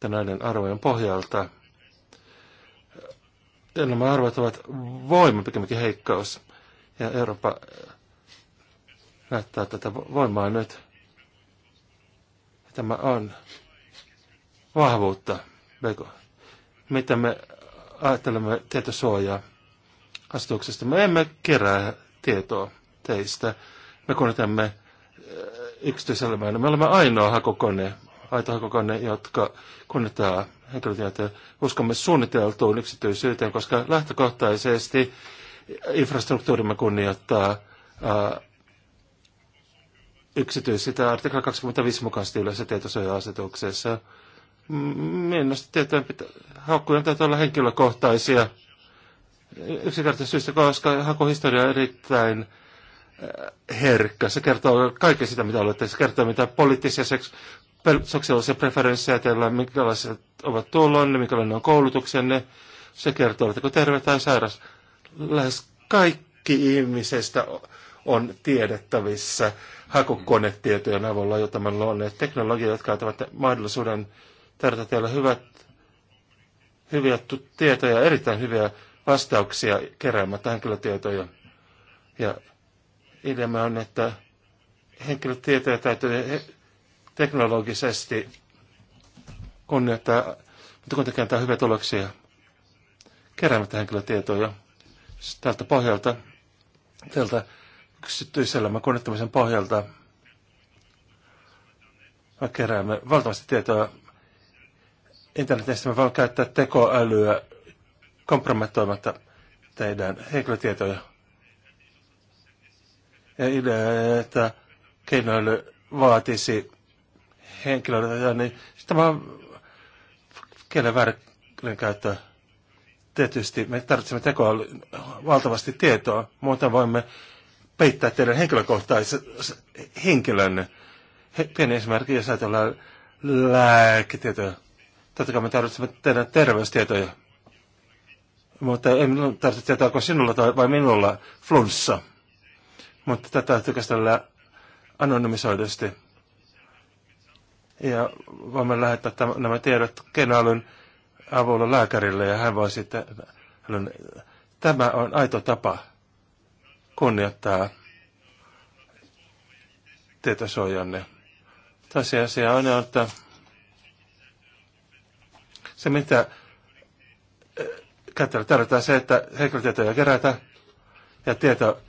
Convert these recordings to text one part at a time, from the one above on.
että näiden arvojen pohjalta. Ja nämä arvot ovat voima, pikemminkin heikkous. Ja Eurooppa eh, näyttää tätä voimaa nyt. Tämä on vahvuutta, Beko. Mitä me ajattelemme tietosuojaa asetuksesta? Me emme kerää tietoa teistä. Me konetämme eh, yksityiselämään. Me olemme ainoa hakokone aitohakokonne, jotka kunnittaa henkilötietoja. Uskomme suunniteltuun yksityisyyteen, koska lähtökohtaisesti infrastruktuurimme kunnioittaa ää, yksityis sitä artikla 25 mukaisesti yleensä tietosuoja-asetuksessa. Minusta tietojen pitä, haukkujen täytyy olla henkilökohtaisia yksinkertaisesti syystä, koska hakuhistoria on erittäin herkkä. Se kertoo kaiken sitä, mitä olette. Se kertoo, mitä poliittisia, seks, sosiaalisia preferenssejä teillä, minkälaiset ovat tulonne, minkälainen on koulutuksenne, se kertoo, oletteko terve tai sairas. Lähes kaikki ihmisestä on tiedettävissä hakukonetietojen avulla, jota meillä on teknologia, jotka antavat mahdollisuuden tarjota teille hyvät, hyviä tietoja, erittäin hyviä vastauksia keräämättä henkilötietoja. Ja ideamme on, että henkilötietoja täytyy teknologisesti kunnioittaa, mutta kuitenkin antaa hyviä tuloksia keräämättä henkilötietoja siis tältä pohjalta, tältä yksityiselämän kunnittamisen pohjalta. Me keräämme valtavasti tietoa internetistä. Me voimme käyttää tekoälyä kompromettoimatta teidän henkilötietoja. Ja idea, että keinoäly vaatisi henkilöitä, niin sitten vaan kielen väärinkäyttöä. Tietysti me tarvitsemme tekoa valtavasti tietoa, muuten voimme peittää teidän henkilökohtaisen henkilön He, pieni esimerkki, jos ajatellaan lääketietoja. Totta kai me tarvitsemme teidän terveystietoja. Mutta ei minun tarvitse tietää, onko sinulla tai vai minulla flunssa. Mutta tätä täytyy käsitellä anonymisoidusti ja voimme lähettää tämän, nämä tiedot kenalun avulla lääkärille ja hän voi sitten... on, tämä on aito tapa kunnioittaa tietosuojanne. Tosiasia on, että se mitä eh, käyttäjällä tarvitaan se, että henkilötietoja kerätä ja tieto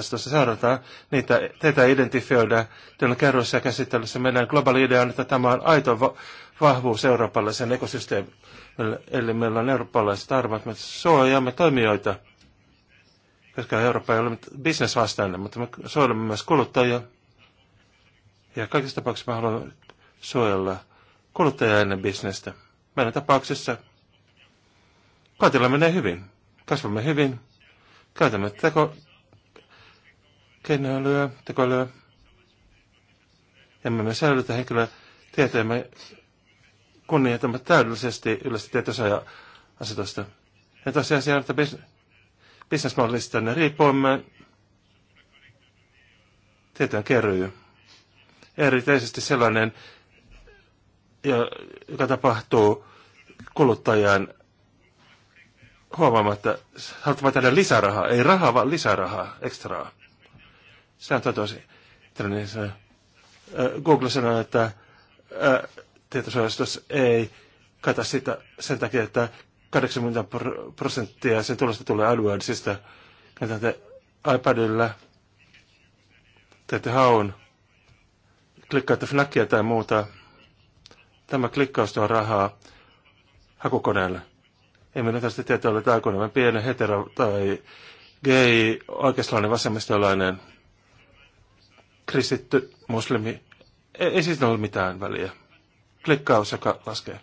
se seurataan. Niitä teitä identifioida teillä kerroissa ja käsittelyssä. Meidän globaali idea on, että tämä on aito vahvuus eurooppalaisen ekosysteemille. Eli meillä on eurooppalaiset arvot, me suojaamme toimijoita, koska Eurooppa ei ole bisnesvastainen, mutta me suojelemme myös kuluttajia. Ja kaikissa tapauksissa me haluamme suojella kuluttajaa ennen bisnestä. Meidän tapauksessa kaikilla menee hyvin. Kasvamme hyvin. Käytämme teko, keinoälyä, tekoälyä. Emme me säilytä henkilöä tieteemme kunnioitamme täydellisesti yleistä tietosuoja-asetusta. Ja tosiaan siellä, että bisnesmallista ne riippuamme tietojen keryy. Erityisesti sellainen, joka tapahtuu kuluttajan huomaamatta, haluamme tehdä lisärahaa, ei rahaa, vaan lisärahaa, ekstraa. Sehän totesi. Google sanoi, että tietosuojastus ei kata sitä sen takia, että 80 prosenttia sen tulosta tulee alueellisista. Käytätte iPadilla, teette haun, klikkaatte Fnackia tai muuta. Tämä klikkaus tuo rahaa hakukoneelle. Ei minä tästä tietoa ole aikoinaan pieni hetero tai gay, oikeistolainen, vasemmistolainen kristitty, muslimi, ei, ei siitä ole mitään väliä. Klikkaus, joka laskee.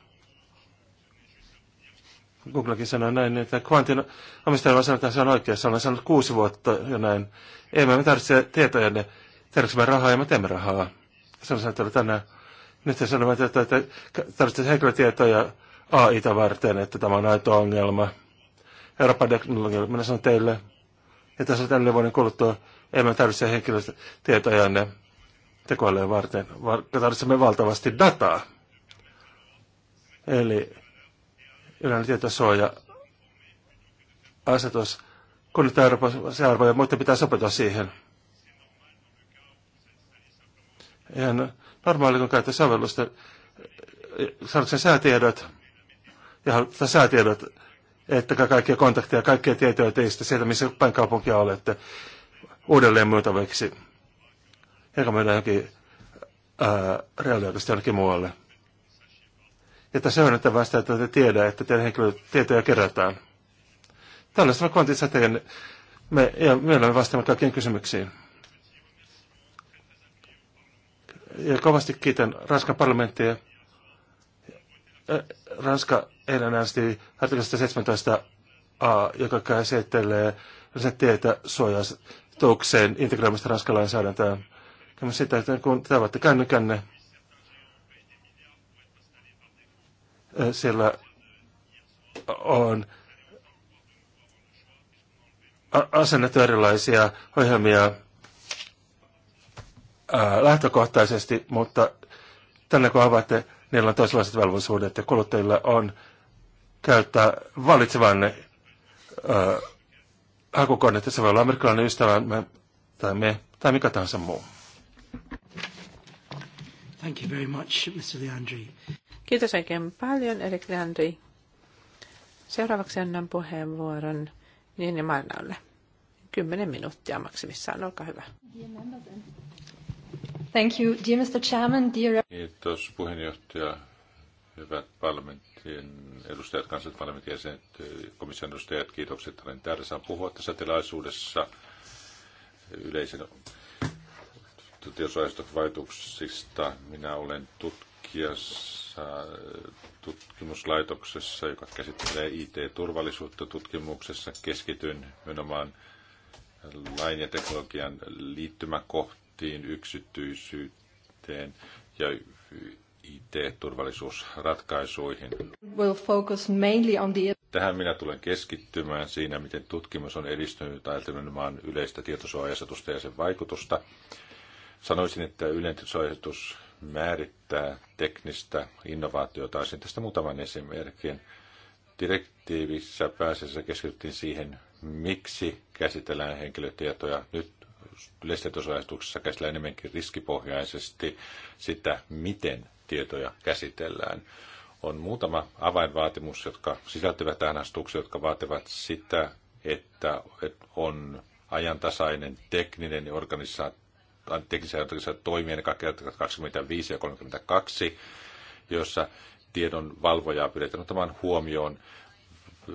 Googlekin sanoi näin, että kvantin omistajana sanotaan, että se on oikeassa. Olen sanonut kuusi vuotta jo näin. Ei me tarvitse tietoja, ne tehdäänkö rahaa ja me teemme rahaa. Sanoin, että tänään. Nyt se sanovat, että, että tarvitsee henkilötietoja AI-ta varten, että tämä on aito ongelma. Euroopan teknologia, minä sanon teille, ja tässä tälle vuoden kuluttua emme tarvitse henkilötietojanne tekoälyä varten, vaan tarvitsemme valtavasti dataa. Eli yleinen tietosuoja asetus, kun nyt Euroopan ja muiden pitää sopeutua siihen. Ihan normaali, kun käyttää sovellusta, saadaanko sen säätiedot, ja säätiedot Ettäkää kaikkia kontakteja, kaikkia tietoja teistä sieltä, missä päin kaupunkia olette, uudelleen myytäviksi. Eikä myydä johonkin reaaliaikaisesti jonnekin muualle. Ja tässä on nyt vasta, että te tiedä, että teidän henkilötietoja kerätään. Tällaista me kontissa teidän, me, ja olemme vastaamme kaikkiin kysymyksiin. Ja kovasti kiitän Ranskan parlamenttia. Ranska eilen äänesti artiklasta 17a, joka käsittelee suojaa toukseen integroimista ranskalainsäädäntöä. lainsäädäntöön. Kyllä sitä, että kun tavatte kännykänne, eh, sillä on asennettu erilaisia ohjelmia ää, lähtökohtaisesti, mutta tänne kun avaatte, niillä on toisenlaiset velvollisuudet ja kuluttajilla on käyttää valitsevanne äh, hakukonetta. Se voi olla amerikkalainen me, tai me tai mikä tahansa muu. Thank you very much, Mr. Leandri. Kiitos oikein paljon, Erik Leandri. Seuraavaksi annan puheenvuoron Niini Marnaulle. Kymmenen minuuttia maksimissaan, olkaa hyvä. Thank you, dear Mr. Chairman, dear... Kiitos puheenjohtaja, Hyvät parlamentin edustajat, kansalliset parlamentin jäsenet, komission edustajat, kiitokset, olen täällä. Saan puhua tässä tilaisuudessa yleisen tietosuojastovaikutuksista. Minä olen tutkijassa tutkimuslaitoksessa, joka käsittelee IT-turvallisuutta tutkimuksessa. Keskityn nimenomaan lain ja teknologian liittymäkohtiin, yksityisyyteen ja IT-turvallisuusratkaisuihin. Tähän minä tulen keskittymään siinä, miten tutkimus on edistynyt ajatellen maan yleistä tietosuojasetusta ja sen vaikutusta. Sanoisin, että yleinen tietosuojasetus määrittää teknistä innovaatiota. Sen tästä muutaman esimerkin. Direktiivissä pääsessä keskityttiin siihen, miksi käsitellään henkilötietoja. Nyt yleistietosuojastuksessa käsitellään enemmänkin riskipohjaisesti sitä, miten tietoja käsitellään. On muutama avainvaatimus, jotka sisältyvät tähän astuksi, jotka vaativat sitä, että on ajantasainen tekninen organisaatio, teknisiä organisaatioita toimia, ennen 25 ja 32, jossa tiedon valvojaa pyritään ottamaan huomioon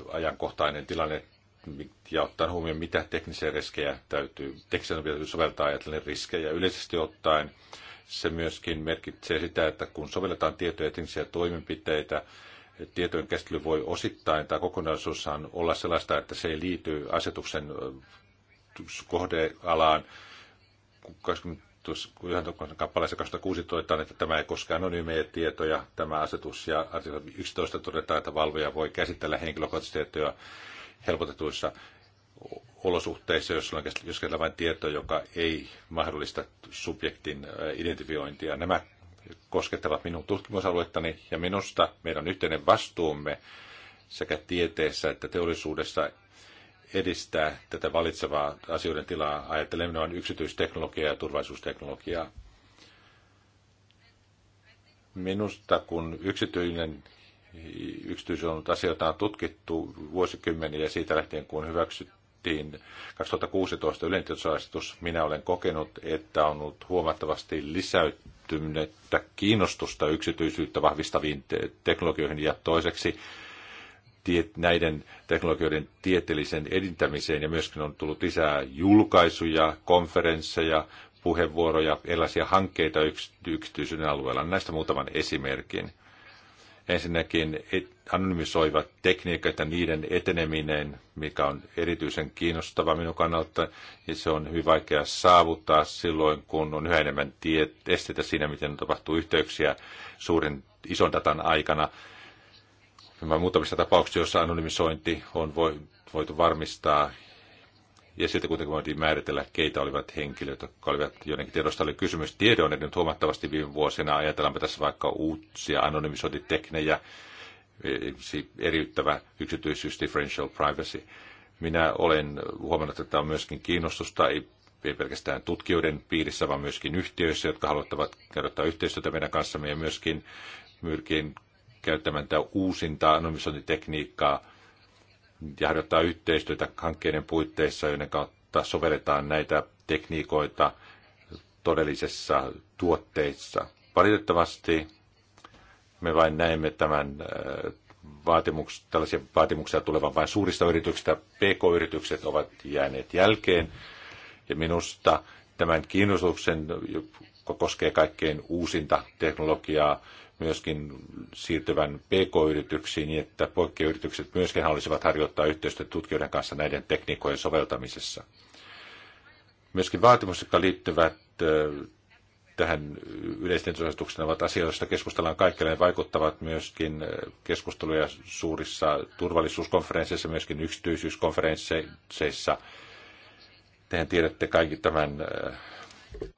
ajankohtainen tilanne ja ottaen huomioon, mitä teknisiä riskejä täytyy, teknisiä täytyy soveltaa ajatellen riskejä yleisesti ottaen se myöskin merkitsee sitä, että kun sovelletaan tietoja etnisiä toimenpiteitä, tietojen käsittely voi osittain tai kokonaisuudessaan olla sellaista, että se ei liity asetuksen kohdealaan 20 tuossa kappaleessa 2016, että tämä ei koske anonyymejä tietoja, tämä asetus, ja artikla 11 todetaan, että valvoja voi käsitellä henkilökohtaisia tietoja helpotetuissa olosuhteissa, jos käsitellään vain tietoa, joka ei mahdollista subjektin identifiointia. Nämä koskettavat minun tutkimusaluettani ja minusta meidän yhteinen vastuumme sekä tieteessä että teollisuudessa edistää tätä valitsevaa asioiden tilaa. Ajattelemme noin yksityisteknologiaa ja turvallisuusteknologiaa. Minusta kun yksityinen yksityisolut asioita on tutkittu vuosikymmeniä siitä lähtien, kun hyväksyt tehtiin 2016 yleintiedotusasetus, minä olen kokenut, että on ollut huomattavasti lisäyttynyttä kiinnostusta yksityisyyttä vahvistaviin te- teknologioihin ja toiseksi tie- näiden teknologioiden tieteellisen edintämiseen ja myöskin on tullut lisää julkaisuja, konferensseja, puheenvuoroja, erilaisia hankkeita yks- yksityisyyden alueella. Näistä muutaman esimerkin. Ensinnäkin et- anonymisoivat tekniikat ja niiden eteneminen, mikä on erityisen kiinnostava minun kannalta, ja se on hyvin vaikea saavuttaa silloin, kun on yhä enemmän tiet, esteitä siinä, miten tapahtuu yhteyksiä suuren ison datan aikana. Mä muutamissa tapauksissa, joissa anonymisointi on voitu varmistaa, ja siltä kuitenkin voitiin määritellä, keitä olivat henkilöt, jotka olivat jotenkin tiedosta. Oli kysymys tiedoon, nyt huomattavasti viime vuosina, ajatellaanpa tässä vaikka uusia anonymisointiteknejä, eriyttävä yksityisyys, differential privacy. Minä olen huomannut, että on myöskin kiinnostusta, ei, ei pelkästään tutkijoiden piirissä, vaan myöskin yhtiöissä, jotka haluavat käyttää yhteistyötä meidän kanssamme ja myöskin myrkin käyttämään tätä uusinta anonymisointitekniikkaa ja harjoittaa yhteistyötä hankkeiden puitteissa, joiden kautta sovelletaan näitä tekniikoita todellisessa tuotteissa. Valitettavasti me vain näemme tämän äh, vaatimuks, tällaisia vaatimuksia tulevan vain suurista yrityksistä. PK-yritykset ovat jääneet jälkeen. Ja minusta tämän kiinnostuksen, joka koskee kaikkein uusinta teknologiaa, myöskin siirtyvän PK-yrityksiin, niin että poikkeyritykset myöskin haluaisivat harjoittaa yhteistyötä tutkijoiden kanssa näiden tekniikojen soveltamisessa. Myöskin vaatimukset, jotka liittyvät äh, tähän yleisten suosituksena ovat asioita, joista keskustellaan kaikkialla. Ne vaikuttavat myöskin eh, keskusteluja suurissa turvallisuuskonferensseissa, myöskin yksityisyyskonferensseissa. Tehän tiedätte kaikki tämän eh,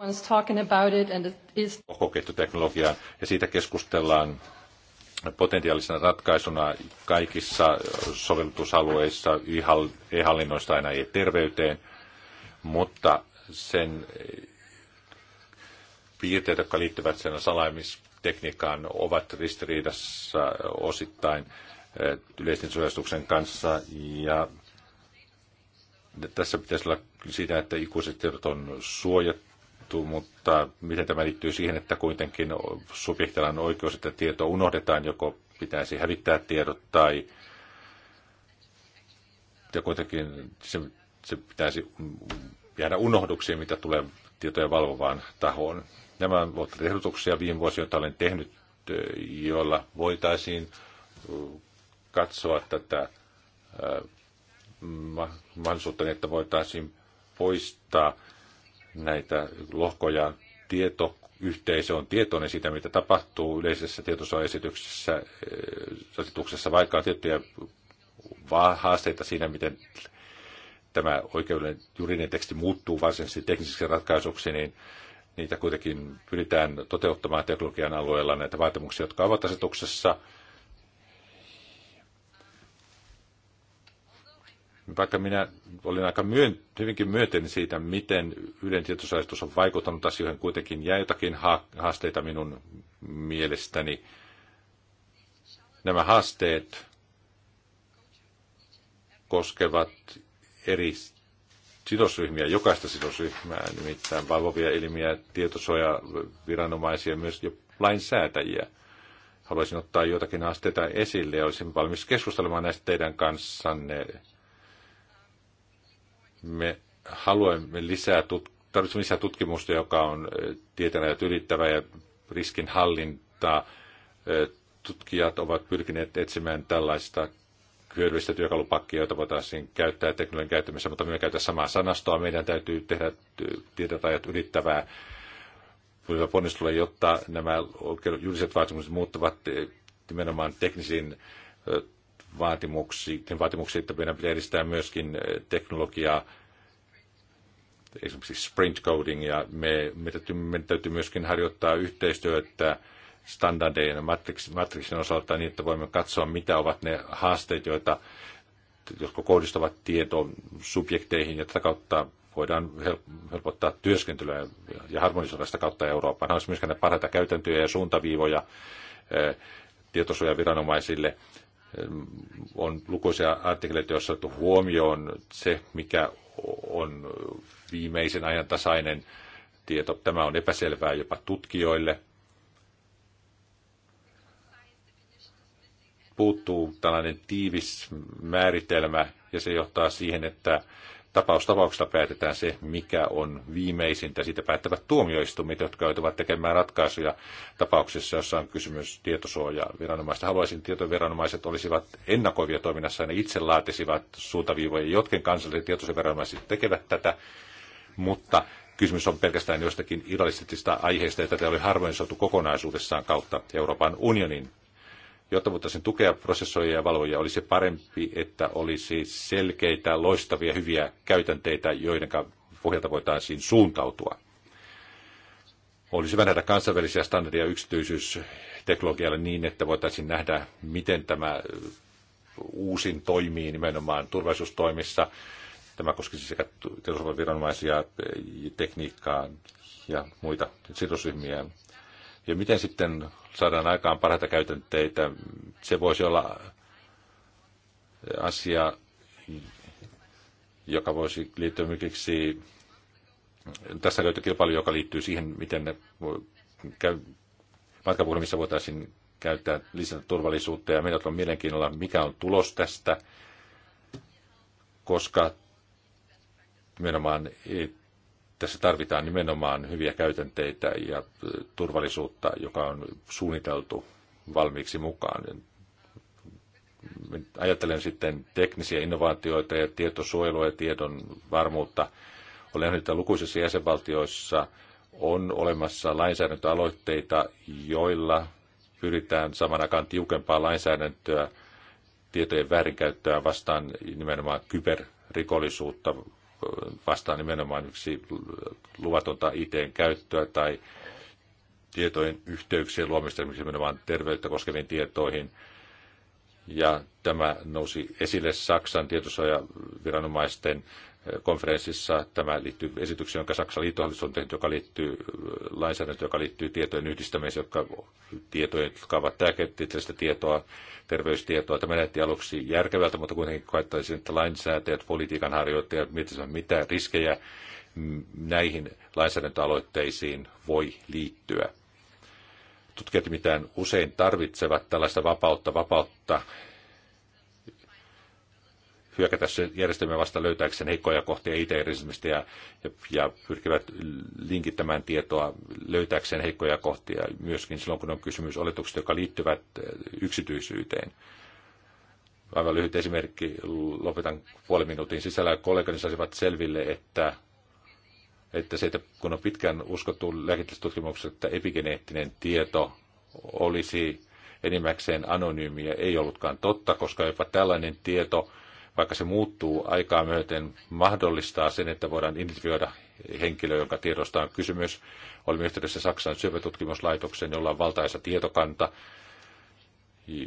is... kokoketjuteknologian ja siitä keskustellaan potentiaalisena ratkaisuna kaikissa sovellutusalueissa, e-hallinnoista aina e-terveyteen, mutta sen piirteet, jotka liittyvät sen salaimistekniikkaan, ovat ristiriidassa osittain eh, yleisen suojastuksen kanssa. Ja tässä pitäisi olla siitä, että ikuiset tiedot on suojattu, mutta miten tämä liittyy siihen, että kuitenkin subjektilla on oikeus, että tieto unohdetaan, joko pitäisi hävittää tiedot tai ja kuitenkin se, se pitäisi jäädä unohduksiin, mitä tulee tietoja valvovaan tahoon. Nämä ovat ehdotuksia viime vuosina, joita olen tehnyt, joilla voitaisiin katsoa tätä mahdollisuutta, niin, että voitaisiin poistaa näitä lohkoja tieto yhteisö on tietoinen siitä, mitä tapahtuu yleisessä tietosuojaesityksessä, vaikka on tiettyjä haasteita siinä, miten tämä oikeudellinen juridinen teksti muuttuu varsinaisesti tekniseksi ratkaisuksi, niin niitä kuitenkin pyritään toteuttamaan teknologian alueella näitä vaatimuksia, jotka ovat asetuksessa. Vaikka minä olin aika myön, hyvinkin myönteinen siitä, miten Ylen tietosaistus on vaikuttanut asioihin, kuitenkin jäi jotakin haasteita minun mielestäni. Nämä haasteet koskevat eri sidosryhmiä, jokaista sidosryhmää, nimittäin valvovia ilmiä, viranomaisia myös jo lainsäätäjiä. Haluaisin ottaa jotakin asteita esille ja olisin valmis keskustelemaan näistä teidän kanssanne. Me haluamme lisää, tarvitsemme lisää tutkimusta, joka on tieteenajat ylittävä ja riskinhallintaa. Tutkijat ovat pyrkineet etsimään tällaista hyödyllistä työkalupakkia, joita voitaisiin käyttää teknologian käyttämisessä, mutta me käytä samaa sanastoa. Meidän täytyy tehdä tietotajat ylittävää ponnistelua, jotta nämä julkiset vaatimukset muuttuvat eh, nimenomaan teknisiin eh, vaatimuksiin, vaatimuksiin että meidän pitää edistää myöskin eh, teknologiaa, esimerkiksi sprint coding, ja me, me, täytyy, me täytyy myöskin harjoittaa yhteistyötä standardeja. matriksin osalta niin, että voimme katsoa, mitä ovat ne haasteet, joita, jotka kohdistuvat tietoon subjekteihin ja tätä kautta voidaan helpottaa työskentelyä ja harmonisoida sitä kautta Eurooppaan. Olisi myöskään ne parhaita käytäntöjä ja suuntaviivoja eh, tietosuojaviranomaisille. Eh, on lukuisia artikkeleita, joissa on huomioon se, mikä on viimeisen ajan tasainen tieto. Tämä on epäselvää jopa tutkijoille – puuttuu tällainen tiivis määritelmä ja se johtaa siihen, että tapaus tapauksesta päätetään se, mikä on viimeisintä. Siitä päättävät tuomioistumit, jotka joutuvat tekemään ratkaisuja tapauksessa, jossa on kysymys tietosuojaa viranomaista. Haluaisin, tietoviranomaiset olisivat ennakoivia toiminnassa ja ne itse laatisivat suuntaviivoja. Jotkin kansalliset tietosuojaviranomaiset tekevät tätä, mutta kysymys on pelkästään jostakin irrallisista aiheista, ja tätä oli harvoin saatu kokonaisuudessaan kautta Euroopan unionin. Jotta voitaisiin tukea prosessoijia ja valvojia, olisi parempi, että olisi selkeitä, loistavia, hyviä käytänteitä, joiden pohjalta voitaisiin suuntautua. Olisi hyvä nähdä kansainvälisiä standardeja yksityisyysteknologialle niin, että voitaisiin nähdä, miten tämä uusin toimii nimenomaan turvallisuustoimissa. Tämä koskisi sekä tietosuojaviranomaisia, e, tekniikkaa ja muita sidosryhmiä. Ja miten sitten saadaan aikaan parhaita käytänteitä? Se voisi olla asia, joka voisi liittyä esimerkiksi, tässä löytyy kilpailu, joka liittyy siihen, miten ne käy, matkapuhelimissa voitaisiin käyttää lisätä turvallisuutta, ja meillä on mielenkiinnolla, mikä on tulos tästä, koska nimenomaan tässä tarvitaan nimenomaan hyviä käytänteitä ja äh, turvallisuutta, joka on suunniteltu valmiiksi mukaan. Ajattelen sitten teknisiä innovaatioita ja tietosuojelua ja tiedon varmuutta. Olen nähnyt, että lukuisissa jäsenvaltioissa on olemassa lainsäädäntöaloitteita, joilla pyritään aikaan tiukempaa lainsäädäntöä tietojen väärinkäyttöä vastaan nimenomaan kyberrikollisuutta vastaan nimenomaan yksi luvatonta IT-käyttöä tai tietojen yhteyksien luomista, esimerkiksi nimenomaan terveyttä koskeviin tietoihin. Ja tämä nousi esille Saksan tietosuojaviranomaisten konferenssissa. Tämä liittyy esitykseen, jonka Saksan liittohallitus on tehnyt, joka liittyy lainsäädäntöön, joka liittyy tietojen yhdistämiseen, jotka, tietoja, jotka ovat tärkeitä tietoa, terveystietoa. Tämä näytti aluksi järkevältä, mutta kuitenkin koettaisiin, että lainsäätäjät, politiikan harjoittajat miettisivät, mitä riskejä näihin lainsäädäntöaloitteisiin voi liittyä. Tutkijat mitään usein tarvitsevat tällaista vapautta, vapautta hyökätä se järjestelmä vasta löytääkseen heikkoja kohtia IT-järjestelmistä ja, ja, ja pyrkivät linkittämään tietoa löytääkseen heikkoja kohtia myöskin silloin, kun on kysymys oletuksista, jotka liittyvät eh, yksityisyyteen. Aivan lyhyt esimerkki, lopetan puoli minuutin sisällä. Kollegani saisivat selville, että että se, että kun on pitkään uskottu lääketieteellisessä että epigeneettinen tieto olisi enimmäkseen anonyymiä, ei ollutkaan totta, koska jopa tällainen tieto vaikka se muuttuu aikaa myöten, mahdollistaa sen, että voidaan identifioida henkilö, jonka tiedosta on kysymys. Olimme yhteydessä Saksan syöpätutkimuslaitokseen, jolla on valtaisa tietokanta,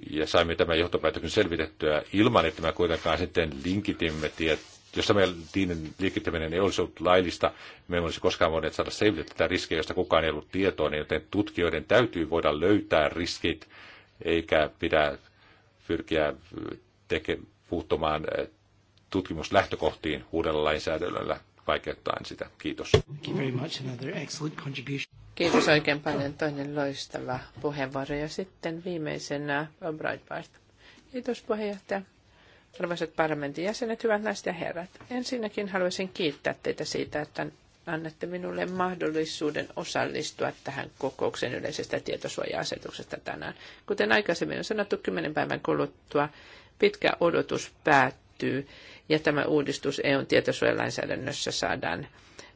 ja saimme tämän johtopäätöksen selvitettyä ilman, että me kuitenkaan sitten linkitimme tiet, jos tämä liikittäminen ei olisi ollut laillista, me emme olisi koskaan voineet saada selville tätä riskejä, josta kukaan ei ollut niin joten tutkijoiden täytyy voida löytää riskit, eikä pidä pyrkiä teke, puuttumaan eh, tutkimuslähtökohtiin uudella lainsäädännöllä vaikeuttaen sitä. Kiitos. Kiitos oikein paljon. Toinen loistava puheenvuoro. Ja sitten viimeisenä Rob Breitbart. Kiitos puheenjohtaja. Arvoisat parlamentin jäsenet, hyvät naiset ja herrat. Ensinnäkin haluaisin kiittää teitä siitä, että annatte minulle mahdollisuuden osallistua tähän kokouksen yleisestä tietosuoja-asetuksesta tänään. Kuten aikaisemmin on sanottu, kymmenen päivän kuluttua pitkä odotus päättyy ja tämä uudistus EUn tietosuojalainsäädännössä saadaan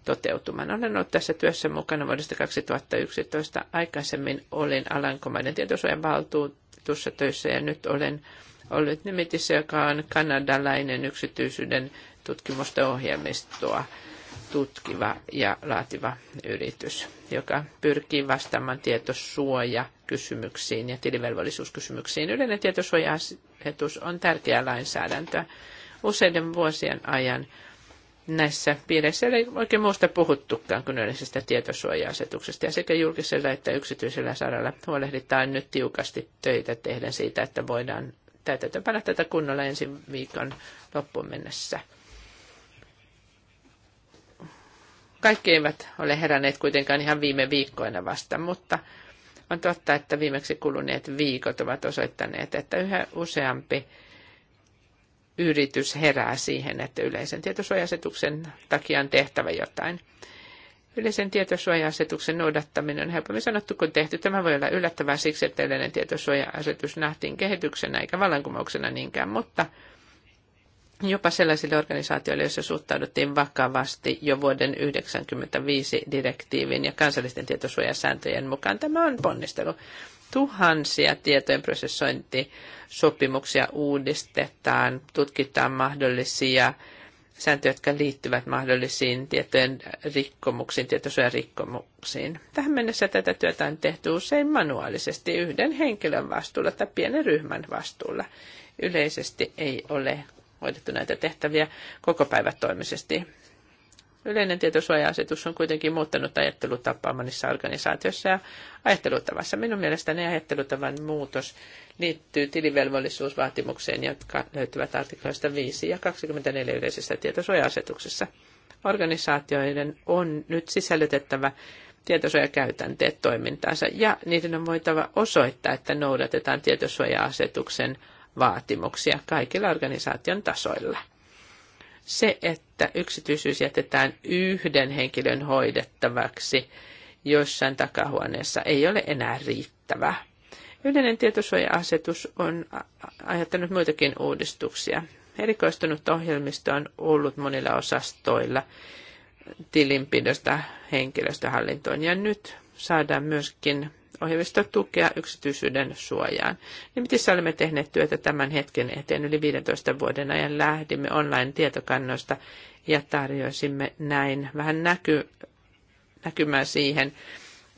toteutumaan. Olen ollut tässä työssä mukana vuodesta 2011. Aikaisemmin olin Alankomaiden tietosuojan valtuutussa töissä ja nyt olen ollut nimitissä, joka on kanadalainen yksityisyyden tutkimusta ohjelmistoa tutkiva ja laativa yritys, joka pyrkii vastaamaan tietosuoja kysymyksiin ja tilivelvollisuuskysymyksiin. Yleinen tietosuoja etus on tärkeä lainsäädäntö. Useiden vuosien ajan näissä piireissä ei oikein muusta puhuttukaan kuin yleisestä tietosuoja-asetuksesta. Ja sekä julkisella että yksityisellä saralla huolehditaan nyt tiukasti töitä tehden siitä, että voidaan täytäntöönpanna tätä kunnolla ensi viikon loppuun mennessä. Kaikki eivät ole heränneet kuitenkaan ihan viime viikkoina vasta, mutta on totta, että viimeksi kuluneet viikot ovat osoittaneet, että yhä useampi yritys herää siihen, että yleisen tietosuojasetuksen takia on tehtävä jotain. Yleisen tietosuoja-asetuksen noudattaminen on helpommin sanottu kuin tehty. Tämä voi olla yllättävää siksi, että yleinen tietosuoja-asetus nähtiin kehityksenä eikä vallankumouksena niinkään, mutta jopa sellaisille organisaatioille, joissa suhtauduttiin vakavasti jo vuoden 1995 direktiivin ja kansallisten tietosuojasääntöjen mukaan. Tämä on ponnistelu. Tuhansia tietojen prosessointisopimuksia uudistetaan, tutkitaan mahdollisia sääntöjä, jotka liittyvät mahdollisiin tietojen rikkomuksiin, tietosuojarikkomuksiin. Tähän mennessä tätä työtä on tehty usein manuaalisesti yhden henkilön vastuulla tai pienen ryhmän vastuulla. Yleisesti ei ole hoidettu näitä tehtäviä koko toimisesti Yleinen tietosuoja-asetus on kuitenkin muuttanut ajattelutapaa monissa organisaatioissa ja ajattelutavassa. Minun mielestäni ajattelutavan muutos liittyy tilivelvollisuusvaatimukseen, jotka löytyvät artikloista 5 ja 24 yleisessä tietosuoja-asetuksessa. Organisaatioiden on nyt sisällytettävä tietosuojakäytänteet toimintaansa ja niiden on voitava osoittaa, että noudatetaan tietosuoja-asetuksen vaatimuksia kaikilla organisaation tasoilla. Se, että yksityisyys jätetään yhden henkilön hoidettavaksi jossain takahuoneessa, ei ole enää riittävää. Yleinen tietosuoja-asetus on aiheuttanut muitakin uudistuksia. Erikoistunut ohjelmisto on ollut monilla osastoilla tilinpidosta henkilöstöhallintoon ja nyt saadaan myöskin ohjelmista tukea yksityisyyden suojaan. Nimitissä olemme tehneet työtä tämän hetken eteen yli 15 vuoden ajan. Lähdimme online-tietokannoista ja tarjosimme näin vähän näky, näkymää siihen,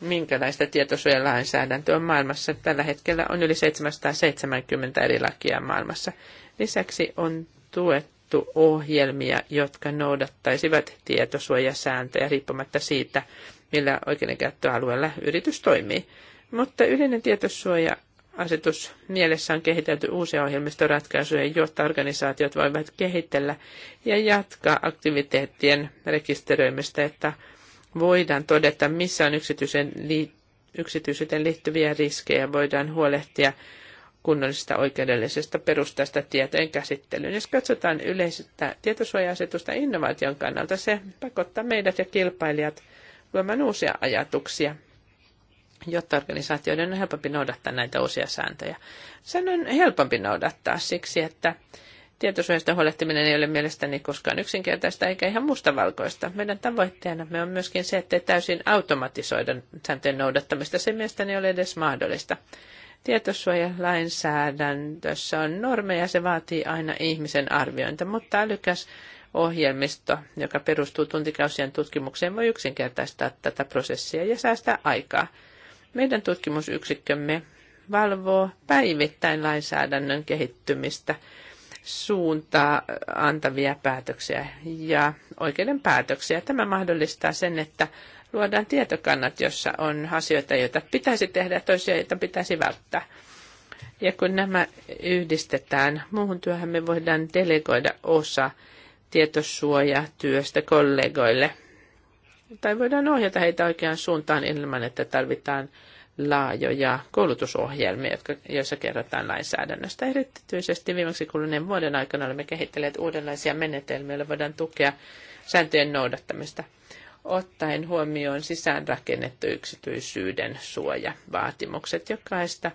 minkälaista tietosuojalainsäädäntöä maailmassa. Tällä hetkellä on yli 770 eri lakia maailmassa. Lisäksi on tuettu ohjelmia, jotka noudattaisivat tietosuojasääntöjä riippumatta siitä, millä oikeudenkäyttöalueella yritys toimii. Mutta yleinen tietosuoja asetus mielessä on kehitelty uusia ohjelmistoratkaisuja, jotta organisaatiot voivat kehitellä ja jatkaa aktiviteettien rekisteröimistä, että voidaan todeta, missä on yksityisen liittyen yksityisyyteen liittyviä riskejä voidaan huolehtia kunnollisesta oikeudellisesta perustasta tietojen käsittelyyn. Jos katsotaan yleistä tietosuoja-asetusta innovaation kannalta, se pakottaa meidät ja kilpailijat luomaan uusia ajatuksia jotta organisaatioiden on helpompi noudattaa näitä uusia sääntöjä. on helpompi noudattaa siksi, että tietosuojasta huolehtiminen ei ole mielestäni koskaan yksinkertaista eikä ihan mustavalkoista. Meidän tavoitteena on myöskin se, että täysin automatisoida sääntöjen noudattamista. Se mielestäni ei ole edes mahdollista. Tietosuojalainsäädäntössä on normeja, se vaatii aina ihmisen arviointa, mutta älykäs ohjelmisto, joka perustuu tuntikausien tutkimukseen, voi yksinkertaistaa tätä prosessia ja säästää aikaa. Meidän tutkimusyksikkömme valvoo päivittäin lainsäädännön kehittymistä, suuntaa antavia päätöksiä ja oikeuden päätöksiä. Tämä mahdollistaa sen, että luodaan tietokannat, jossa on asioita, joita pitäisi tehdä ja toisia, joita pitäisi välttää. Ja kun nämä yhdistetään muuhun työhön, me voidaan delegoida osa tietosuojatyöstä kollegoille tai voidaan ohjata heitä oikeaan suuntaan ilman, että tarvitaan laajoja koulutusohjelmia, jotka, joissa kerrotaan lainsäädännöstä. Erityisesti viimeksi kuluneen vuoden aikana olemme kehittelleet uudenlaisia menetelmiä, joilla voidaan tukea sääntöjen noudattamista ottaen huomioon sisäänrakennettu yksityisyyden suoja-vaatimukset jokaista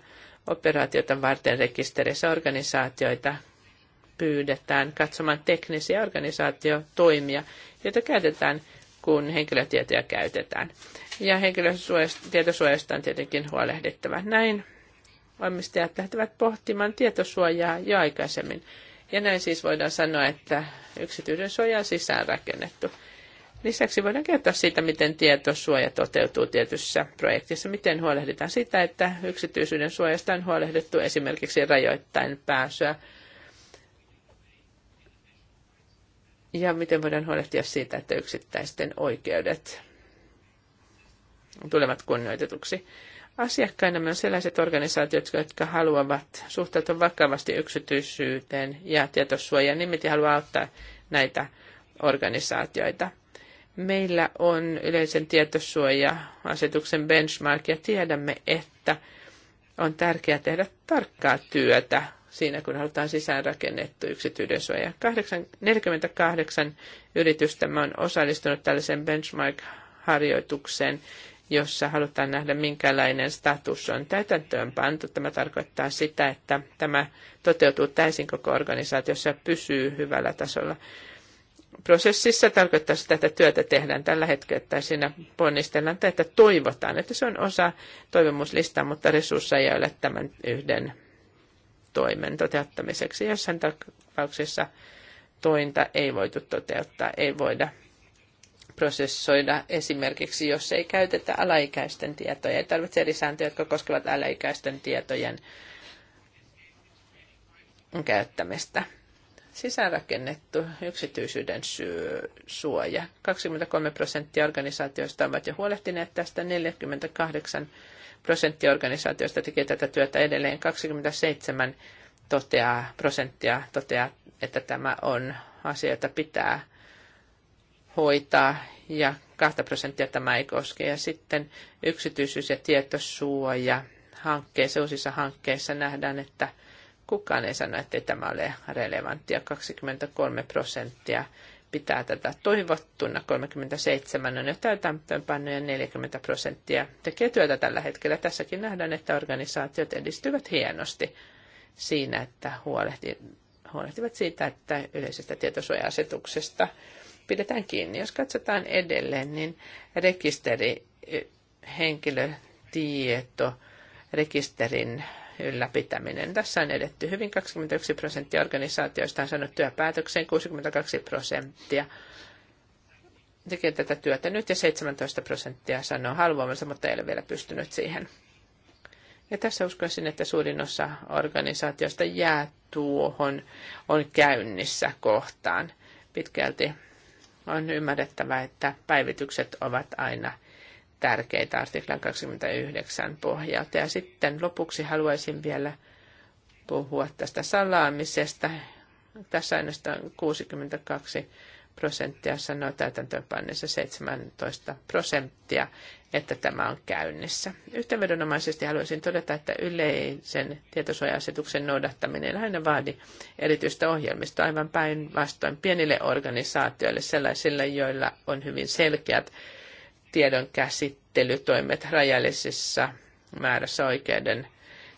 operaatiota varten rekisterissä organisaatioita pyydetään katsomaan teknisiä organisaatiotoimia, joita käytetään kun henkilötietoja käytetään. Ja henkilötietosuojasta on tietenkin huolehdittava. Näin omistajat lähtevät pohtimaan tietosuojaa jo aikaisemmin. Ja näin siis voidaan sanoa, että yksityisen suoja sisään rakennettu. Lisäksi voidaan kertoa siitä, miten tietosuoja toteutuu tietyssä projektissa, miten huolehditaan sitä, että yksityisyyden suojasta on huolehdittu esimerkiksi rajoittain pääsyä ja miten voidaan huolehtia siitä, että yksittäisten oikeudet tulevat kunnioitetuksi. Asiakkaina on sellaiset organisaatiot, jotka haluavat suhtautua vakavasti yksityisyyteen ja tietosuojaan, niin miten haluaa auttaa näitä organisaatioita. Meillä on yleisen tietosuoja-asetuksen benchmark ja tiedämme, että on tärkeää tehdä tarkkaa työtä siinä, kun halutaan sisäänrakennettu yksityinen suoja. 48 yritystä on osallistunut tällaiseen benchmark-harjoitukseen, jossa halutaan nähdä, minkälainen status on täytäntöön pantu. Tämä tarkoittaa sitä, että tämä toteutuu täysin koko organisaatiossa ja pysyy hyvällä tasolla. Prosessissa tarkoittaa sitä, että työtä tehdään tällä hetkellä, että siinä ponnistellaan, tai että toivotaan, että se on osa toivomuslistaa, mutta resursseja ei ole tämän yhden toimen toteuttamiseksi. Jossain tapauksessa tointa ei voitu toteuttaa, ei voida prosessoida esimerkiksi, jos ei käytetä alaikäisten tietoja. Ei tarvitse eri sääntöjä, jotka koskevat alaikäisten tietojen käyttämistä. Sisäänrakennettu yksityisyyden syö, suoja. 23 prosenttia organisaatioista ovat jo huolehtineet tästä, 48 prosenttia organisaatioista tekee tätä työtä edelleen. 27 toteaa, prosenttia toteaa, että tämä on asia, jota pitää hoitaa ja 2 prosenttia tämä ei koske. Ja sitten yksityisyys- ja tietosuoja hankkeissa, uusissa hankkeissa nähdään, että kukaan ei sano, että tämä ole relevanttia. 23 prosenttia pitää tätä toivottuna. 37 on jo täytäntöönpannu ja 40 prosenttia tekee työtä tällä hetkellä. Tässäkin nähdään, että organisaatiot edistyvät hienosti siinä, että huolehtivat siitä, että yleisestä tietosuoja-asetuksesta pidetään kiinni. Jos katsotaan edelleen, niin rekisteri, henkilötieto, rekisterin ylläpitäminen. Tässä on edetty hyvin 21 prosenttia organisaatioista on saanut työpäätökseen, 62 prosenttia tekee tätä työtä nyt ja 17 prosenttia sanoo haluamansa, mutta ei ole vielä pystynyt siihen. Ja tässä uskoisin, että suurin osa organisaatioista jää tuohon, on käynnissä kohtaan. Pitkälti on ymmärrettävä, että päivitykset ovat aina – tärkeitä artiklan 29 pohjalta. Ja sitten lopuksi haluaisin vielä puhua tästä salaamisesta. Tässä ainoastaan 62 prosenttia sanoo täytäntöönpannissa 17 prosenttia, että tämä on käynnissä. Yhteenvedonomaisesti haluaisin todeta, että yleisen tietosuoja-asetuksen noudattaminen aina vaadi erityistä ohjelmista aivan päinvastoin pienille organisaatioille, sellaisille, joilla on hyvin selkeät tiedon käsittelytoimet rajallisessa määrässä oikeuden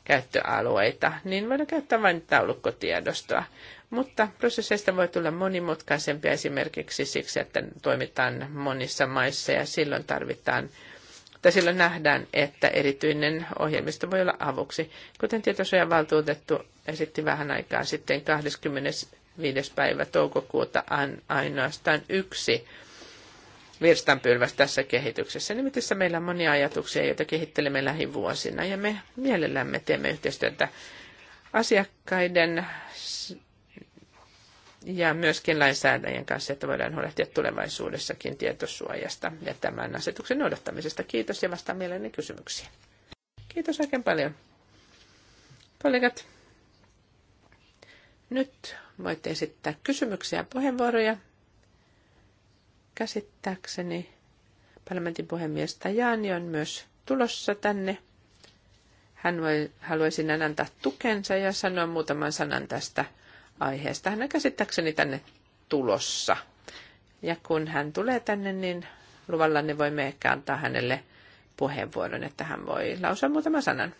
käyttöalueita, niin voidaan käyttää vain taulukkotiedostoa. Mutta prosesseista voi tulla monimutkaisempia esimerkiksi siksi, että toimitaan monissa maissa ja silloin tarvitaan tai silloin nähdään, että erityinen ohjelmisto voi olla avuksi. Kuten tietosuojavaltuutettu esitti vähän aikaa sitten 25. päivä toukokuuta ainoastaan yksi virstanpylväs tässä kehityksessä. Nimittäin meillä on monia ajatuksia, joita kehittelemme lähivuosina ja me mielellämme teemme yhteistyötä asiakkaiden ja myöskin lainsäädäjien kanssa, että voidaan huolehtia tulevaisuudessakin tietosuojasta ja tämän asetuksen noudattamisesta. Kiitos ja vastaan mielelläni kysymyksiin. Kiitos oikein paljon. Kollegat, nyt voitte esittää kysymyksiä ja puheenvuoroja. Käsittääkseni parlamentin puhemies Tajani on myös tulossa tänne. Hän voi, haluaisi näin antaa tukensa ja sanoa muutaman sanan tästä aiheesta. Hän on käsittääkseni tänne tulossa. Ja kun hän tulee tänne, niin luvallanne voimme ehkä antaa hänelle puheenvuoron, että hän voi lausua muutaman sanan.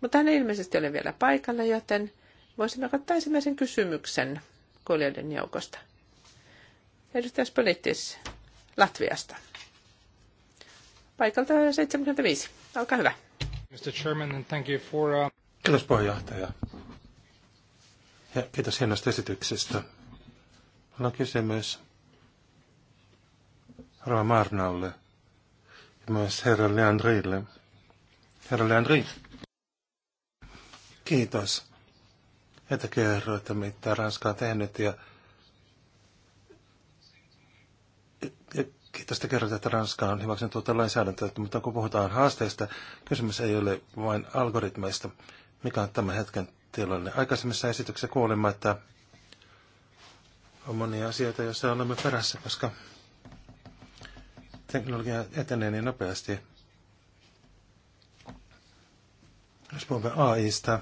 Mutta hän ei ilmeisesti ole vielä paikalla, joten voisimme ottaa ensimmäisen kysymyksen kuulijoiden joukosta. Edustaja Spolittis Latviasta. Paikalta 75. Olkaa hyvä. Mr. Chairman, and thank you for, uh... Kiitos puheenjohtaja. Ja kiitos hienosta esityksestä. Minulla on kysymys Rova Marnalle ja myös herra Leandrille. Herra Leandri, kiitos, että kerroitte, mitä Ranska on tehnyt ja Tästä kerrotaan, että Ranska on hyväksynyt tuota lainsäädäntöä, mutta kun puhutaan haasteista, kysymys ei ole vain algoritmeista, mikä on tämän hetken tilanne. Aikaisemmissa esityksissä kuulimme, että on monia asioita, joissa olemme perässä, koska teknologia etenee niin nopeasti. Jos puhumme AIsta,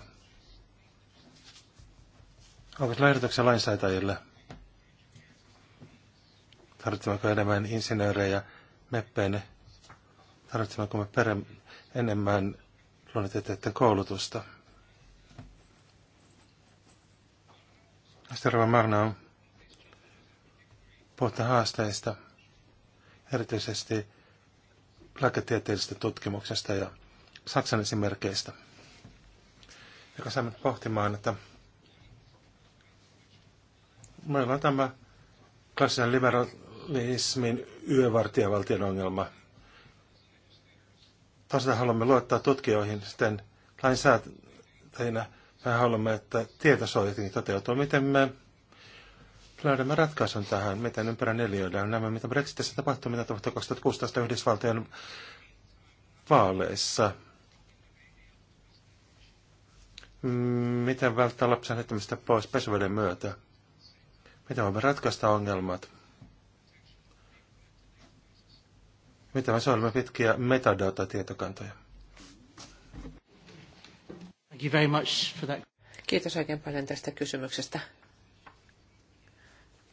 onko sillä lainsäätäjille? Tarvitsemmeko enemmän insinöörejä meppeinä? Tarvitsemmeko me perem- enemmän luonnontieteiden koulutusta? Sitten Marna on puhutaan haasteista, erityisesti lääketieteellisestä tutkimuksesta ja Saksan esimerkkeistä, joka saamme pohtimaan, että meillä on tämä klassinen liberal islamismin yövartijavaltion ongelma. Toisaalta haluamme luottaa tutkijoihin sitten lainsäätäjinä. Me haluamme, että tieto soitin toteutuu. Miten me löydämme ratkaisun tähän, miten ympäräneliöidään nämä, mitä Brexitissä tapahtuu, mitä tapahtui 2016 Yhdysvaltojen vaaleissa. Miten välttää lapsen heittämistä pois pesuveden myötä? Miten voimme ratkaista ongelmat? Mitä me saamme pitkiä metadata-tietokantoja? Thank you very much for that. Kiitos oikein paljon tästä kysymyksestä.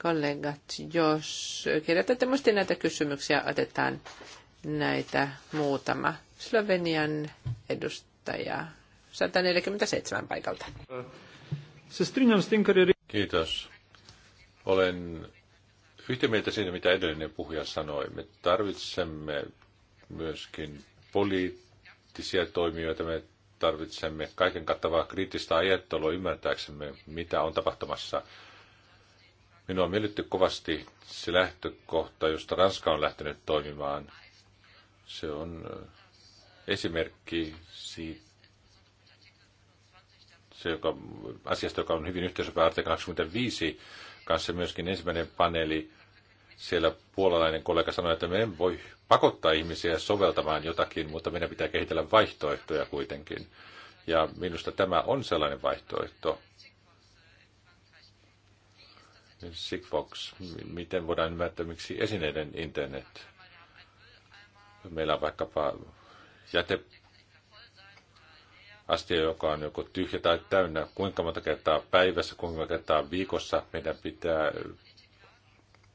Kollegat, jos kirjoitatte muistiin näitä kysymyksiä, otetaan näitä muutama. Slovenian edustaja 147 paikalta. Kiitos. Olen yhtä mieltä siitä, mitä edellinen puhuja sanoi. Me tarvitsemme myöskin poliittisia toimijoita, me tarvitsemme kaiken kattavaa kriittistä ajattelua ymmärtääksemme, mitä on tapahtumassa. Minua on miellytty kovasti se lähtökohta, josta Ranska on lähtenyt toimimaan. Se on äh, esimerkki siitä, se, joka, asiasta, joka on hyvin yhteisöpäin artikla 25 kanssa myöskin ensimmäinen paneeli. Siellä puolalainen kollega sanoi, että me emme voi pakottaa ihmisiä soveltamaan jotakin, mutta meidän pitää kehitellä vaihtoehtoja kuitenkin. Ja minusta tämä on sellainen vaihtoehto. Sigfox, miten voidaan ymmärtää, miksi esineiden internet? Meillä on vaikkapa jäte astia, joka on joko tyhjä tai täynnä, kuinka monta kertaa päivässä, kuinka monta kertaa viikossa meidän pitää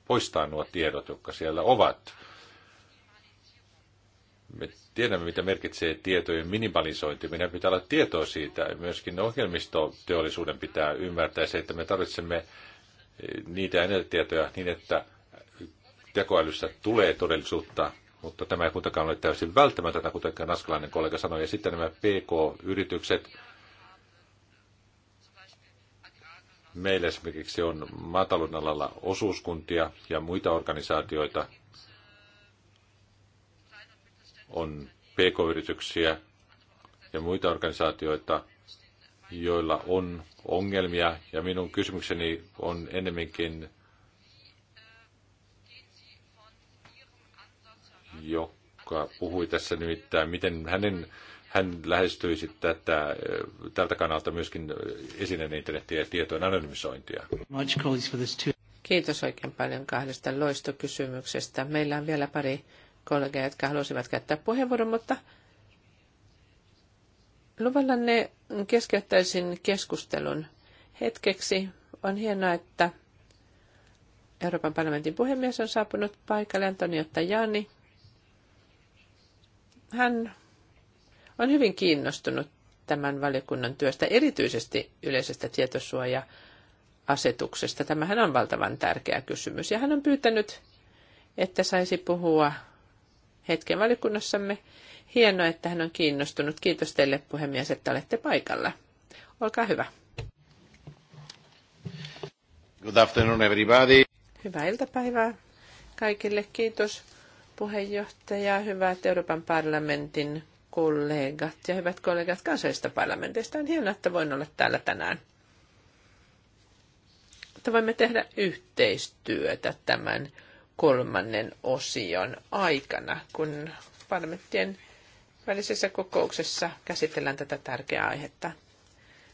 poistaa nuo tiedot, jotka siellä ovat. Me tiedämme, mitä merkitsee tietojen minimalisointi. Meidän pitää olla tietoa siitä. Myöskin ohjelmistoteollisuuden pitää ymmärtää se, että me tarvitsemme eh, niitä energiatietoja niin, että tekoälyssä tulee todellisuutta mutta tämä ei kuitenkaan ole täysin välttämätöntä, kuten naskalainen kollega sanoi. Ja sitten nämä PK-yritykset, Meillä esimerkiksi on maatalouden alalla osuuskuntia ja muita organisaatioita. On pk-yrityksiä ja muita organisaatioita, joilla on ongelmia. Ja minun kysymykseni on ennemminkin joka puhui tässä nimittäin, miten hänen, hän lähestyisi tätä, tältä kannalta myöskin esineen internetiä ja tietojen anonymisointia. Kiitos oikein paljon kahdesta loistokysymyksestä. Meillä on vielä pari kollegaa, jotka haluaisivat käyttää puheenvuoron, mutta ne keskeyttäisin keskustelun hetkeksi. On hienoa, että Euroopan parlamentin puhemies on saapunut paikalle, Antonio Tajani. Hän on hyvin kiinnostunut tämän valiokunnan työstä, erityisesti yleisestä tietosuoja-asetuksesta. Tämähän on valtavan tärkeä kysymys. Ja hän on pyytänyt, että saisi puhua hetken valiokunnassamme. Hienoa, että hän on kiinnostunut. Kiitos teille puhemies, että olette paikalla. Olkaa hyvä. Good afternoon everybody. Hyvää iltapäivää kaikille. Kiitos puheenjohtaja, hyvät Euroopan parlamentin kollegat ja hyvät kollegat kansallisista parlamenteista. On hienoa, että voin olla täällä tänään. Että voimme tehdä yhteistyötä tämän kolmannen osion aikana, kun parlamenttien välisessä kokouksessa käsitellään tätä tärkeää aihetta.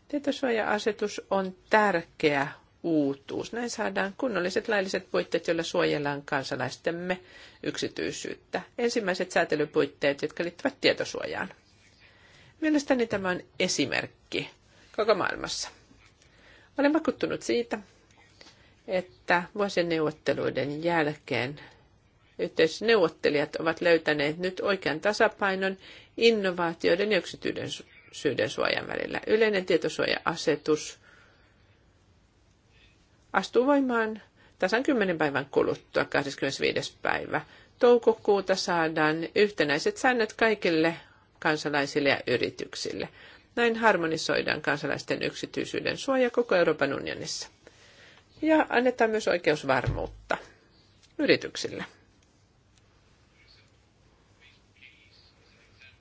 Tietosuoja-asetus on tärkeä uutuus. Näin saadaan kunnolliset lailliset puitteet, joilla suojellaan kansalaistemme yksityisyyttä. Ensimmäiset säätelypuitteet, jotka liittyvät tietosuojaan. Mielestäni tämä on esimerkki koko maailmassa. Olen vakuuttunut siitä, että vuosien neuvotteluiden jälkeen yhteisneuvottelijat ovat löytäneet nyt oikean tasapainon innovaatioiden ja yksityisyyden suojan välillä. Yleinen tietosuoja-asetus – astuu voimaan tasan 10 päivän kuluttua 25. päivä. Toukokuuta saadaan yhtenäiset säännöt kaikille kansalaisille ja yrityksille. Näin harmonisoidaan kansalaisten yksityisyyden suoja koko Euroopan unionissa. Ja annetaan myös oikeusvarmuutta yrityksille.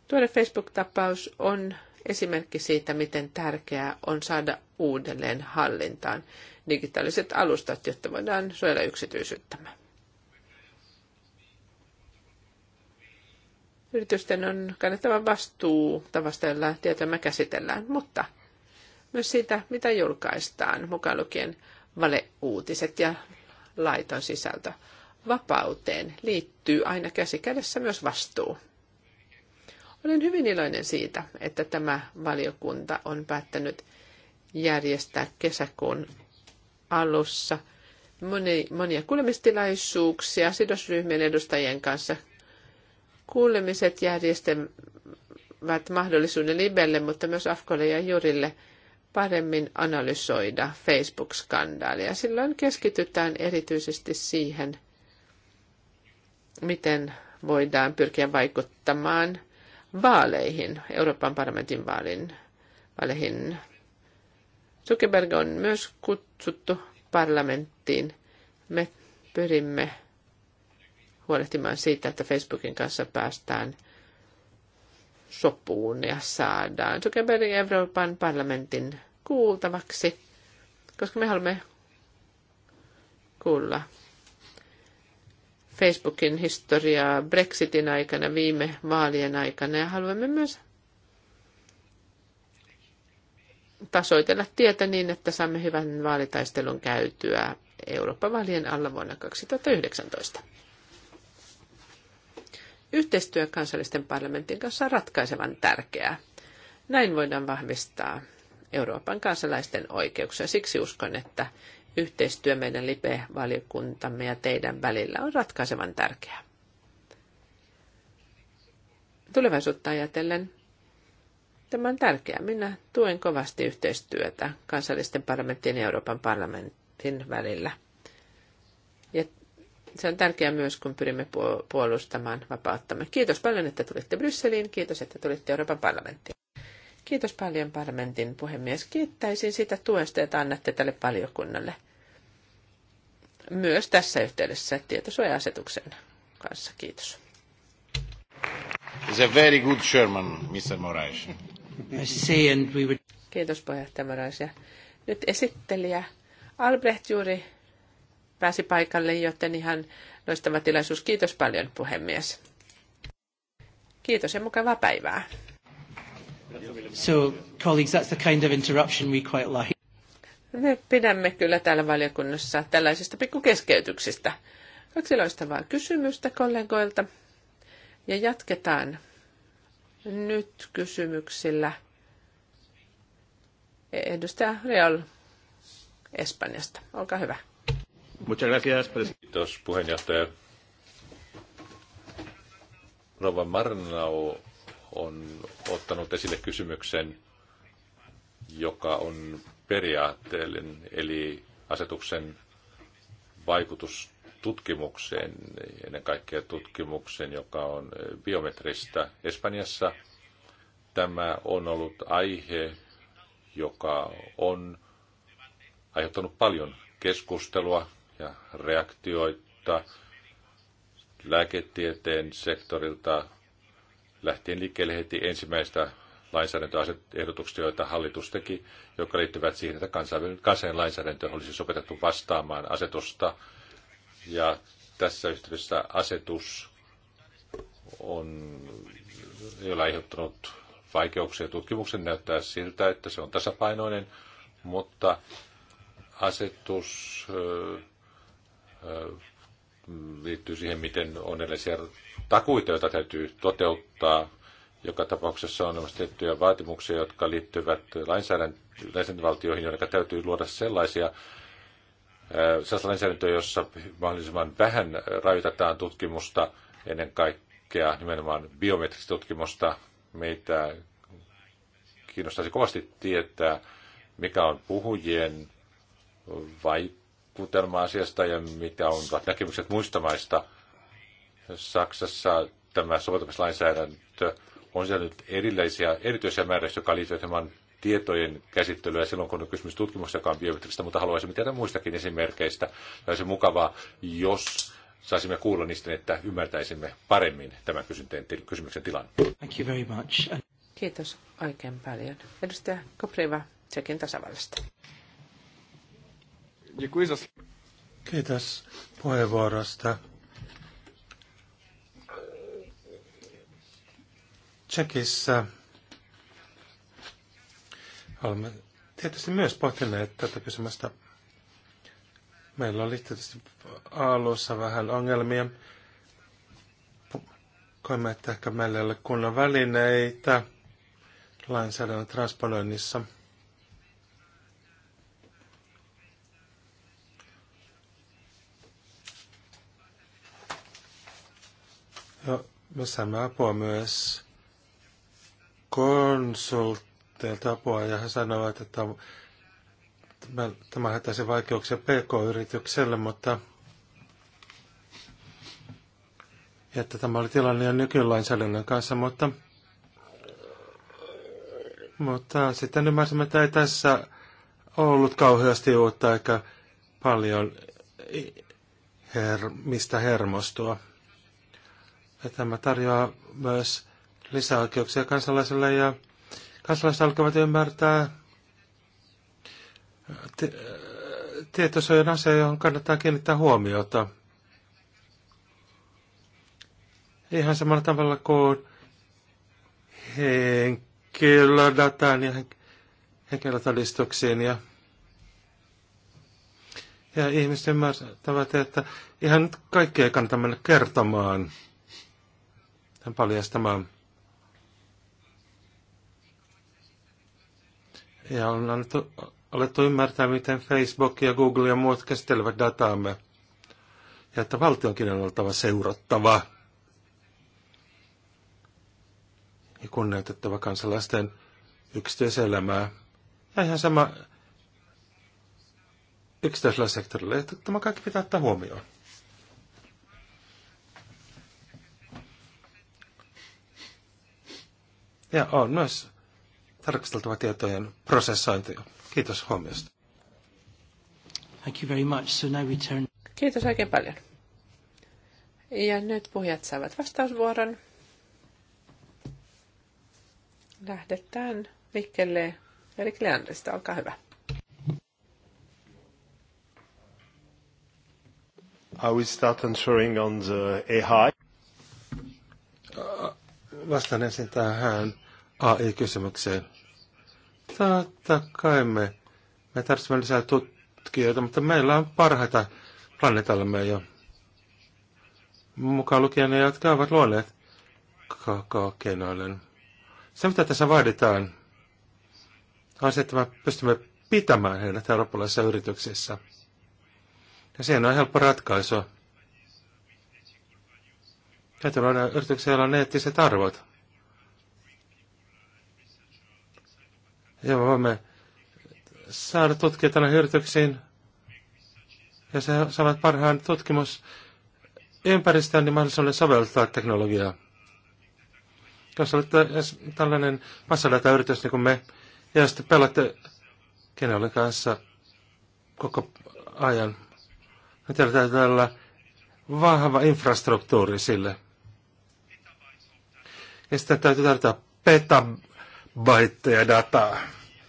Tuore Facebook-tapaus on esimerkki siitä, miten tärkeää on saada uudelleen hallintaan digitaaliset alustat, jotta voidaan suojella yksityisyyttämme. Yritysten on kannettava vastuu tavasta, jolla tietoa käsitellään, mutta myös siitä, mitä julkaistaan, mukaan lukien valeuutiset ja laiton sisältö. Vapauteen liittyy aina käsi kädessä myös vastuu. Olen hyvin iloinen siitä, että tämä valiokunta on päättänyt järjestää kesäkuun alussa moni, monia kuulemistilaisuuksia sidosryhmien edustajien kanssa. Kuulemiset järjestävät mahdollisuuden Libelle, mutta myös Afkolle ja Jurille paremmin analysoida Facebook-skandaalia. Silloin keskitytään erityisesti siihen, miten voidaan pyrkiä vaikuttamaan vaaleihin, Euroopan parlamentin vaalin, vaaleihin. Zuckerberg on myös kut- kutsuttu parlamenttiin, me pyrimme huolehtimaan siitä, että Facebookin kanssa päästään sopuun ja saadaan Zuckerbergin Euroopan parlamentin kuultavaksi, koska me haluamme kuulla Facebookin historiaa Brexitin aikana, viime vaalien aikana ja haluamme myös tasoitella tietä niin, että saamme hyvän vaalitaistelun käytyä Euroopan vaalien alla vuonna 2019. Yhteistyö kansallisten parlamentin kanssa on ratkaisevan tärkeää. Näin voidaan vahvistaa Euroopan kansalaisten oikeuksia. Siksi uskon, että yhteistyö meidän LIPE-valiokuntamme ja teidän välillä on ratkaisevan tärkeää. Tulevaisuutta ajatellen Tämä on tärkeää. Minä tuen kovasti yhteistyötä kansallisten parlamenttien ja Euroopan parlamentin välillä. Ja se on tärkeää myös, kun pyrimme puolustamaan vapauttamme. Kiitos paljon, että tulitte Brysseliin. Kiitos, että tulitte Euroopan parlamenttiin. Kiitos paljon parlamentin puhemies. Kiittäisin sitä tuesta, että annatte tälle paljokunnalle. Myös tässä yhteydessä tietosuoja-asetuksen kanssa. Kiitos. He's a very good Mr. Moraes. Kiitos puheenjohtaja Maraisia. Nyt esittelijä Albrecht juuri pääsi paikalle, joten ihan loistava tilaisuus. Kiitos paljon puhemies. Kiitos ja mukavaa päivää. So, colleagues, that's the kind of interruption we quite like. Me pidämme kyllä täällä valiokunnassa tällaisista pikkukeskeytyksistä. Kaksi loistavaa kysymystä kollegoilta ja jatketaan nyt kysymyksillä edustaja Real Espanjasta. Olkaa hyvä. Muchas gracias, Kiitos puheenjohtaja. Rova Marnau on ottanut esille kysymyksen, joka on periaatteellinen, eli asetuksen vaikutus tutkimukseen, ennen kaikkea tutkimukseen, joka on eh, biometristä. Espanjassa tämä on ollut aihe, joka on aiheuttanut paljon keskustelua ja reaktioita lääketieteen sektorilta lähtien liikkeelle heti ensimmäistä lainsäädäntöehdotuksia, joita hallitus teki, jotka liittyvät siihen, että kansainvälinen lainsäädäntö olisi sopetettu vastaamaan asetusta ja tässä yhteydessä asetus on, ei ole aiheuttanut vaikeuksia. Tutkimuksen näyttää siltä, että se on tasapainoinen, mutta asetus liittyy siihen, miten on erilaisia takuita, joita täytyy toteuttaa. Joka tapauksessa on olemassa tiettyjä vaatimuksia, jotka liittyvät lainsäädäntövaltioihin, joiden täytyy luoda sellaisia sellaista lainsäädäntöä, jossa mahdollisimman vähän rajoitetaan tutkimusta, ennen kaikkea nimenomaan biometristä tutkimusta. Meitä kiinnostaisi kovasti tietää, mikä on puhujien vaikutelma asiasta ja mitä on näkemykset muista maista. Saksassa tämä soveltamislainsäädäntö on siellä nyt erilaisia, erityisiä määräyksiä, jotka liittyvät tietojen käsittelyä silloin, kun on kysymys on biometristä, mutta haluaisin tietää muistakin esimerkkeistä. Olisi mukavaa, jos saisimme kuulla niistä, että ymmärtäisimme paremmin tämän kysymyksen tilan. Thank you very much. Kiitos oikein paljon. Edustaja Kopriva, Tsekin tasavallasta. Kiitos puheenvuorosta. Tsekissä Olemme tietysti myös pohtineet tätä kysymystä. Meillä oli tietysti alussa vähän ongelmia. Koimme, että ehkä meillä ei ole kunnon välineitä lainsäädännön transponoinnissa. Ja me saamme apua myös konsult teiltä apua ja he sanoivat, että tämä, tämä hätäisi vaikeuksia PK-yritykselle, mutta että tämä oli tilanne jo nykylainsäädännön kanssa, mutta, mutta sitten ymmärsimme, että ei tässä ollut kauheasti uutta eikä paljon her, mistä hermostua. Ja tämä tarjoaa myös lisäoikeuksia kansalaisille ja kansalaiset alkavat ymmärtää äh, äh, tietosuojan asia, johon kannattaa kiinnittää huomiota. Ihan samalla tavalla kuin henkilödataan ja henkilötodistuksiin ja ja ihmiset ymmärtävät, että ihan kaikkea ei kannata mennä kertomaan tämän paljastamaan. Ja on annettu, alettu ymmärtää, miten Facebook ja Google ja muut käsittelevät dataamme. Ja että valtionkin on oltava seurattava ja kunnioitettava kansalaisten yksityiselämää. Ja ihan sama yksityisellä sektorilla. Että tämä kaikki pitää ottaa huomioon. Ja on myös tarkasteltava tietojen prosessointi. Kiitos huomiosta. Thank you very much. So now we turn... Kiitos oikein paljon. Ja nyt puhujat saavat vastausvuoron. Lähdetään Mikkelle. Erik Leandrista, olkaa hyvä. I will start answering on the AI. Vastaan ensin tähän AI-kysymykseen. Totta kai me, me tarvitsemme lisää tutkijoita, mutta meillä on parhaita planeetallamme jo. Mukaan lukien ne, jotka ovat luoneet koko keinoilleen. Se, mitä tässä vaaditaan, on se, että me pystymme pitämään heidät eurooppalaisissa yrityksissä. Ja siihen on helppo ratkaisu. Täytyy olla yrityksellä on eettiset arvot. Ja voimme saada tutkia näihin yrityksiin, ja se saavat parhaan tutkimus ympäristöön, niin mahdollisuuden soveltaa teknologiaa. Jos olette tällainen massadatayritys niin kuin me, ja sitten pelaatte kenelle kanssa koko ajan, niin teillä tällä vahva infrastruktuuri sille. Ja sitten täytyy tarjota peta, baitteja dataa,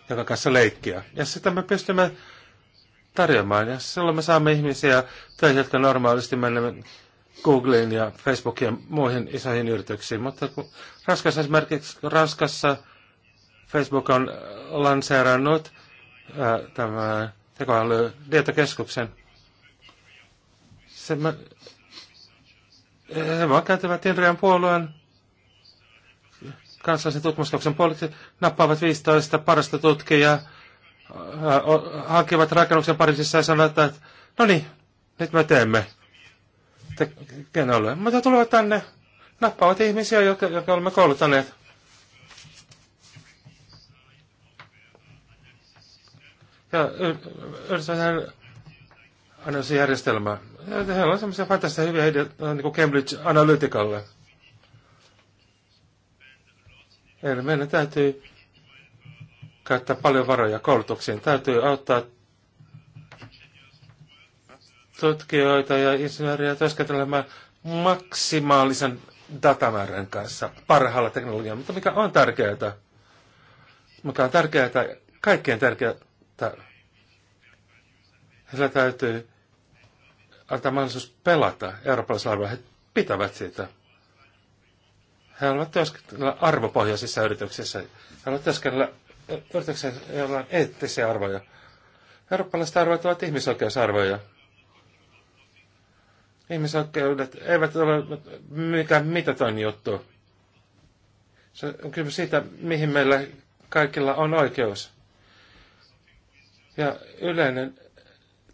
joka kanssa leikkiä. Ja sitä me pystymme tarjoamaan. Ja silloin me saamme ihmisiä töihin, jotka normaalisti menemme Googleen ja Facebookiin ja muihin isoihin yrityksiin. Mutta kun Ranskassa esimerkiksi Ranskassa Facebook on lanseerannut ää, tämän tekoälydietokeskuksen. Se, mä, he vaan käytävät Inrian puolueen kansallisen tutkimuskeskuksen poliisit nappaavat 15 parasta tutkijaa, äh, hankivat rakennuksen Pariisissa ja sanovat, että no niin, nyt me teemme. Te, ole? Mutta tulevat tänne, nappaavat ihmisiä, jotka, jotka olemme kouluttaneet. Ja yhdistetään järjestelmää. Heillä on semmoisia fantastisia hyviä ideoita niin kuin Cambridge Analyticalle. Eli meidän täytyy käyttää paljon varoja koulutuksiin. Täytyy auttaa tutkijoita ja insinööriä työskentelemään maksimaalisen datamäärän kanssa parhaalla teknologialla. Mutta mikä on tärkeää, mikä on tärkeää, kaikkein tärkeää, heillä täytyy antaa mahdollisuus pelata eurooppalaisella He pitävät siitä. He haluavat työskennellä arvopohjaisissa yrityksissä. He haluavat työskennellä yrityksissä, joilla on eettisiä arvoja. Eurooppalaiset arvot ovat ihmisoikeusarvoja. Ihmisoikeudet eivät ole mikään mitätön juttu. Se on kyllä siitä, mihin meillä kaikilla on oikeus. Ja yleinen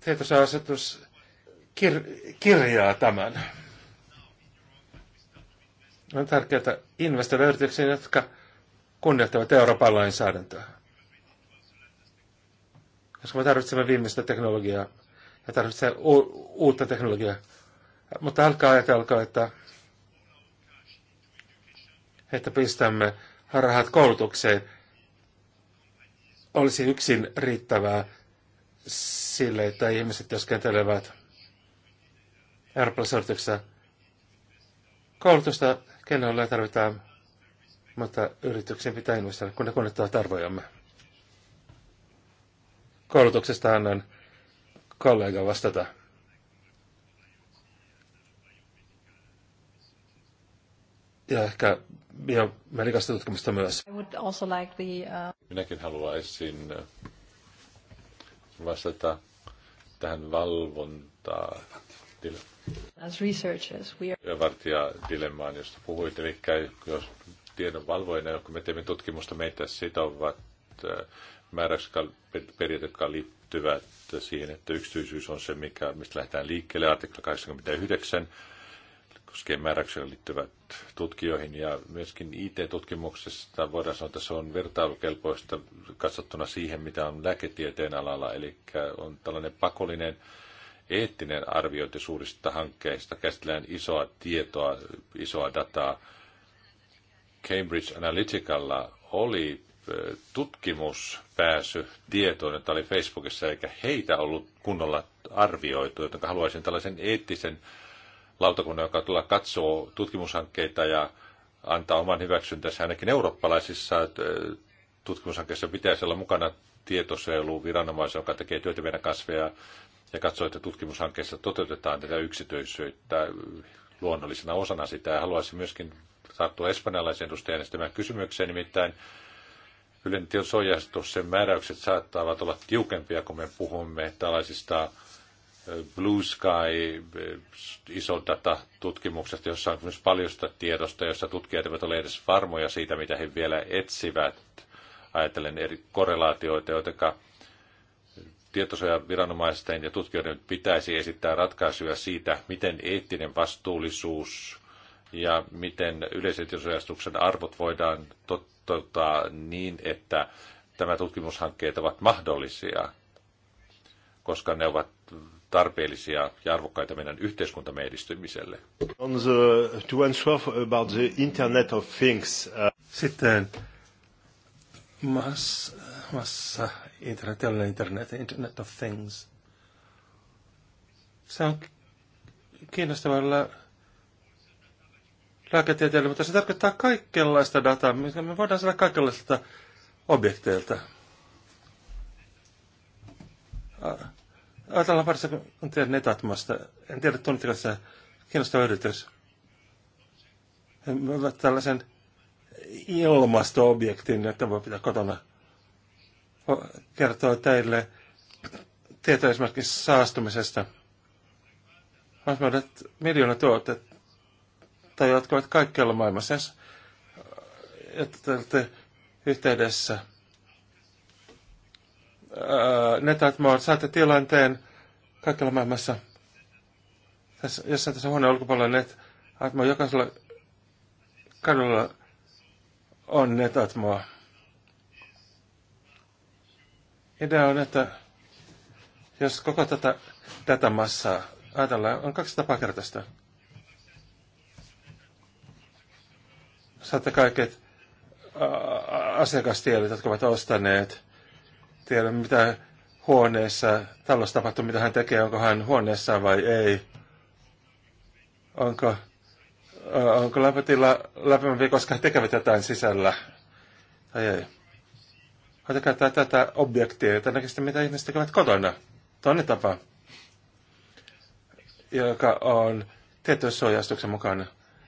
tietosuoja kir- kirjaa tämän. On tärkeää investoida yrityksiin, jotka kunnioittavat Euroopan lainsäädäntöä. Koska me tarvitsemme viimeistä teknologiaa ja tarvitsemme u- uutta teknologiaa. Mutta älkää ajatelko, että, että pistämme rahat koulutukseen olisi yksin riittävää sille, että ihmiset työskentelevät Euroopan yrityksessä. Koulutusta keinoilla tarvitaan, mutta yrityksen pitää investoida, kun ne kunnettavat arvojamme. Koulutuksesta annan kollega vastata. ja ehkä ja tutkimusta myös. Like the, uh... Minäkin haluaisin vastata tähän valvontaan As dilemmaan, josta puhuit, eli jos tiedonvalvojina, kun me teemme tutkimusta, meitä sitovat äh, periaatteet, jotka liittyvät siihen, että yksityisyys on se, mikä, mistä lähdetään liikkeelle, artikla 89, koskee määräyksiä liittyvät tutkijoihin ja myöskin IT-tutkimuksesta voidaan sanoa, että se on vertailukelpoista katsottuna siihen, mitä on lääketieteen alalla, eli on tällainen pakollinen eettinen arviointi suurista hankkeista, käsitellään isoa tietoa, isoa dataa. Cambridge Analyticalla oli tutkimuspääsy tietoon, että oli Facebookissa, eikä heitä ollut kunnolla arvioitu, joten haluaisin tällaisen eettisen lautakunnan, joka tulla katsoo tutkimushankkeita ja antaa oman hyväksyntänsä ainakin eurooppalaisissa tutkimushankkeissa pitäisi olla mukana tietosuojeluviranomaisen, joka tekee työtä meidän kasveja ja katsoo, että tutkimushankkeessa toteutetaan tätä yksityisyyttä luonnollisena osana sitä. Ja haluaisin myöskin tarttua espanjalaisen edustajan esittämään kysymykseen, nimittäin yleinen määräykset saattavat olla tiukempia, kun me puhumme tällaisista Blue Sky iso data tutkimuksesta, jossa on myös sitä tiedosta, jossa tutkijat eivät ole edes varmoja siitä, mitä he vielä etsivät, ajatellen eri korrelaatioita, jotka tietosuojaviranomaisten ja tutkijoiden pitäisi esittää ratkaisuja siitä, miten eettinen vastuullisuus ja miten yleisen tietosuojastuksen arvot voidaan toteuttaa niin, että tämä tutkimushankkeet ovat mahdollisia, koska ne ovat tarpeellisia ja arvokkaita meidän yhteiskuntamme edistymiselle. On the, to answer about the Internet of Things. Uh... Sitten massa, massa internet, tällainen internet, internet of things. Se on kiinnostavalla lääketieteellä, mutta se tarkoittaa kaikenlaista dataa, mitä me voidaan saada kaikenlaista objekteilta. Ajatellaan parissa teidän netatmasta. En tiedä, tunnitteko se kiinnostava yritys. He tällaisen ilmastoobjektin, että voi pitää kotona kertoo teille tietoa esimerkiksi saastumisesta. Maailmanat miljoona tuotetta, jotka ovat kaikkialla maailmassa, äh, että te olette yhteydessä. Äh, Netatmoon saatte tilanteen kaikkialla maailmassa. Tässä, jossain tässä huoneen ulkopuolella Netatmo jokaisella kadulla on Netatmoa. Idea on, että jos koko tätä, tätä massaa ajatellaan, on kaksi tapaa kertaista. Saatte kaiket asiakastiedot, jotka ovat ostaneet. Tiedän, mitä huoneessa talossa tapahtuu, mitä hän tekee, onko hän huoneessa vai ei. Onko, onko lämpötila lämpimämpi, koska he tekevät jotain sisällä tai ei. Koita käyttää tätä objektia, jota näkisitte, mitä ihmiset tekevät kotona. Toinen tapa, joka on tietyn suojastuksen mukana.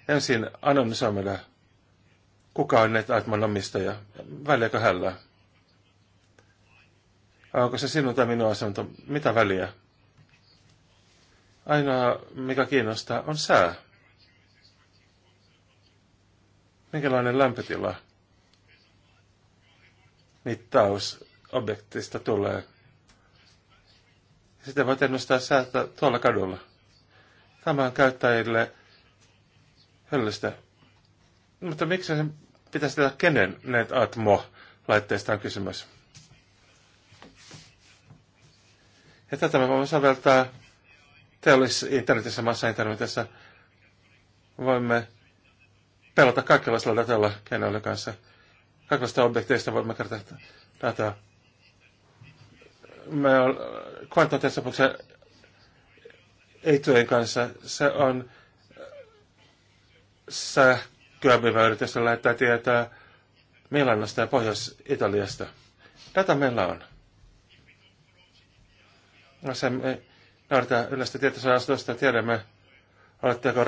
Ensin anonymisoimalla, kuka on NetAtman omistaja, väliäkö hällä. Onko se sinun tai minun asunto? Mitä väliä? Ainoa, mikä kiinnostaa, on sää. Minkälainen lämpötila? mittausobjektista tulee. Sitä voit ennustaa säätä tuolla kadulla. Tämä on käyttäjille höllistä. Mutta miksi sen pitäisi tehdä kenen NetAtmo laitteista on kysymys? Ja tätä me voimme soveltaa teollisessa internetissä, massa internetissä. Voimme pelata kaikenlaisella datalla keinoilla kanssa kaikenlaista objekteista voimme kerätä tätä. Me kvanttitieteellisessä etujen kanssa, se on äh, sähköä, sähköämivä yritys, lähettää tietää Milanosta ja Pohjois-Italiasta. Tätä meillä on. No se me noudatetaan yleistä tietosanastosta, tiedämme, oletteko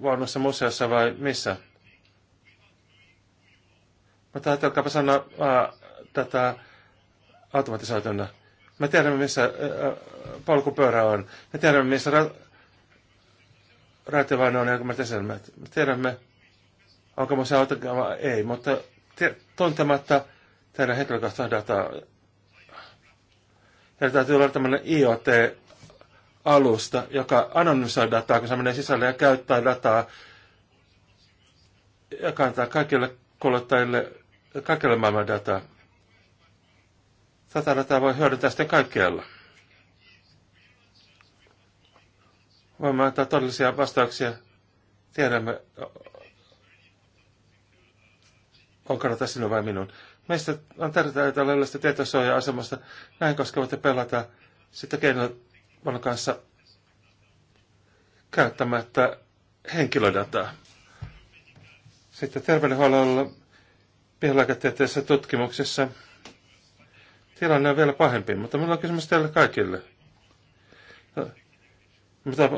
vuonnossa museossa vai missä. Mutta ajattelkaapa sanoa ää, tätä automatisoituna. Me tiedämme, missä ää, polkupyörä on. Me tiedämme, missä ra- raitevaino on, jonka mä tiedämme. Me tiedämme, onko se auto ei, mutta te- tuntematta teidän henkilökohtaista dataa. Ja täytyy olla tämmöinen IoT-alusta, joka anonymisoi dataa, kun se menee sisälle ja käyttää dataa ja kantaa kaikille kuluttajille kaikilla maailman dataa. Tätä dataa voi hyödyntää sitten kaikkialla. Voimme antaa todellisia vastauksia. Tiedämme, onko kannata sinun vai minun. Meistä on tärkeää, että olla yleistä tietosuoja-asemasta. Näin, koska voitte pelata sitten keinovalon kanssa käyttämättä henkilödataa. Sitten terveydenhuollolla pihalääketieteellisessä tutkimuksessa tilanne on vielä pahempi, mutta minulla on kysymys teille kaikille. Mitä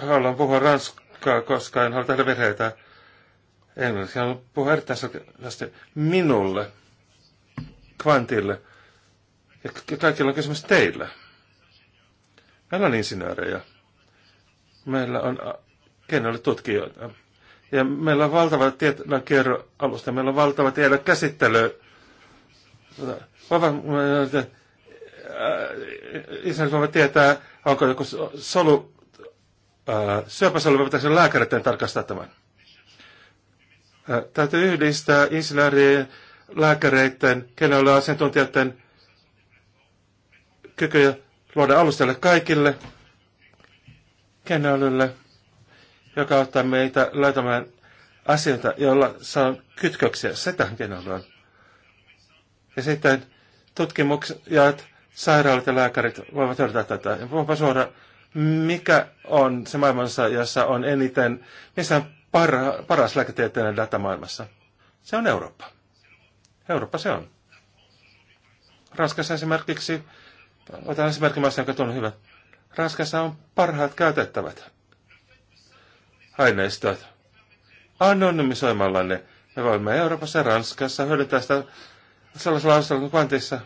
haluan puhua ranskaa, koska en halua tehdä virheitä englanniksi. Haluan puhua erittäin selkeästi minulle, kvantille, ja kaikilla on kysymys teille, Meillä on insinöörejä. Meillä on kenelle tutkijoita. Ja meillä on valtava alusta, meillä on valtava tiedon käsittely. Äh, Israelissa voivat tietää, onko joku solu, äh, syöpäsolu, pitäisi lääkäreiden tarkastaa tämän. Äh, täytyy yhdistää insinöörien, lääkäreiden, kenellä asiantuntijoiden kykyjä luoda alustalle kaikille, kenelle joka auttaa meitä löytämään asioita, joilla saa kytköksiä genomaan. Ja sitten tutkimukset, sairaalat ja lääkärit voivat todeta tätä. Ja voipa suora, mikä on se maailmassa, jossa on eniten, missä on parha, paras lääketieteellinen data maailmassa. Se on Eurooppa. Eurooppa se on. Ranskassa esimerkiksi, otan maassa, jonka tunnen hyvä. Ranskassa on parhaat käytettävät aineistot. Anonymisoimalla ne. Me voimme Euroopassa ja Ranskassa hyödyntää sitä sellaisella kuin kvantissa.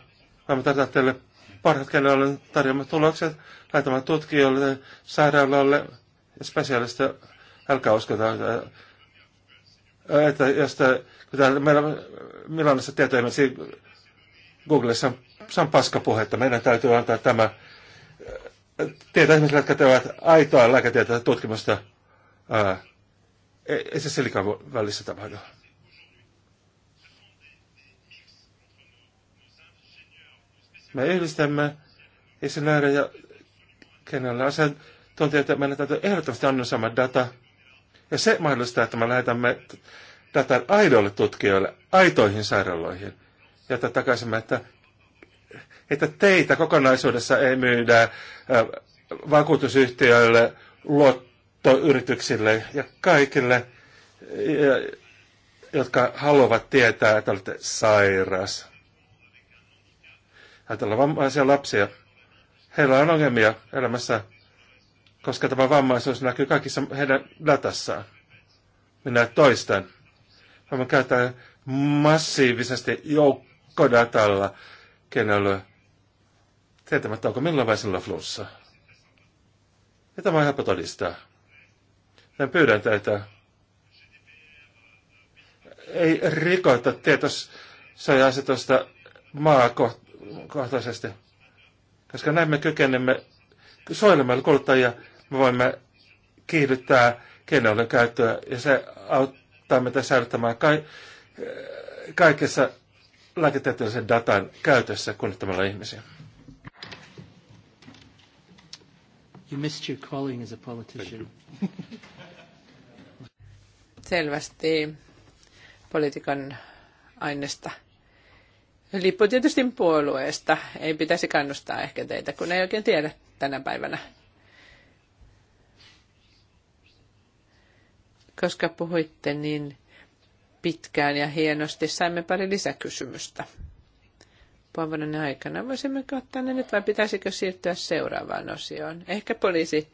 Voimme tarjota teille parhaat kenelle tarjoamme tulokset, laitamaan tutkijoille, sairaalalle ja spesiaalista. Älkää uskota, että josta, kun täällä meillä Milanissa tietoja, Googlessa on, se on paskapuhetta. Meidän täytyy antaa tämä tietää ihmisille, jotka tekevät aitoa lääketieteellistä tutkimusta. Ää, ei, ei se silläkään välissä tapahdu. Me yhdistämme ja kenellä että meidän täytyy ehdottomasti annan sama data. Ja se mahdollistaa, että me lähetämme datan aidoille tutkijoille, aitoihin sairaaloihin. Ja että takaisin, että, että teitä kokonaisuudessa ei myydä vakuutusyhtiöille, luottoja, yrityksille ja kaikille, jotka haluavat tietää, että olette sairas. Ajatellaan vammaisia lapsia. Heillä on ongelmia elämässä, koska tämä vammaisuus näkyy kaikissa heidän datassaan. Minä toistan. me käytämme massiivisesti joukkodatalla kenellä tietämättä onko millä vai sillä flussa. Ja tämä on helppo todistaa. Sen pyydän teitä. Ei rikoita tietosuoja-asetusta maakohtaisesti, koska näin me kykenemme suojelemalla kuluttajia. Me voimme kiihdyttää keinoiden käyttöä ja se auttaa meitä säilyttämään ka- kaikessa lääketieteellisen datan käytössä kunnittamalla ihmisiä. You missed your calling as a politician selvästi politiikan aineesta. Lippu tietysti puolueesta. Ei pitäisi kannustaa ehkä teitä, kun ei oikein tiedä tänä päivänä. Koska puhuitte niin pitkään ja hienosti, saimme pari lisäkysymystä puolen aikana. Voisimmeko ottaa ne nyt vai pitäisikö siirtyä seuraavaan osioon? Ehkä poliisi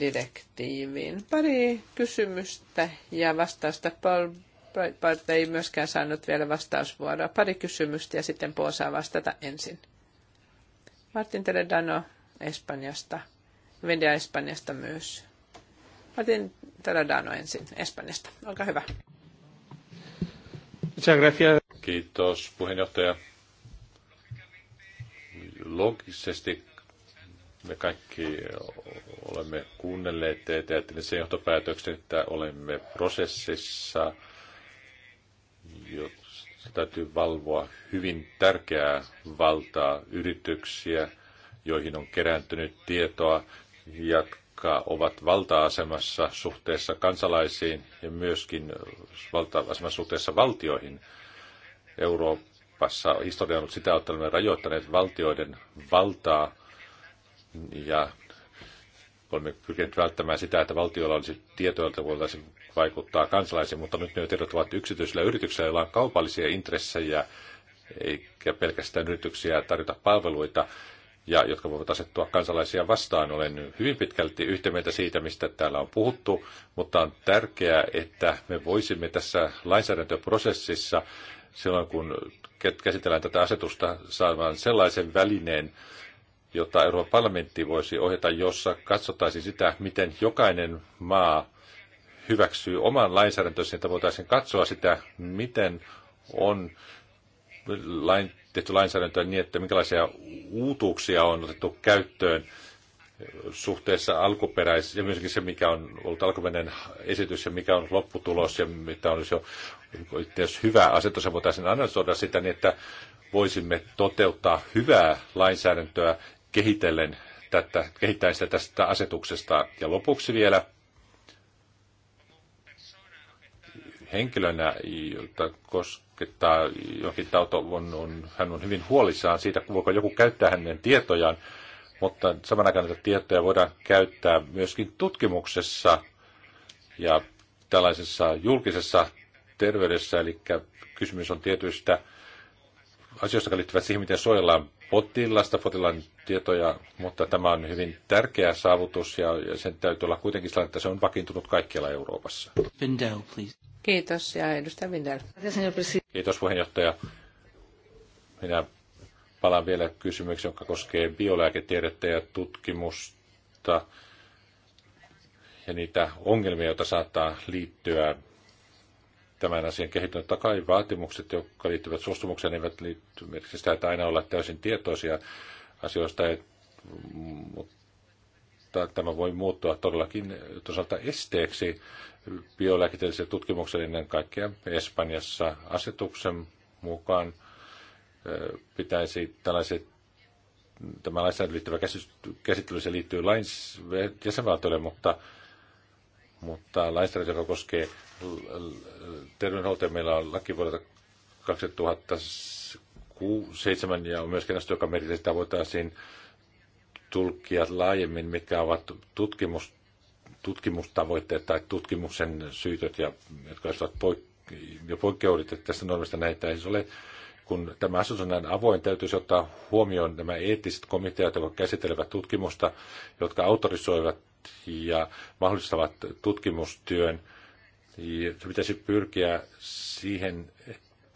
direktiiviin. Pari kysymystä ja vastausta. Paul Breitbart ei myöskään saanut vielä vastausvuoroa. Pari kysymystä ja sitten Paul saa vastata ensin. Martin Teredano Espanjasta. Vendia Espanjasta myös. Martin Teredano ensin Espanjasta. Olkaa hyvä. Kiitos puheenjohtaja. Logisesti me kaikki olemme kuunnelleet teitä ja sen johtopäätöksen, että olemme prosessissa, jossa täytyy valvoa hyvin tärkeää valtaa yrityksiä, joihin on kerääntynyt tietoa, jotka ovat valta-asemassa suhteessa kansalaisiin ja myöskin valta-asemassa suhteessa valtioihin. Euroopassa historia on sitä, että olemme rajoittaneet valtioiden valtaa ja Olemme pyrkineet välttämään sitä, että valtiolla olisi tietoja, joilta voitaisiin vaikuttaa kansalaisiin, mutta nyt ne tiedot ovat yksityisillä yrityksillä, joilla on kaupallisia intressejä, eikä pelkästään yrityksiä tarjota palveluita, ja jotka voivat asettua kansalaisia vastaan. Olen hyvin pitkälti yhtä mieltä siitä, mistä täällä on puhuttu, mutta on tärkeää, että me voisimme tässä lainsäädäntöprosessissa silloin, kun käsitellään tätä asetusta, saamaan sellaisen välineen, jota Euroopan parlamentti voisi ohjata, jossa katsottaisiin sitä, miten jokainen maa hyväksyy oman lainsäädäntönsä, että voitaisiin katsoa sitä, miten on lain, tehty lainsäädäntöä niin, että minkälaisia uutuuksia on otettu käyttöön suhteessa alkuperäis, ja myöskin se, mikä on ollut alkuperäinen esitys ja mikä on lopputulos ja mitä olisi jo jos hyvä asetus, ja voitaisiin analysoida sitä niin, että voisimme toteuttaa hyvää lainsäädäntöä kehitellen tätä, kehittäen sitä tästä asetuksesta. Ja lopuksi vielä henkilönä, jota koskettaa jokin tauto, on, on, hän on hyvin huolissaan siitä, voiko joku käyttää hänen tietojaan, mutta saman aikaan näitä tietoja voidaan käyttää myöskin tutkimuksessa ja tällaisessa julkisessa terveydessä, eli kysymys on tietyistä asioista, jotka liittyvät siihen, miten suojellaan potilasta, potilaan tietoja, mutta tämä on hyvin tärkeä saavutus ja sen täytyy olla kuitenkin sellainen, että se on vakiintunut kaikkialla Euroopassa. Vindel, please. Kiitos ja edustaja Vindel. Kiitos puheenjohtaja. Minä palaan vielä kysymykseen, joka koskee biolääketiedettä ja tutkimusta ja niitä ongelmia, joita saattaa liittyä tämän asian kehittynyt. Totta kai vaatimukset, jotka liittyvät suostumukseen, eivät liitty merkiksi sitä, että aina olla täysin tietoisia asioista, et, mutta tämä voi muuttua todellakin toisaalta esteeksi biolääketieteelliselle tutkimukselle ennen kaikkea Espanjassa asetuksen mukaan pitäisi tällaiset tämä lainsäädäntö liittyvä käsittely, se liittyy lains, jäsenvaltioille, mutta, mutta lainsäädäntö, joka koskee terveydenhuoltoon meillä on laki vuodelta 2007 ja on myöskin asia, joka merkitsee, että voitaisiin tulkia laajemmin, mitkä ovat tutkimus, tutkimustavoitteet tai tutkimuksen syytöt, ja, jotka ovat poik- jo tästä normista näitä ei siis ole kun tämä asetus on näin avoin, täytyisi ottaa huomioon nämä eettiset komiteat, jotka käsittelevät tutkimusta, jotka autorisoivat ja mahdollistavat tutkimustyön se pitäisi pyrkiä siihen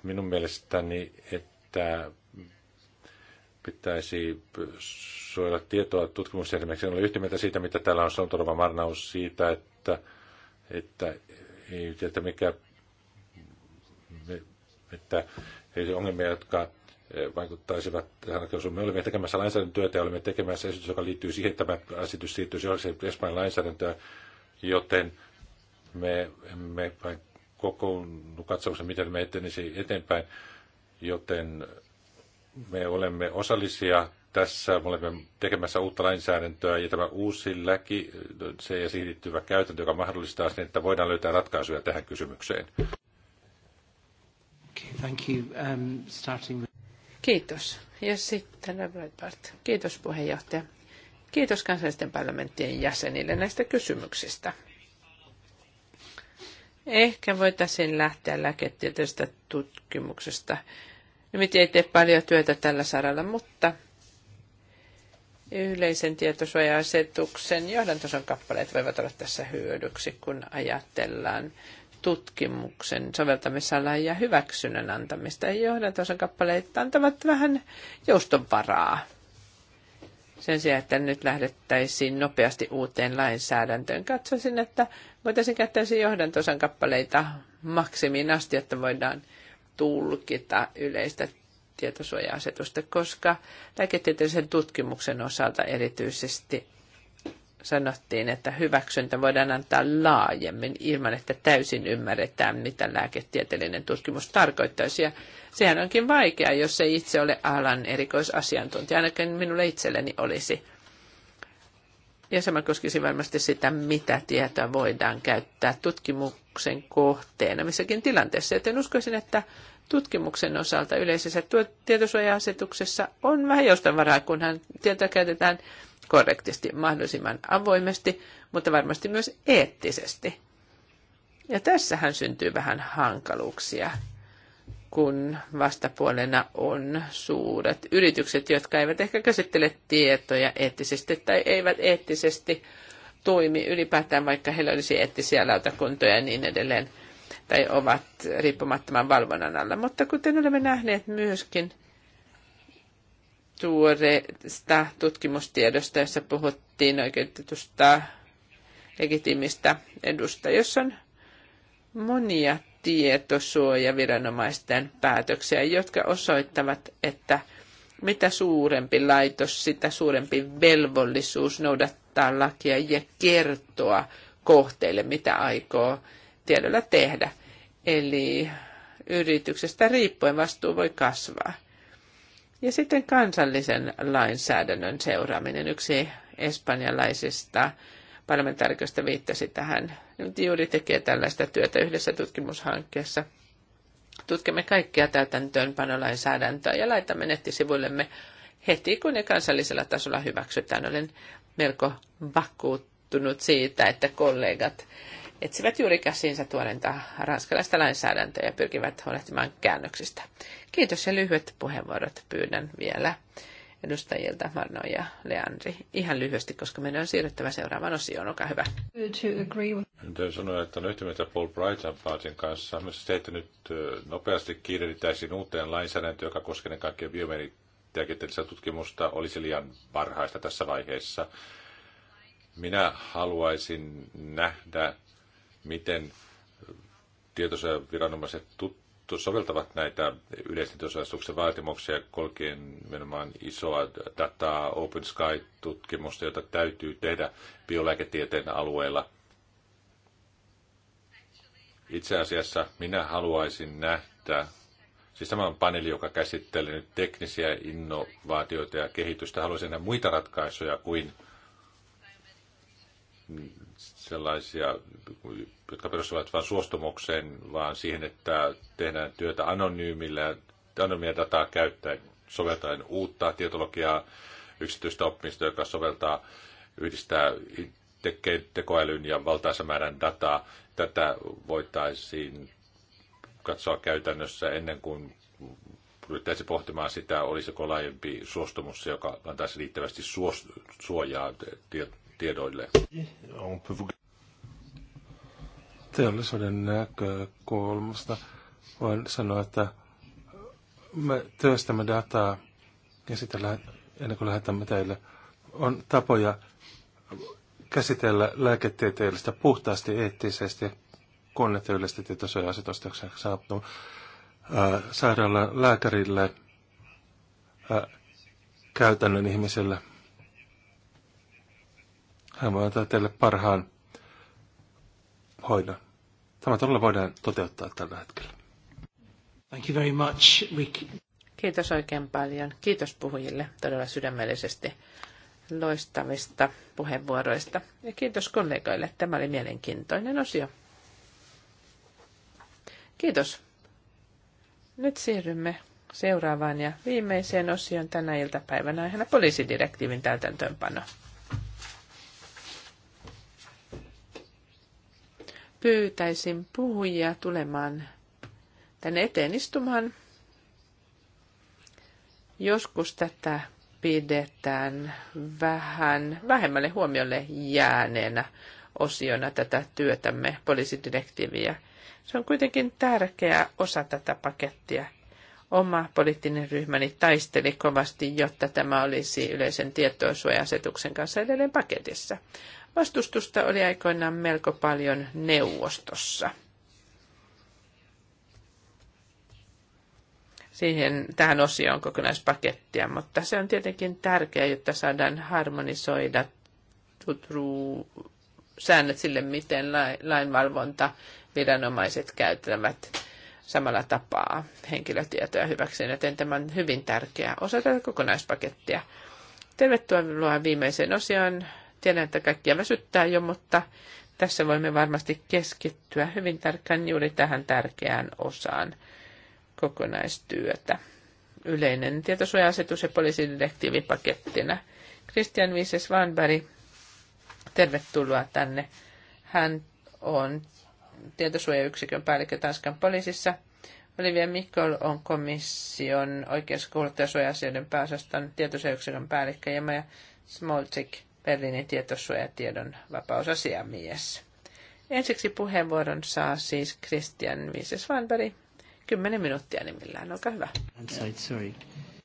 minun mielestäni, että pitäisi suojella tietoa tutkimusjärjestelmäksi. En ole yhtä mieltä siitä, mitä täällä on sanottu Marnaus siitä, että, että, että mikä että ongelmia, jotka vaikuttaisivat oikeusun. me olimme tekemässä lainsäädäntötyötä ja olimme tekemässä esitys, joka liittyy siihen, että tämä esitys siirtyisi osaksi Espanjan lainsäädäntöön, joten me emme vain kokoonnu katsomaan, miten me etenisi eteenpäin, joten me olemme osallisia tässä, me olemme tekemässä uutta lainsäädäntöä ja tämä uusi läki, se ja siihen liittyvä käytäntö, joka mahdollistaa sen, että voidaan löytää ratkaisuja tähän kysymykseen. Okay, thank you. Um, starting with... Kiitos. Ja sitten Breitbart. Kiitos puheenjohtaja. Kiitos kansallisten parlamenttien jäsenille näistä kysymyksistä. Ehkä voitaisiin lähteä lääketieteellisestä tutkimuksesta. Nyt ei tee paljon työtä tällä saralla, mutta yleisen tietosuoja-asetuksen johdantoson kappaleet voivat olla tässä hyödyksi, kun ajatellaan tutkimuksen soveltamisalaa ja hyväksynnän antamista. Johdantoson kappaleet antavat vähän joustonvaraa. Sen sijaan, että nyt lähdettäisiin nopeasti uuteen lainsäädäntöön, katsoisin, että Voitaisiin käyttää sen johdantosan kappaleita maksimiin asti, että voidaan tulkita yleistä tietosuoja-asetusta, koska lääketieteellisen tutkimuksen osalta erityisesti sanottiin, että hyväksyntä voidaan antaa laajemmin ilman, että täysin ymmärretään, mitä lääketieteellinen tutkimus tarkoittaisi. Ja sehän onkin vaikeaa, jos ei itse ole alan erikoisasiantuntija, ainakin minulle itselleni olisi. Ja sama koskisi varmasti sitä, mitä tietoa voidaan käyttää tutkimuksen kohteena missäkin tilanteessa. Joten uskoisin, että tutkimuksen osalta yleisessä tietosuoja-asetuksessa on vähän varaa, kunhan tietoa käytetään korrektisti, mahdollisimman avoimesti, mutta varmasti myös eettisesti. Ja tässähän syntyy vähän hankaluuksia kun vastapuolena on suuret yritykset, jotka eivät ehkä käsittele tietoja eettisesti tai eivät eettisesti toimi ylipäätään, vaikka heillä olisi eettisiä lautakuntoja ja niin edelleen, tai ovat riippumattoman valvonnan alla. Mutta kuten olemme nähneet myöskin tuoreesta tutkimustiedosta, jossa puhuttiin oikeutetusta legitiimistä edusta, jossa on monia tietosuojaviranomaisten päätöksiä, jotka osoittavat, että mitä suurempi laitos, sitä suurempi velvollisuus noudattaa lakia ja kertoa kohteille, mitä aikoo tiedolla tehdä. Eli yrityksestä riippuen vastuu voi kasvaa. Ja sitten kansallisen lainsäädännön seuraaminen. Yksi espanjalaisista parlamentaarikosta viittasi tähän, nyt juuri tekee tällaista työtä yhdessä tutkimushankkeessa. Tutkimme kaikkia täytäntöönpanolainsäädäntöä ja laitamme nettisivuillemme heti, kun ne kansallisella tasolla hyväksytään. Olen melko vakuuttunut siitä, että kollegat etsivät juuri käsiinsä tuorentaa ranskalaista lainsäädäntöä ja pyrkivät huolehtimaan käännöksistä. Kiitos ja lyhyet puheenvuorot pyydän vielä edustajilta Marno ja Leandri. Ihan lyhyesti, koska meidän on siirryttävä seuraavaan osioon. Olkaa hyvä. Täytyy sanoa, että on yhtä Paul Brighton-Partin kanssa. Myös se, että nyt nopeasti kiirehdittäisiin uuteen lainsäädäntöön, joka koskee ne kaikkia biomediteknistä tutkimusta, olisi liian varhaista tässä vaiheessa. Minä haluaisin nähdä, miten tietosuojaviranomaiset tut- soveltavat näitä yleisten vaatimuksia kolkien nimenomaan isoa dataa, Open Sky-tutkimusta, jota täytyy tehdä biolääketieteen alueella. Itse asiassa minä haluaisin nähdä, siis tämä on paneeli, joka käsittelee nyt teknisiä innovaatioita ja kehitystä, haluaisin nähdä muita ratkaisuja kuin – sellaisia, jotka perustuvat vain suostumukseen, vaan siihen, että tehdään työtä anonyymillä, anonyymia dataa käyttäen, soveltaen uutta tietologiaa, yksityistä oppimista, joka soveltaa, yhdistää tekoälyn ja valtaisen määrän dataa. Tätä voitaisiin katsoa käytännössä ennen kuin ryhtäisi pohtimaan sitä, olisiko laajempi suostumus, joka antaisi riittävästi suos, suojaa tiedoille. Teollisuuden näkökulmasta voin sanoa, että me työstämme dataa ja sitä ennen kuin lähetämme teille, on tapoja käsitellä lääketieteellistä puhtaasti eettisesti, ja yleisesti tietosuoja saapunut sairaalan lääkärille, ää, käytännön ihmisille – hän voi antaa teille parhaan hoidon. Tämä todella voidaan toteuttaa tällä hetkellä. Thank you very much. We... Kiitos oikein paljon. Kiitos puhujille todella sydämellisesti loistavista puheenvuoroista. Ja kiitos kollegoille. Tämä oli mielenkiintoinen osio. Kiitos. Nyt siirrymme seuraavaan ja viimeiseen osioon tänä iltapäivänä aiheena poliisidirektiivin täytäntöönpano. pyytäisin puhujia tulemaan tänne eteen istumaan. Joskus tätä pidetään vähän vähemmälle huomiolle jääneenä osiona tätä työtämme, poliisidirektiiviä. Se on kuitenkin tärkeä osa tätä pakettia. Oma poliittinen ryhmäni taisteli kovasti, jotta tämä olisi yleisen tietosuoja-asetuksen kanssa edelleen paketissa. Vastustusta oli aikoinaan melko paljon neuvostossa. Siihen, tähän osioon kokonaispakettia, mutta se on tietenkin tärkeää, jotta saadaan harmonisoida tutru, säännöt sille, miten lainvalvonta viranomaiset käyttävät samalla tapaa henkilötietoja hyväkseen, joten tämä on hyvin tärkeä osa tätä kokonaispakettia. Tervetuloa viimeiseen osioon, Tiedän, että kaikkia väsyttää jo, mutta tässä voimme varmasti keskittyä hyvin tarkkaan juuri tähän tärkeään osaan kokonaistyötä. Yleinen tietosuoja-asetus ja poliisidirektiivipakettina. Christian Viises Vanberg, tervetuloa tänne. Hän on tietosuojayksikön päällikkö Tanskan poliisissa. Olivia Mikkol on komission oikeus- ja suoja-asioiden pääosaston tietosuojayksikön päällikkö ja Maja Smolcik Berliinin tietosuojatiedon vapausasiamies. Ensiksi puheenvuoron saa siis Christian Viises Vanberg. Kymmenen minuuttia nimillään, olkaa hyvä. Sorry,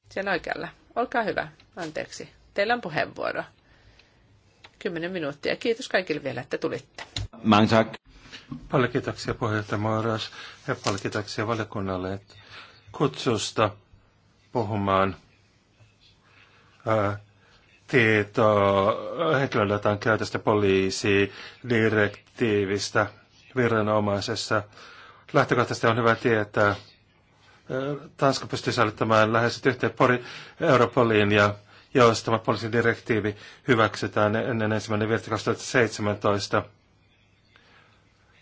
Siellä oikealla. Olkaa hyvä, anteeksi. Teillä on puheenvuoro. Kymmenen minuuttia. Kiitos kaikille vielä, että tulitte. Mange Paljon kiitoksia puheenjohtaja Moiras ja paljon kiitoksia valiokunnalle kutsusta puhumaan ää, tieto henkilödatan käytöstä poliisidirektiivistä viranomaisessa. Lähtökohtaisesti on hyvä tietää, äh, Tanska pystyy säilyttämään lähes yhteen Pori, Europoliin ja jos tämä poliisidirektiivi hyväksytään ennen ensimmäinen viesti 2017.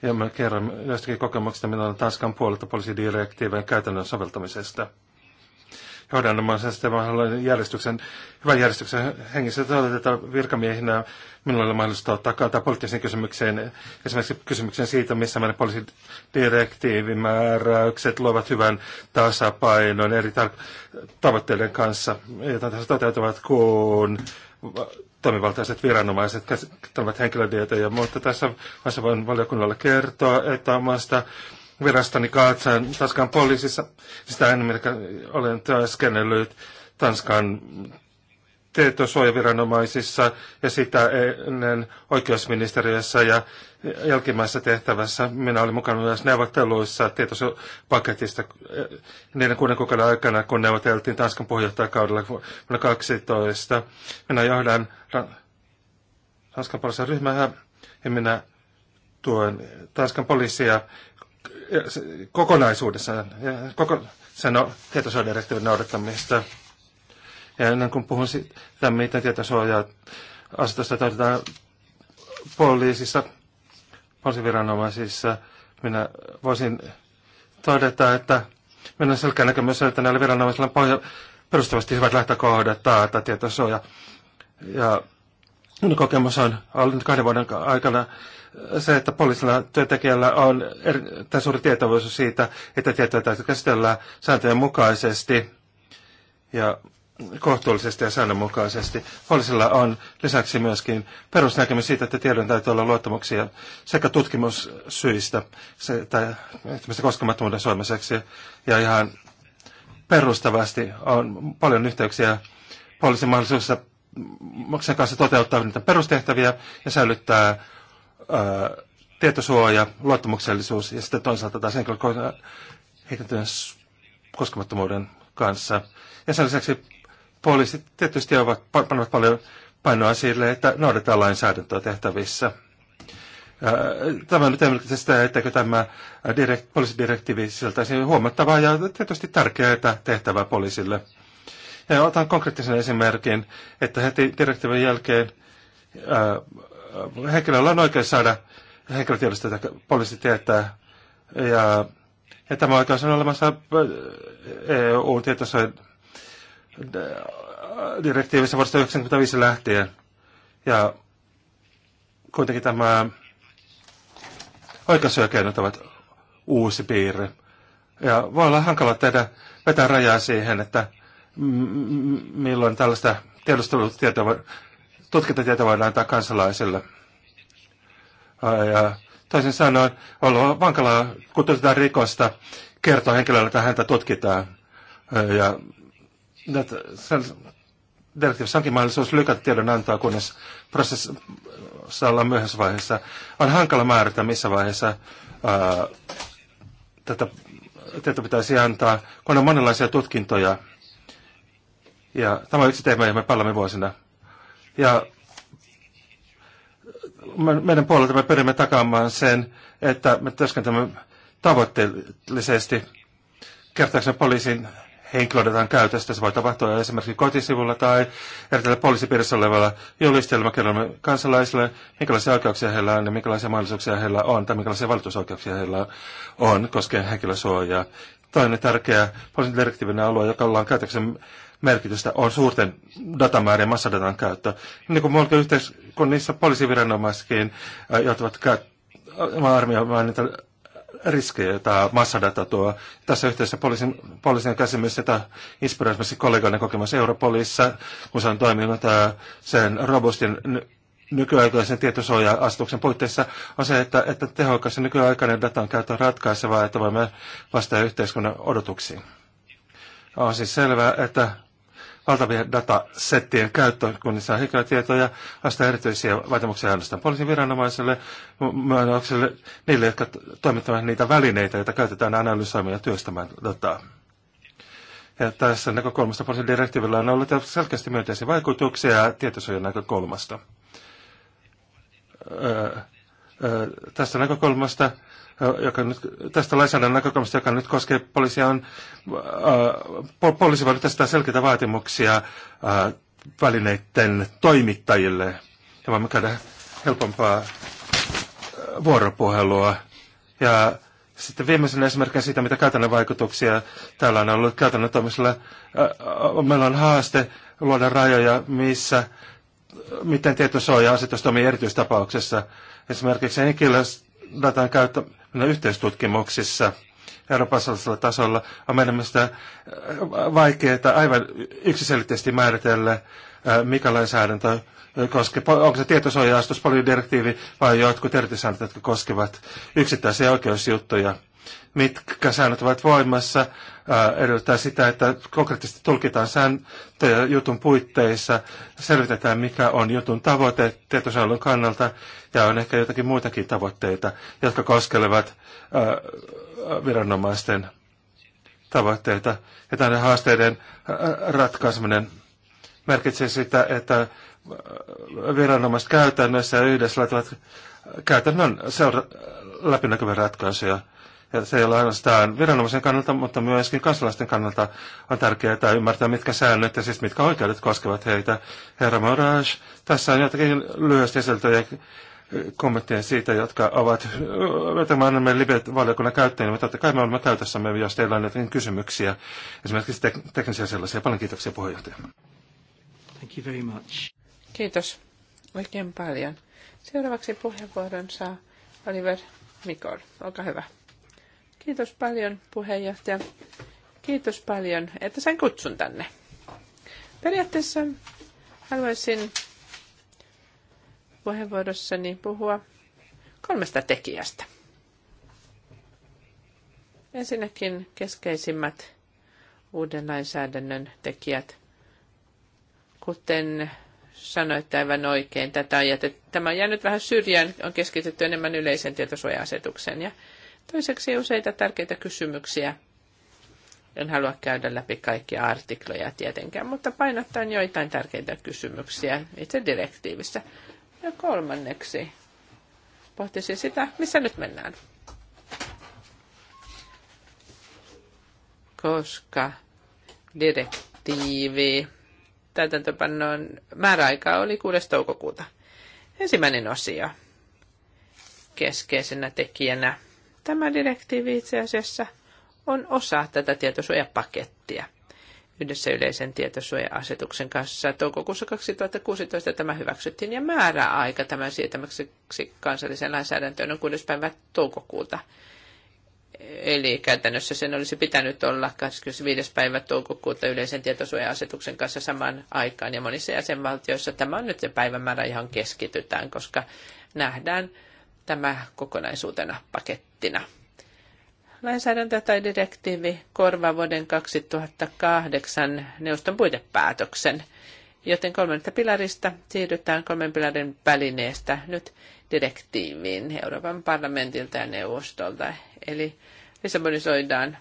Ja mä kerron joistakin kokemuksista, millä on Tanskan puolelta poliisidirektiivien käytännön soveltamisesta johdannomaisesta järjestyksen, hyvän järjestyksen hengessä toteutetaan virkamiehinä. Minulla oli mahdollista ottaa kantaa poliittisiin kysymykseen, esimerkiksi kysymykseen siitä, missä meidän poliisidirektiivimääräykset luovat hyvän tasapainon eri tar- tavoitteiden kanssa, joita tässä toteutuvat, kun toimivaltaiset viranomaiset käsittävät henkilötietoja, mutta tässä vaiheessa voin valiokunnalle kertoa, että omasta virastani kaatsaan Tanskan poliisissa. Sitä enemmän olen työskennellyt Tanskan tietosuojaviranomaisissa ja sitä ennen oikeusministeriössä ja jälkimmäisessä tehtävässä. Minä olin mukana myös neuvotteluissa tietosuojapaketista eh, niiden kuuden kuukauden aikana, kun neuvoteltiin Tanskan puheenjohtajakaudella vuonna 12. Minä johdan Tanskan poliisin ryhmää ja minä tuen Tanskan poliisia kokonaisuudessaan, ja koko, sen tietosuojadirektiivin noudattamista. Ja ennen kuin puhun siitä, miten tietosuojaa asetusta todetaan poliisissa, poliisiviranomaisissa, minä voisin todeta, että minun selkeä näkemys että näillä viranomaisilla on pohja, perustavasti hyvät lähtökohdat taata tietosuoja. Ja minun kokemus on ollut kahden vuoden aikana se, että poliisilla työntekijällä on erittäin suuri tietoisuus siitä, että tietoja täytyy käsitellä sääntöjen mukaisesti ja kohtuullisesti ja säännönmukaisesti. Poliisilla on lisäksi myöskin perusnäkemys siitä, että tiedon täytyy olla luottamuksia sekä tutkimussyistä se, tai koskemattomuuden suomiseksi. Ja ihan perustavasti on paljon yhteyksiä poliisin mahdollisuudessa kanssa toteuttaa niitä perustehtäviä ja säilyttää tietosuoja, luottamuksellisuus ja sitten toisaalta taas henkilökohtaisen koskemattomuuden kanssa. Ja sen lisäksi poliisit tietysti ovat, panneet paljon painoa sille, että noudatetaan lainsäädäntöä tehtävissä. Tämä nyt ei merkitse sitä, etteikö tämä direkt, poliisidirektiivi sisältäisi huomattavaa ja tietysti tärkeää tehtävää poliisille. Ja otan konkreettisen esimerkin, että heti direktiivin jälkeen ää, Äh, henkilöllä on oikeus saada henkilötiedosta, että poliisi tietää. Ja, ja tämä oikeus on olemassa äh, EU-tietosuojan äh, direktiivissä vuodesta 1995 lähtien. Ja kuitenkin tämä oikeusyökeinot ovat uusi piirre. Ja voi olla hankala tehdä, vetää rajaa siihen, että milloin tällaista tiedustelutietoa tutkintatietä voidaan antaa kansalaiselle. Ja toisin sanoen, olla vankalaa, kun tutkitaan rikosta, kertoa henkilölle, että häntä tutkitaan. Ja sen direktiivissä onkin mahdollisuus lykätä tiedon antaa, kunnes prosessissa ollaan myöhässä vaiheessa. On hankala määrittää, missä vaiheessa ää, tätä tietoa pitäisi antaa, kun on monenlaisia tutkintoja. Ja tämä on yksi teema, johon me palaamme vuosina ja meidän puolelta me pyrimme takaamaan sen, että me työskentelemme tavoitteellisesti. Kertaakseni poliisin henkilöiden käytöstä. Se voi tapahtua esimerkiksi kotisivulla tai erityisellä poliisipiirissä olevalla julistelma. Kerromme kansalaisille, minkälaisia oikeuksia heillä on ja minkälaisia mahdollisuuksia heillä on tai minkälaisia valitusoikeuksia heillä on koskien henkilösuojaa. Toinen tärkeä poliisin direktiivinen alue, joka ollaan käytöksen merkitystä on suurten datamäärien massadatan käyttö. Niin kuin muilla yhteiskunnissa poliisiviranomaisetkin joutuvat käyttämään arvioimaan niitä riskejä, joita massadata tuo. Tässä yhteydessä poliisin, poliisin käsimys, jota inspiroi esimerkiksi kollegoiden kokemus Europolissa, kun se on toiminut sen robustin nykyaikaisen tietosuoja-astuksen puitteissa on se, että, että tehokas ja nykyaikainen datan käyttö on ratkaisevaa, että voimme vastata yhteiskunnan odotuksiin. On siis selvää, että valtavien datasettien käyttöön, kun niissä on henkilötietoja, astaa erityisiä vaatimuksia ainoastaan poliisin viranomaiselle, niille, jotka toimittavat niitä välineitä, joita käytetään analysoimaan ja työstämään dataa. Ja tässä näkökulmasta poliisin direktiivillä on ollut selkeästi myönteisiä vaikutuksia tietosuojan näkökulmasta. Öö, tästä näkökulmasta, joka nyt, tästä lainsäädännön näkökulmasta, joka nyt koskee poliisia, on, poliisi voi tästä selkeitä vaatimuksia välineiden toimittajille. Ja voimme käydä helpompaa vuoropuhelua. Ja sitten viimeisenä esimerkkinä siitä, mitä käytännön vaikutuksia täällä on ollut käytännön toimisella. Meillä on haaste luoda rajoja, missä miten tietosuoja-asetus toimii erityistapauksessa. Esimerkiksi henkilödatan käyttö no, yhteistutkimuksissa eurooppalaisella tasolla on meidän mielestä äh, vaikeaa aivan yksiselitteisesti määritellä, äh, mikä lainsäädäntö koskee, onko se tietosuoja-astus, paljon direktiivi vai jotkut erityisäännöt, jotka koskevat yksittäisiä oikeusjuttuja mitkä säännöt ovat voimassa, äh, edellyttää sitä, että konkreettisesti tulkitaan sääntöjä jutun puitteissa, selvitetään mikä on jutun tavoite tietosäännön kannalta ja on ehkä jotakin muitakin tavoitteita, jotka koskelevat äh, viranomaisten tavoitteita. Ja näiden haasteiden äh, ratkaiseminen merkitsee sitä, että viranomaiset käytännössä yhdessä laitavat käytännön seura- läpinäkyviä ratkaisuja ja se ei ole ainoastaan viranomaisen kannalta, mutta myöskin kansalaisten kannalta on tärkeää ymmärtää, mitkä säännöt ja siis mitkä oikeudet koskevat heitä. Herra Moraj, tässä on jotakin lyhyesti esiteltyjä kommentteja siitä, jotka ovat, joita niin me annamme Libet-valiokunnan käyttäjille. Totta kai me olemme käytössämme, jos teillä on jotakin kysymyksiä, esimerkiksi tek- teknisiä sellaisia. Paljon kiitoksia puheenjohtaja. Thank you very much. Kiitos oikein paljon. Seuraavaksi puheenvuoron saa Oliver Mikor. Olkaa hyvä. Kiitos paljon puheenjohtaja. Kiitos paljon, että sain kutsun tänne. Periaatteessa haluaisin puheenvuorossani puhua kolmesta tekijästä. Ensinnäkin keskeisimmät uuden lainsäädännön tekijät. Kuten sanoit aivan oikein, tätä on jätetty, tämä on jäänyt vähän syrjään, on keskitytty enemmän yleisen tietosuoja-asetukseen. Ja Toiseksi useita tärkeitä kysymyksiä. En halua käydä läpi kaikkia artikloja tietenkään, mutta painottaen joitain tärkeitä kysymyksiä itse direktiivissä. Ja kolmanneksi pohtisin sitä, missä nyt mennään. Koska direktiivi täytäntöpannon määräaika oli 6. toukokuuta. Ensimmäinen osio keskeisenä tekijänä Tämä direktiivi itse asiassa on osa tätä tietosuojapakettia yhdessä yleisen tietosuoja-asetuksen kanssa. Toukokuussa 2016 tämä hyväksyttiin ja määräaika tämän siirtämäksi kansalliseen lainsäädäntöön on 6. päivä toukokuuta. Eli käytännössä sen olisi pitänyt olla 25. päivä toukokuuta yleisen tietosuoja-asetuksen kanssa samaan aikaan. Ja monissa jäsenvaltioissa tämä on nyt se päivämäärä, johon keskitytään, koska nähdään, tämä kokonaisuutena pakettina. Lainsäädäntö tai direktiivi korvaa vuoden 2008 neuvoston puitepäätöksen, joten kolmannesta pilarista siirrytään kolmen pilarin välineestä nyt direktiiviin Euroopan parlamentilta ja neuvostolta. Eli lisäbonisoidaan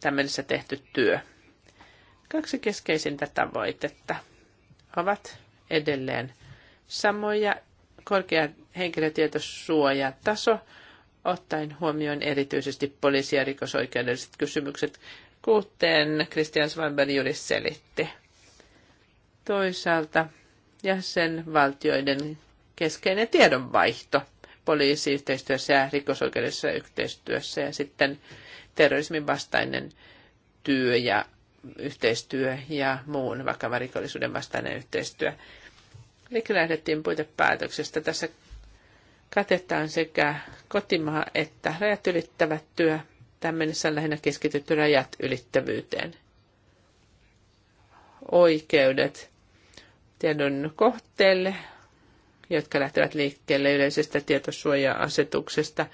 tämmöisessä tehty työ. Kaksi keskeisintä tavoitetta ovat edelleen samoja korkeat henkilötietosuojataso, ottaen huomioon erityisesti poliisi- ja rikosoikeudelliset kysymykset, kuten Christian Svanberg juuri selitti. Toisaalta jäsenvaltioiden keskeinen tiedonvaihto poliisiyhteistyössä ja rikosoikeudellisessa yhteistyössä ja sitten terrorismin vastainen työ ja yhteistyö ja muun vakavan rikollisuuden vastainen yhteistyö. Eli lähdettiin puitepäätöksestä. Tässä katetaan sekä kotimaa että rajat ylittävät työ. Tämän mennessä on lähinnä keskitytty rajat ylittävyyteen. Oikeudet tiedon kohteelle, jotka lähtevät liikkeelle yleisestä tietosuoja-asetuksesta,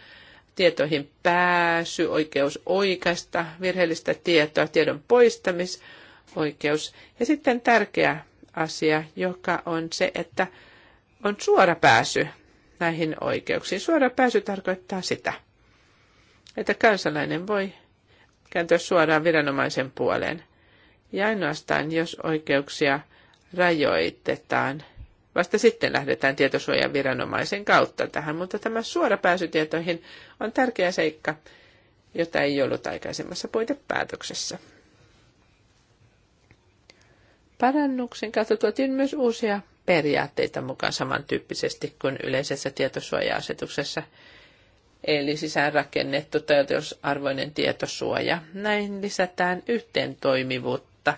tietoihin pääsy, oikeus oikeasta virheellistä tietoa, tiedon poistamisoikeus. Ja sitten tärkeä asia, joka on se, että on suora pääsy näihin oikeuksiin. Suora pääsy tarkoittaa sitä, että kansalainen voi kääntyä suoraan viranomaisen puoleen. Ja ainoastaan, jos oikeuksia rajoitetaan, vasta sitten lähdetään tietosuojan viranomaisen kautta tähän, mutta tämä suora pääsy tietoihin on tärkeä seikka, jota ei ollut aikaisemmassa puitepäätöksessä. Parannuksen kautta tuotiin myös uusia periaatteita mukaan samantyyppisesti kuin yleisessä tietosuoja-asetuksessa, eli sisäänrakennettu toteutusarvoinen tietosuoja. Näin lisätään yhteen toimivuutta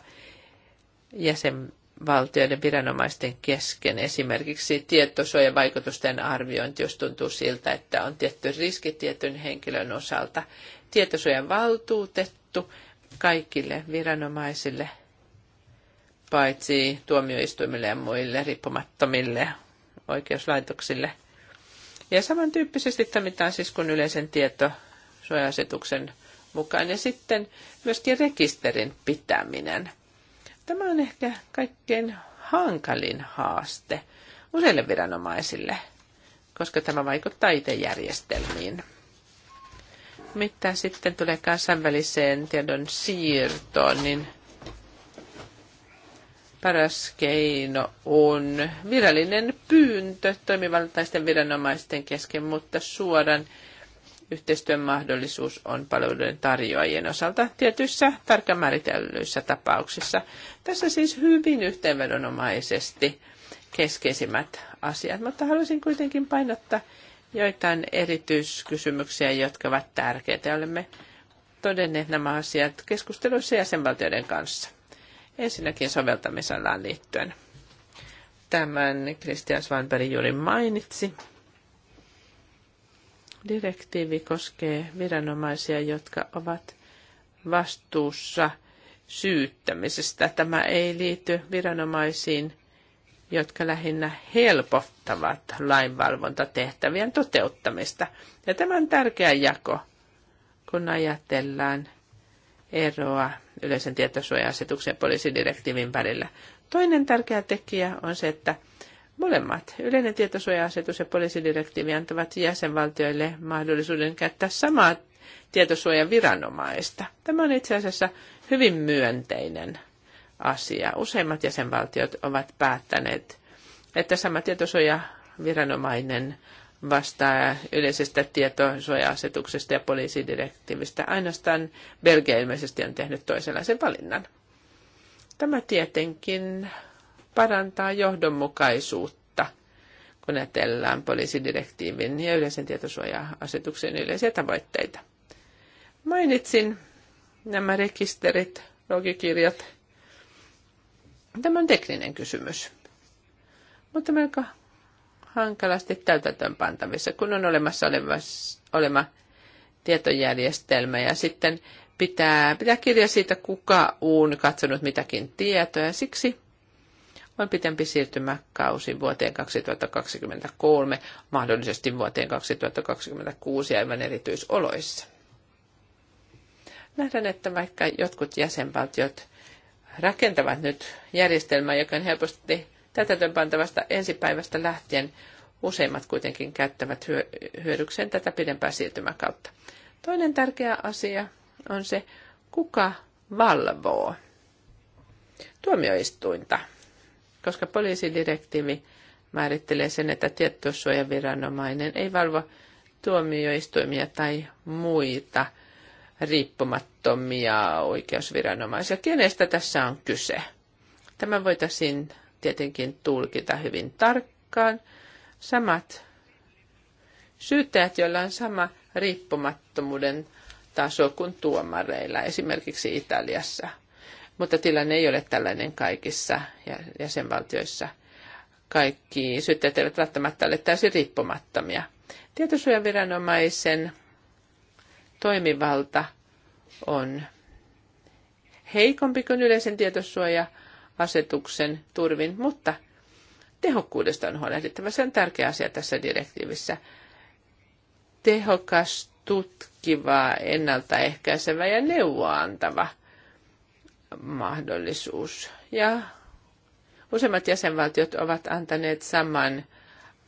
jäsenvaltioiden viranomaisten kesken. Esimerkiksi tietosuojavaikutusten arviointi, jos tuntuu siltä, että on tietty riski tietyn henkilön osalta. Tietosuojan valtuutettu kaikille viranomaisille – paitsi tuomioistuimille ja muille riippumattomille oikeuslaitoksille. Ja samantyyppisesti toimitaan siis kuin yleisen tietosuoja-asetuksen mukaan ja sitten myöskin rekisterin pitäminen. Tämä on ehkä kaikkein hankalin haaste useille viranomaisille, koska tämä vaikuttaa itse järjestelmiin. Mitä sitten tulee kansainväliseen tiedon siirtoon, niin paras keino on virallinen pyyntö toimivaltaisten viranomaisten kesken, mutta suoran yhteistyön mahdollisuus on palveluiden tarjoajien osalta tietyissä tarkan määritellyissä tapauksissa. Tässä siis hyvin yhteenvedonomaisesti keskeisimmät asiat, mutta haluaisin kuitenkin painottaa joitain erityiskysymyksiä, jotka ovat tärkeitä. Olemme todenneet nämä asiat keskusteluissa jäsenvaltioiden kanssa. Ensinnäkin soveltamisalaan liittyen. Tämän Christian Svanberg juuri mainitsi. Direktiivi koskee viranomaisia, jotka ovat vastuussa syyttämisestä. Tämä ei liity viranomaisiin, jotka lähinnä helpottavat lainvalvontatehtävien toteuttamista. Ja tämä on tärkeä jako, kun ajatellaan eroa yleisen tietosuoja-asetuksen ja poliisidirektiivin välillä. Toinen tärkeä tekijä on se, että molemmat, yleinen tietosuoja-asetus ja poliisidirektiivi, antavat jäsenvaltioille mahdollisuuden käyttää samaa tietosuojaviranomaista. Tämä on itse asiassa hyvin myönteinen asia. Useimmat jäsenvaltiot ovat päättäneet, että sama tietosuojaviranomainen vastaa yleisestä tietosuoja-asetuksesta ja poliisidirektiivistä. Ainoastaan Belgia ilmeisesti on tehnyt toisenlaisen valinnan. Tämä tietenkin parantaa johdonmukaisuutta, kun ajatellaan poliisidirektiivin ja yleisen tietosuoja-asetuksen yleisiä tavoitteita. Mainitsin nämä rekisterit, logikirjat. Tämä on tekninen kysymys, mutta melko hankalasti täytäntöönpantavissa, kun on olemassa olema tietojärjestelmä ja sitten pitää, pitää kirja siitä, kuka on katsonut mitäkin tietoja. Siksi on pitempi siirtymäkausi vuoteen 2023, mahdollisesti vuoteen 2026 aivan erityisoloissa. Nähdään, että vaikka jotkut jäsenvaltiot rakentavat nyt järjestelmää, joka on helposti täytäntöönpantavasta ensipäivästä lähtien useimmat kuitenkin käyttävät hyödykseen tätä pidempää siirtymäkautta. Toinen tärkeä asia on se, kuka valvoo tuomioistuinta, koska poliisidirektiivi määrittelee sen, että tietosuojaviranomainen ei valvo tuomioistuimia tai muita riippumattomia oikeusviranomaisia. Kenestä tässä on kyse? Tämä voitaisiin tietenkin tulkita hyvin tarkkaan. Samat syyttäjät, joilla on sama riippumattomuuden taso kuin tuomareilla, esimerkiksi Italiassa. Mutta tilanne ei ole tällainen kaikissa jäsenvaltioissa. Kaikki syyttäjät eivät välttämättä ole täysin riippumattomia. Tietosuojaviranomaisen toimivalta on heikompi kuin yleisen tietosuojan asetuksen turvin, mutta tehokkuudesta on huolehdittava. Se on tärkeä asia tässä direktiivissä. Tehokas, tutkiva, ennaltaehkäisevä ja neuvoa antava mahdollisuus. Ja useimmat jäsenvaltiot ovat antaneet saman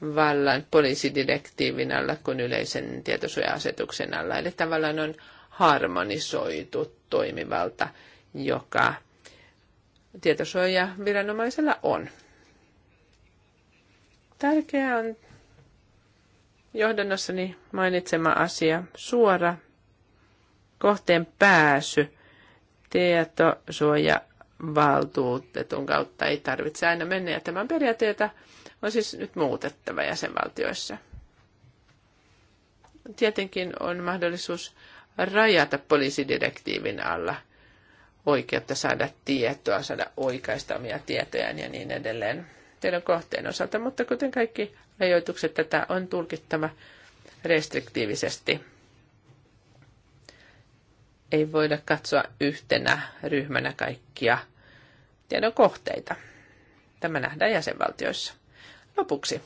vallan poliisidirektiivin alla kuin yleisen tietosuoja-asetuksen alla. Eli tavallaan on harmonisoitu toimivalta, joka tietosuoja viranomaisella on. Tärkeää on johdannossani mainitsema asia, suora kohteen pääsy tietosuoja valtuutetun kautta ei tarvitse aina mennä. Ja tämän periaatteita on siis nyt muutettava jäsenvaltioissa. Tietenkin on mahdollisuus rajata poliisidirektiivin alla – oikeutta saada tietoa, saada oikaistamia tietoja ja niin edelleen tiedon kohteen osalta, mutta kuten kaikki rajoitukset, tätä on tulkittava restriktiivisesti. Ei voida katsoa yhtenä ryhmänä kaikkia tiedon kohteita. Tämä nähdään jäsenvaltioissa. Lopuksi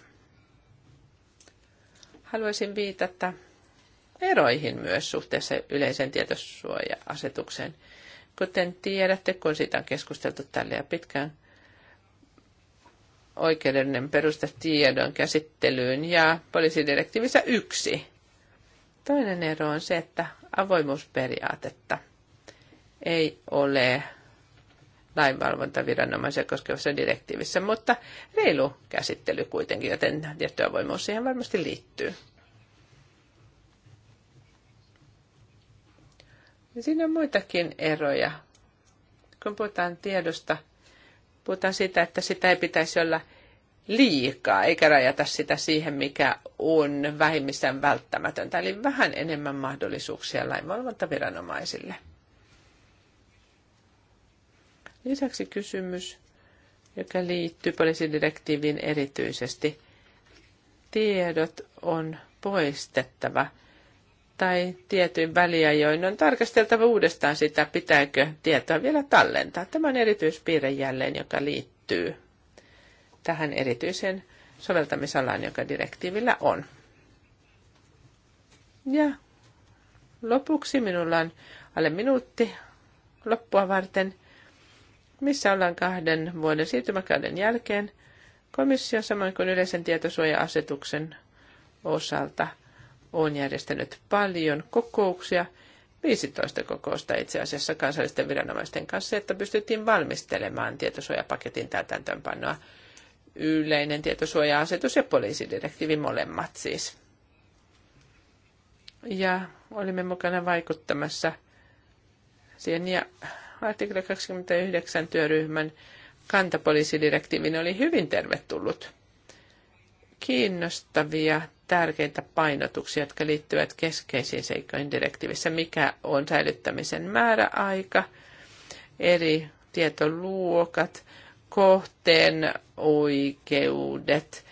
haluaisin viitata eroihin myös suhteessa yleisen tietosuoja-asetukseen – Kuten tiedätte, kun siitä on keskusteltu tälle ja pitkään, oikeudellinen perusta tiedon käsittelyyn ja poliisidirektiivissä yksi. Toinen ero on se, että avoimuusperiaatetta ei ole lainvalvontaviranomaisia koskevassa direktiivissä, mutta reilu käsittely kuitenkin, joten tietty avoimuus siihen varmasti liittyy. Siinä on muitakin eroja. Kun puhutaan tiedosta, puhutaan siitä, että sitä ei pitäisi olla liikaa, eikä rajata sitä siihen, mikä on vähimmisen välttämätöntä. Eli vähän enemmän mahdollisuuksia lainvalvontaviranomaisille. Lisäksi kysymys, joka liittyy poliisidirektiiviin erityisesti. Tiedot on poistettava – tai tietyin väliajoin on tarkasteltava uudestaan sitä, pitääkö tietoa vielä tallentaa. Tämä on erityispiirre jälleen, joka liittyy tähän erityiseen soveltamisalaan, joka direktiivillä on. Ja lopuksi minulla on alle minuutti loppua varten, missä ollaan kahden vuoden siirtymäkauden jälkeen komissio samoin kuin yleisen tietosuoja-asetuksen osalta – on järjestänyt paljon kokouksia, 15 kokousta itse asiassa kansallisten viranomaisten kanssa, että pystyttiin valmistelemaan tietosuojapaketin täytäntöönpanoa. Yleinen tietosuoja-asetus ja poliisidirektiivi molemmat siis. Ja olimme mukana vaikuttamassa siihen ja artikla 29 työryhmän kantapoliisidirektiivin oli hyvin tervetullut kiinnostavia, tärkeitä painotuksia, jotka liittyvät keskeisiin seikkoihin direktiivissä. Mikä on säilyttämisen määräaika, eri tietoluokat, kohteen oikeudet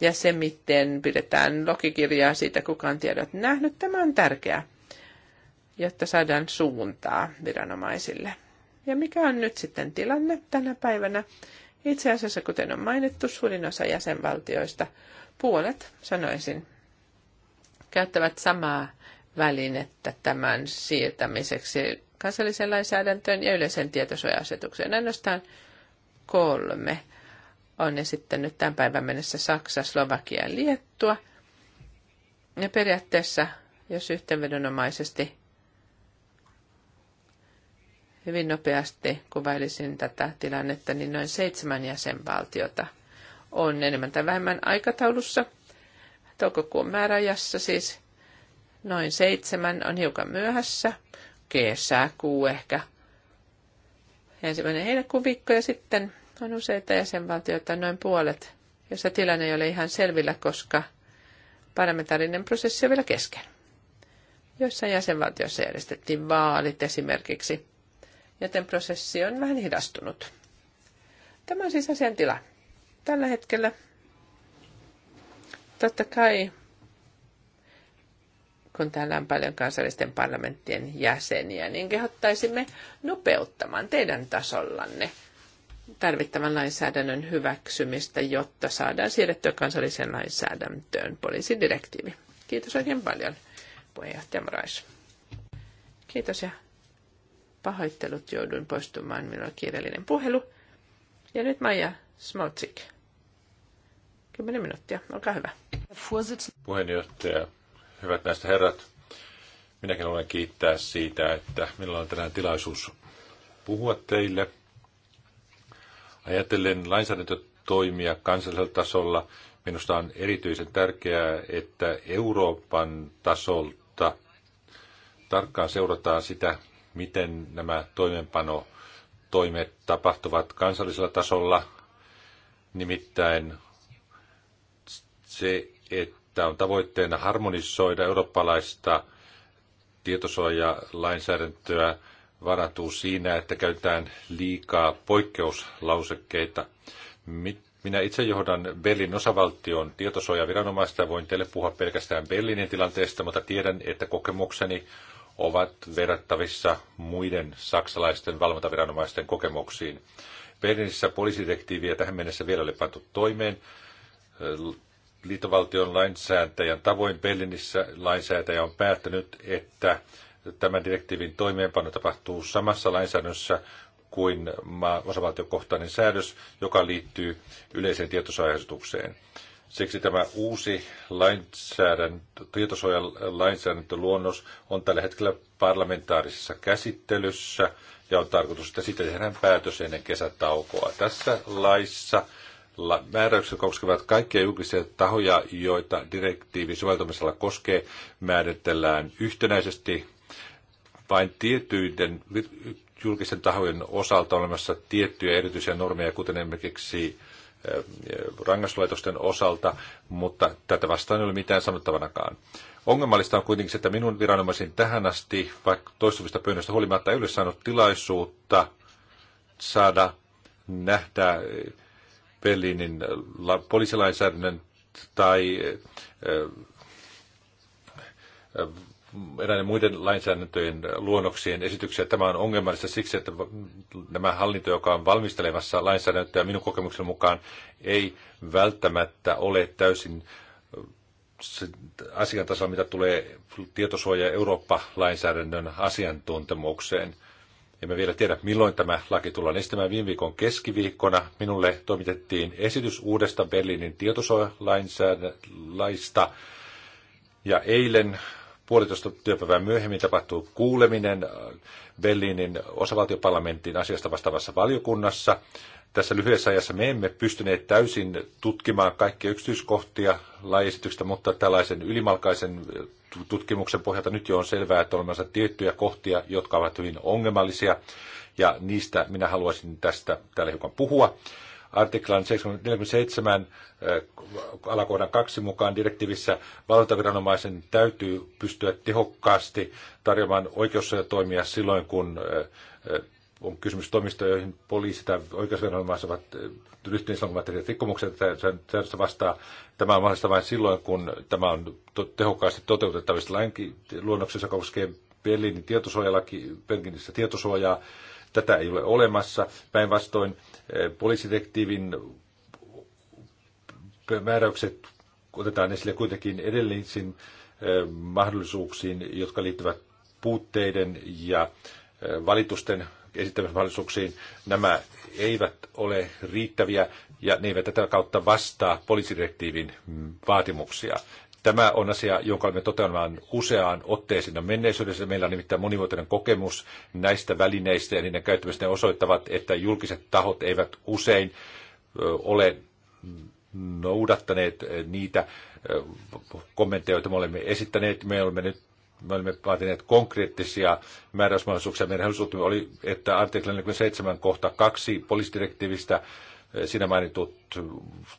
ja se, miten pidetään logikirjaa siitä, kuka on tiedot nähnyt. Tämä on tärkeää, jotta saadaan suuntaa viranomaisille. Ja mikä on nyt sitten tilanne tänä päivänä? Itse asiassa, kuten on mainittu, suurin osa jäsenvaltioista, puolet sanoisin, käyttävät samaa välinettä tämän siirtämiseksi kansalliseen lainsäädäntöön ja yleisen tietosuoja-asetukseen. Ainoastaan kolme on esittänyt tämän päivän mennessä Saksa, Slovakia ja Liettua. Ja periaatteessa, jos yhteenvedonomaisesti hyvin nopeasti kuvailisin tätä tilannetta, niin noin seitsemän jäsenvaltiota on enemmän tai vähemmän aikataulussa. Toukokuun määräajassa siis noin seitsemän on hiukan myöhässä, kesäkuu ehkä. Ensimmäinen heinäkuun viikko ja sitten on useita jäsenvaltioita, noin puolet, jossa tilanne ei ole ihan selvillä, koska parlamentaarinen prosessi on vielä kesken. Joissain jäsenvaltioissa järjestettiin vaalit esimerkiksi joten prosessi on vähän hidastunut. Tämä on siis asian tila. Tällä hetkellä totta kai, kun täällä on paljon kansallisten parlamenttien jäseniä, niin kehottaisimme nopeuttamaan teidän tasollanne tarvittavan lainsäädännön hyväksymistä, jotta saadaan siirrettyä kansalliseen lainsäädäntöön poliisidirektiivi. Kiitos oikein paljon, puheenjohtaja Morais. Kiitos ja Pahoittelut jouduin poistumaan, minulla on kiireellinen puhelu. Ja nyt Maija Smotsik. Kymmenen minuuttia, olkaa hyvä. Puheenjohtaja, hyvät näistä herrat. Minäkin olen kiittää siitä, että minulla on tänään tilaisuus puhua teille. Ajatellen lainsäädäntötoimia kansallisella tasolla, minusta on erityisen tärkeää, että Euroopan tasolta tarkkaan seurataan sitä, miten nämä toimenpano toimet tapahtuvat kansallisella tasolla, nimittäin se, että on tavoitteena harmonisoida eurooppalaista tietosuojalainsäädäntöä, varatuu siinä, että käytetään liikaa poikkeuslausekkeita. Minä itse johdan Berlin osavaltion tietosuojaviranomaista ja voin teille puhua pelkästään Berliinin tilanteesta, mutta tiedän, että kokemukseni ovat verrattavissa muiden saksalaisten valvontaviranomaisten kokemuksiin. Berliinissä poliisidirektiiviä tähän mennessä vielä oli pantu toimeen. Liitovaltion lainsäätäjän tavoin Berliinissä lainsäätäjä on päättänyt, että tämän direktiivin toimeenpano tapahtuu samassa lainsäädännössä kuin osavaltiokohtainen säädös, joka liittyy yleiseen tietosuojaisuutukseen. Siksi tämä uusi lainsäädäntö, lainsäädäntöluonnos on tällä hetkellä parlamentaarisessa käsittelyssä ja on tarkoitus, että siitä tehdään päätös ennen kesätaukoa. Tässä laissa määräykset koskevat kaikkia julkisia tahoja, joita direktiivi soveltamisella koskee, määritellään yhtenäisesti vain tietyiden julkisten tahojen osalta olemassa tiettyjä erityisiä normeja, kuten esimerkiksi rangaistuslaitosten osalta, mutta tätä vastaan ei ole mitään sanottavanakaan. Ongelmallista on kuitenkin se, että minun viranomaisin tähän asti, vaikka toistuvista pyynnöistä huolimatta, ei ole saanut tilaisuutta saada nähdä Berliinin poliisilainsäädännön tai eräiden muiden lainsäädäntöjen luonnoksien esityksiä. Tämä on ongelmallista siksi, että nämä hallinto, joka on valmistelemassa lainsäädäntöä minun kokemukseni mukaan, ei välttämättä ole täysin äh, asian tasolla, mitä tulee tietosuoja- Eurooppa-lainsäädännön asiantuntemukseen. Emme vielä tiedä, milloin tämä laki tullaan estämään. Viime viikon keskiviikkona minulle toimitettiin esitys uudesta Berliinin tietosuojalaista. Ja eilen Puolitoista työpäivää myöhemmin tapahtuu kuuleminen äh, Berliinin osavaltioparlamentin asiasta vastaavassa valiokunnassa. Tässä lyhyessä ajassa me emme pystyneet täysin tutkimaan kaikkia yksityiskohtia lajiesityksestä, mutta tällaisen ylimalkaisen äh, tutkimuksen pohjalta nyt jo on selvää, että olemassa tiettyjä kohtia, jotka ovat hyvin ongelmallisia, ja niistä minä haluaisin tästä täällä hiukan puhua artiklan 47 äh, alakohdan 2 mukaan direktiivissä valvontaviranomaisen täytyy pystyä tehokkaasti tarjoamaan oikeussuojatoimia silloin, kun äh, äh, on kysymys toimista, joihin poliisi tai oikeusviranomaiset ovat ryhtyneet silloin, kun ovat rikkomuksia vastaan. Tämä on mahdollista vain silloin, kun tämä on tehokkaasti toteutettavissa lainkin luonnoksessa, joka koskee Berliinin tietosuojalaki, Berliinissä tietosuojaa. Tätä ei ole olemassa. Päinvastoin eh, poliisidektiivin määräykset otetaan esille kuitenkin edellisin eh, mahdollisuuksiin, jotka liittyvät puutteiden ja eh, valitusten esittämismahdollisuuksiin. Nämä eivät ole riittäviä ja ne eivät tätä kautta vastaa poliisidirektiivin vaatimuksia. Tämä on asia, jonka olemme toteamaan useaan otteeseen menneisyydessä. Meillä on nimittäin monivuotinen kokemus näistä välineistä ja niiden käyttämistä. Ne osoittavat, että julkiset tahot eivät usein ole noudattaneet niitä kommentteja, joita me olemme esittäneet. Me olemme nyt me olemme vaatineet konkreettisia määräysmahdollisuuksia. Meidän oli, että artikla 47 kohta 2 poliisidirektiivistä siinä mainitut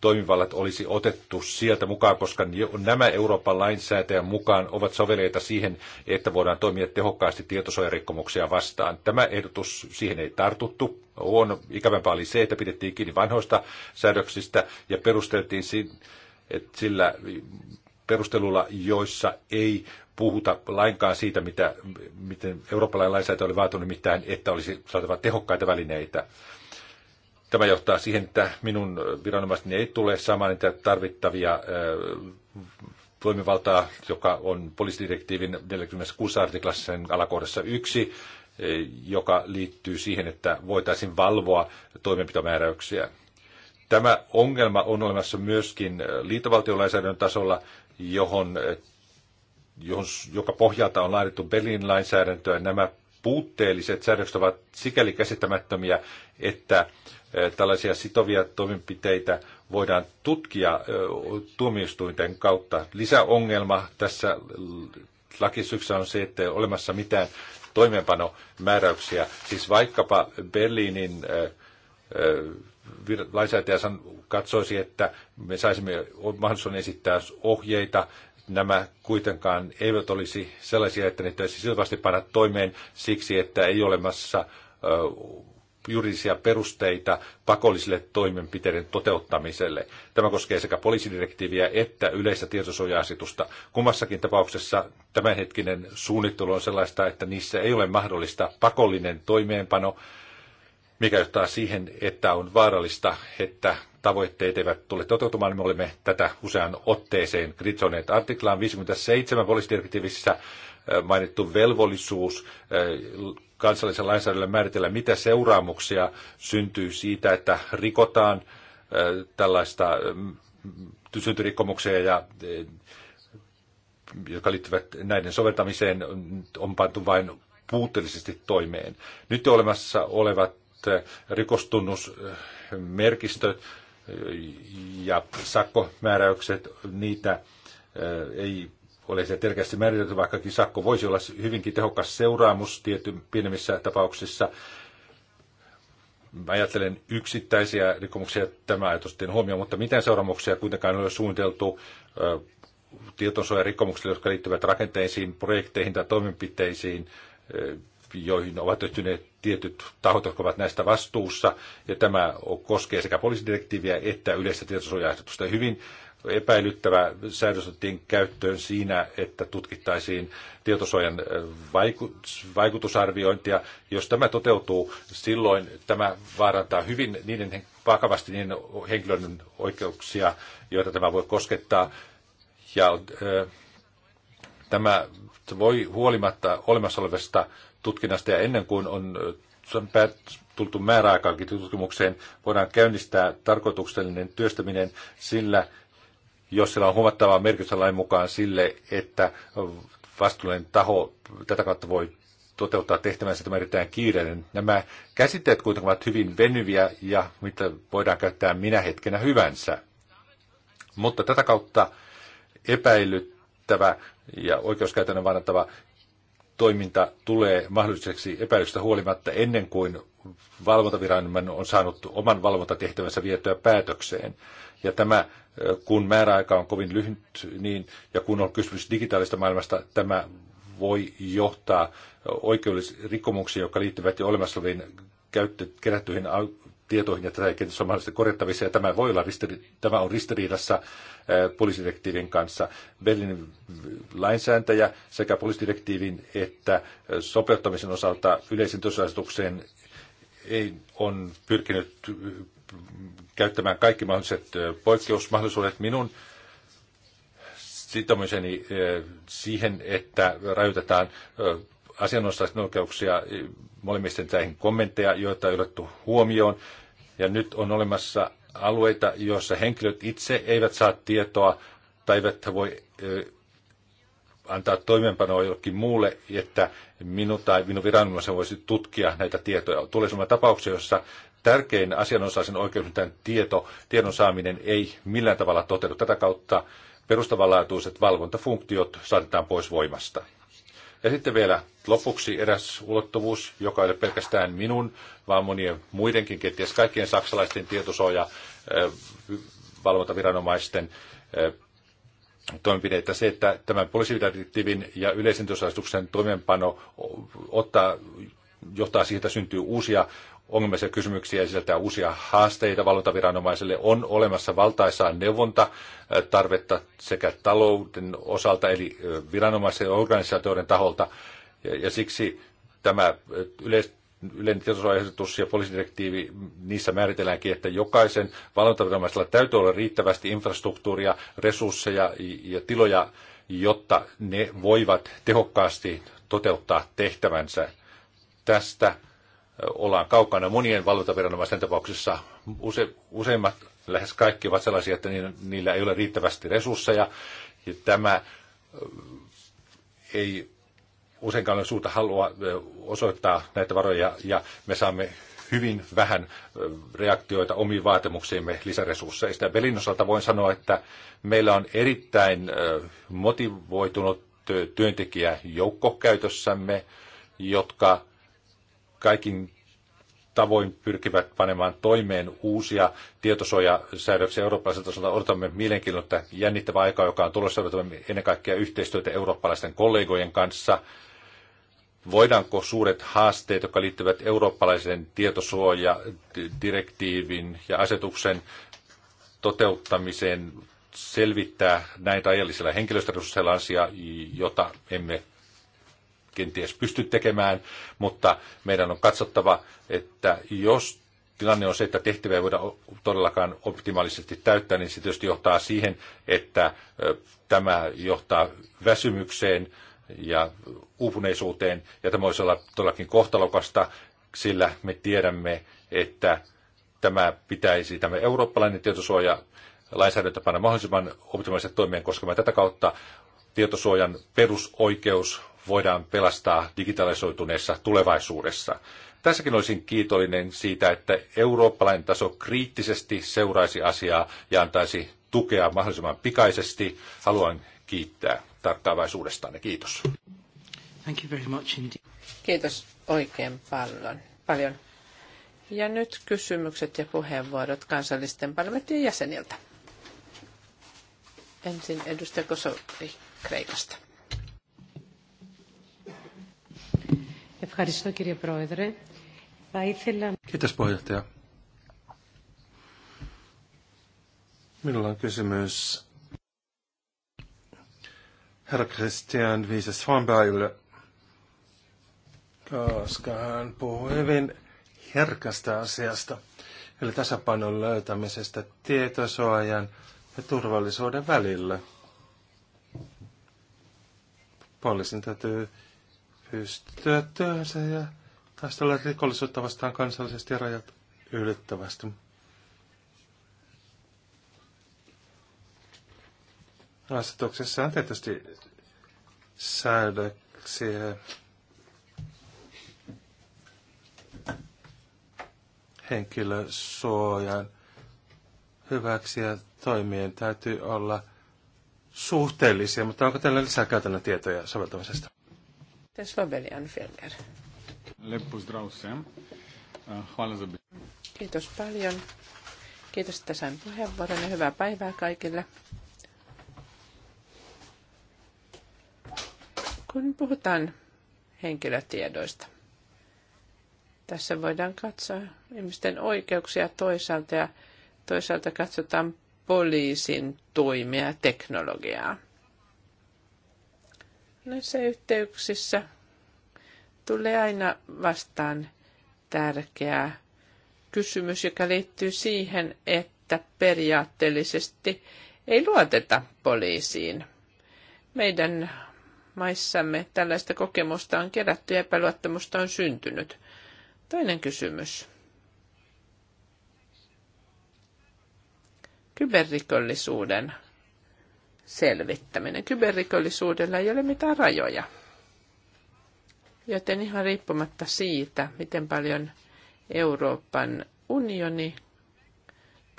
toimivallat olisi otettu sieltä mukaan, koska nämä Euroopan lainsäätäjän mukaan ovat soveleita siihen, että voidaan toimia tehokkaasti tietosuojarikkomuksia vastaan. Tämä ehdotus siihen ei tartuttu. Huono, ikävämpää oli se, että pidettiin kiinni vanhoista säädöksistä ja perusteltiin että sillä perustelulla, joissa ei puhuta lainkaan siitä, mitä, miten eurooppalainen lainsäädäntö oli vaatunut mitään, että olisi saatava tehokkaita välineitä. Tämä johtaa siihen, että minun viranomaisteni ei tule saamaan niitä tarvittavia toimivaltaa, joka on poliisidirektiivin 46 artiklassa sen alakohdassa 1, joka liittyy siihen, että voitaisiin valvoa toimenpitomääräyksiä. Tämä ongelma on olemassa myöskin liitovaltiolainsäädännön tasolla, johon, johon, joka pohjalta on laadittu Berliin lainsäädäntöä. Nämä puutteelliset säädökset ovat sikäli käsittämättömiä, että tällaisia sitovia toimenpiteitä voidaan tutkia tuomioistuinten kautta. Lisäongelma tässä lakisyksessä on se, että ei ole olemassa mitään toimeenpanomääräyksiä. Siis vaikkapa Berliinin lainsäätäjä katsoisi, että me saisimme mahdollisuuden esittää ohjeita. Nämä kuitenkaan eivät olisi sellaisia, että niitä täytyisi silvästi panna toimeen siksi, että ei ole olemassa juridisia perusteita pakollisille toimenpiteiden toteuttamiselle. Tämä koskee sekä poliisidirektiiviä että yleistä tietosuoja-asetusta. Kummassakin tapauksessa tämänhetkinen suunnittelu on sellaista, että niissä ei ole mahdollista pakollinen toimeenpano, mikä johtaa siihen, että on vaarallista, että tavoitteet eivät tule toteutumaan. Me olemme tätä usean otteeseen kritisoineet. Artiklaan 57 poliisidirektiivissä mainittu velvollisuus kansallisen lainsäädännöllä määritellä, mitä seuraamuksia syntyy siitä, että rikotaan tällaista syntyrikkomuksia ja jotka liittyvät näiden soveltamiseen, on pantu vain puutteellisesti toimeen. Nyt olemassa olevat rikostunnusmerkistöt ja sakkomääräykset, niitä ei oli se selkeästi määritelty, vaikkakin sakko voisi olla hyvinkin tehokas seuraamus tietyn pienemmissä tapauksissa. Mä ajattelen yksittäisiä rikkomuksia, tämä ajatus huomioon, mutta mitään seuraamuksia kuitenkaan ei ole suunniteltu tietosuojarikkomuksille, jotka liittyvät rakenteisiin, projekteihin tai toimenpiteisiin, joihin ovat yhtyneet tietyt tahot, jotka ovat näistä vastuussa. Ja tämä koskee sekä poliisidirektiiviä että yleistä tietosuojaehdotusta. Hyvin epäilyttävä säädös otettiin käyttöön siinä, että tutkittaisiin tietosuojan vaikutusarviointia. Jos tämä toteutuu, silloin tämä vaarantaa hyvin niiden vakavasti niiden henkilöiden oikeuksia, joita tämä voi koskettaa. Ja tämä voi huolimatta olemassa olevasta tutkinnasta ja ennen kuin on tultu määräaikaankin tutkimukseen, voidaan käynnistää tarkoituksellinen työstäminen sillä, jos sillä on huomattavaa merkitystä lain mukaan sille, että vastuullinen taho tätä kautta voi toteuttaa tehtävänsä, tämä erittäin kiireinen. Nämä käsitteet kuitenkin ovat hyvin venyviä ja mitä voidaan käyttää minä hetkenä hyvänsä. Mutta tätä kautta epäilyttävä ja oikeuskäytännön vannattava toiminta tulee mahdolliseksi epäilystä huolimatta ennen kuin valvontaviranomainen on saanut oman valvontatehtävänsä vietyä päätökseen. Ja tämä, kun määräaika on kovin lyhyt, niin, ja kun on kysymys digitaalista maailmasta, tämä voi johtaa oikeudellisiin rikkomuksiin, jotka liittyvät jo olemassa oleviin kerättyihin tietoihin, että tämä on mahdollisesti korjattavissa, ja tämä, voi olla ristiri- tämä on ristiriidassa poliisidirektiivin kanssa. Berliinin lainsääntäjä sekä poliisidirektiivin että sopeuttamisen osalta yleisen työsuojelutukseen ei on pyrkinyt käyttämään kaikki mahdolliset poikkeusmahdollisuudet. Minun sitomiseni siihen, että rajoitetaan asianosaisten oikeuksia molemmisten näihin kommentteja, joita ei otettu huomioon. Ja nyt on olemassa alueita, joissa henkilöt itse eivät saa tietoa tai eivät voi antaa toimenpanoa jollekin muulle, että minun tai minun viranomaisen voisi tutkia näitä tietoja. Tulee sellainen tapauksia, joissa tärkein asianosaisen oikeuden tieto, tiedon saaminen ei millään tavalla toteudu. Tätä kautta perustavanlaatuiset valvontafunktiot saatetaan pois voimasta. Ja sitten vielä lopuksi eräs ulottuvuus, joka ei ole pelkästään minun, vaan monien muidenkin, kenties kaikkien saksalaisten tietosuoja valvontaviranomaisten toimenpideitä. Se, että tämän poliisidirektiivin ja yleisen toimenpano ottaa, johtaa siihen, että syntyy uusia ongelmallisia kysymyksiä ja sisältää uusia haasteita valvontaviranomaiselle. On olemassa valtaisaa tarvetta sekä talouden osalta, eli viranomaisen ja organisaatioiden taholta. Ja, ja siksi tämä yleis, yleinen tietosuojaehdotus ja poliisidirektiivi, niissä määritelläänkin, että jokaisen valvontaviranomaisella täytyy olla riittävästi infrastruktuuria, resursseja ja tiloja, jotta ne voivat tehokkaasti toteuttaa tehtävänsä. Tästä ollaan kaukana monien valvontaviranomaisten tapauksessa. Use, useimmat, lähes kaikki ovat sellaisia, että niin, niillä ei ole riittävästi resursseja. Ja tämä ei useinkaan ole suuta halua osoittaa näitä varoja ja me saamme hyvin vähän reaktioita omiin vaatimuksiimme lisäresursseista. Belin osalta voin sanoa, että meillä on erittäin motivoitunut työntekijäjoukko käytössämme, jotka kaikin tavoin pyrkivät panemaan toimeen uusia tietosuojasäädöksiä eurooppalaisella tasolla. Odotamme mielenkiinnolla jännittävää aikaa, joka on tulossa. Odotamme ennen kaikkea yhteistyötä eurooppalaisten kollegojen kanssa. Voidaanko suuret haasteet, jotka liittyvät eurooppalaisen tietosuojadirektiivin ja asetuksen toteuttamiseen, selvittää näitä ajallisilla henkilöstöresursseilla asia, jota emme kenties pysty tekemään, mutta meidän on katsottava, että jos tilanne on se, että tehtäviä ei voida todellakaan optimaalisesti täyttää, niin se tietysti johtaa siihen, että tämä johtaa väsymykseen ja uupuneisuuteen, ja tämä voisi olla todellakin kohtalokasta, sillä me tiedämme, että tämä pitäisi, tämä eurooppalainen tietosuoja lainsäädäntö panna mahdollisimman optimaaliset toimien koskemaan tätä kautta tietosuojan perusoikeus voidaan pelastaa digitalisoituneessa tulevaisuudessa. Tässäkin olisin kiitollinen siitä, että eurooppalainen taso kriittisesti seuraisi asiaa ja antaisi tukea mahdollisimman pikaisesti. Haluan kiittää tarkkaavaisuudestanne. Kiitos. Thank you very much Kiitos oikein paljon. paljon. Ja nyt kysymykset ja puheenvuorot kansallisten parlamenttien jäseniltä. Ensin edustaja Kosovi Kreikasta. Ευχαριστώ κύριε Πρόεδρε. Θα ήθελα... Minulla on kysymys herra Christian Viises Fanbergille, koska hän puhuu hyvin herkästä asiasta, eli tasapainon löytämisestä tietosuojan ja turvallisuuden välillä. Poliisin täytyy pystyä työhönsä ja taistella rikollisuutta vastaan kansallisesti ja rajat ylittävästi. Asetuksessa on tietysti säädöksiä henkilösuojan hyväksi ja toimien täytyy olla suhteellisia, mutta onko teillä lisää käytännön tietoja soveltamisesta? Te Slovelian filmer. Lep pozdrav vsem. Uh, hvala za Kiitos paljon. Kiitos, että sain puheenvuoron ja hyvää päivää kaikille. Kun puhutaan henkilötiedoista, tässä voidaan katsoa ihmisten oikeuksia toisaalta ja toisaalta katsotaan poliisin toimia teknologiaa. Noissa yhteyksissä tulee aina vastaan tärkeä kysymys, joka liittyy siihen, että periaatteellisesti ei luoteta poliisiin. Meidän maissamme tällaista kokemusta on kerätty ja epäluottamusta on syntynyt. Toinen kysymys. Kyberrikollisuuden selvittäminen. Kyberrikollisuudella ei ole mitään rajoja. Joten ihan riippumatta siitä, miten paljon Euroopan unioni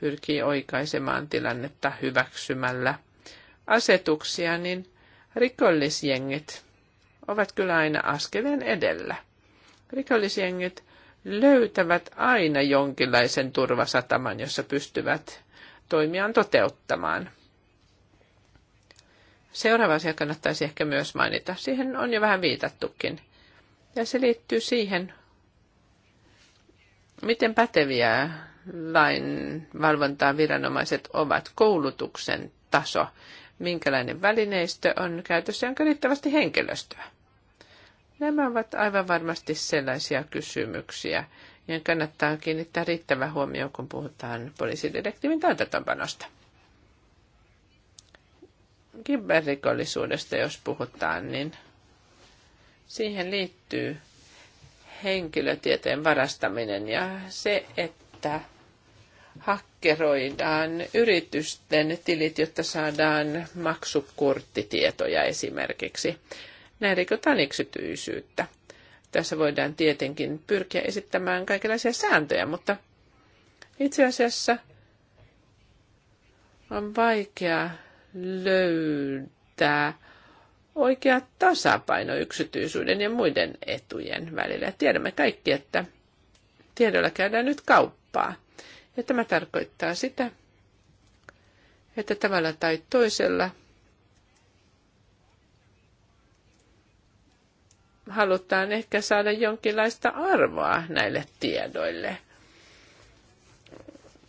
pyrkii oikaisemaan tilannetta hyväksymällä asetuksia, niin rikollisjengit ovat kyllä aina askeleen edellä. Rikollisjengit löytävät aina jonkinlaisen turvasataman, jossa pystyvät toimiaan toteuttamaan – Seuraava asia kannattaisi ehkä myös mainita. Siihen on jo vähän viitattukin. Ja se liittyy siihen, miten päteviä lainvalvontaan viranomaiset ovat, koulutuksen taso, minkälainen välineistö on käytössä, onko riittävästi henkilöstöä. Nämä ovat aivan varmasti sellaisia kysymyksiä, joihin kannattaa kiinnittää riittävä huomio, kun puhutaan poliisidirektiivin täytäntöönpanosta. Kyberrikollisuudesta, jos puhutaan, niin siihen liittyy henkilötieteen varastaminen ja se, että hakkeroidaan yritysten tilit, jotta saadaan maksukorttitietoja esimerkiksi. Näin rikotaan yksityisyyttä. Tässä voidaan tietenkin pyrkiä esittämään kaikenlaisia sääntöjä, mutta itse asiassa on vaikea löytää oikea tasapaino yksityisyyden ja muiden etujen välillä. Tiedämme kaikki, että tiedolla käydään nyt kauppaa. Ja tämä tarkoittaa sitä, että tavalla tai toisella halutaan ehkä saada jonkinlaista arvoa näille tiedoille,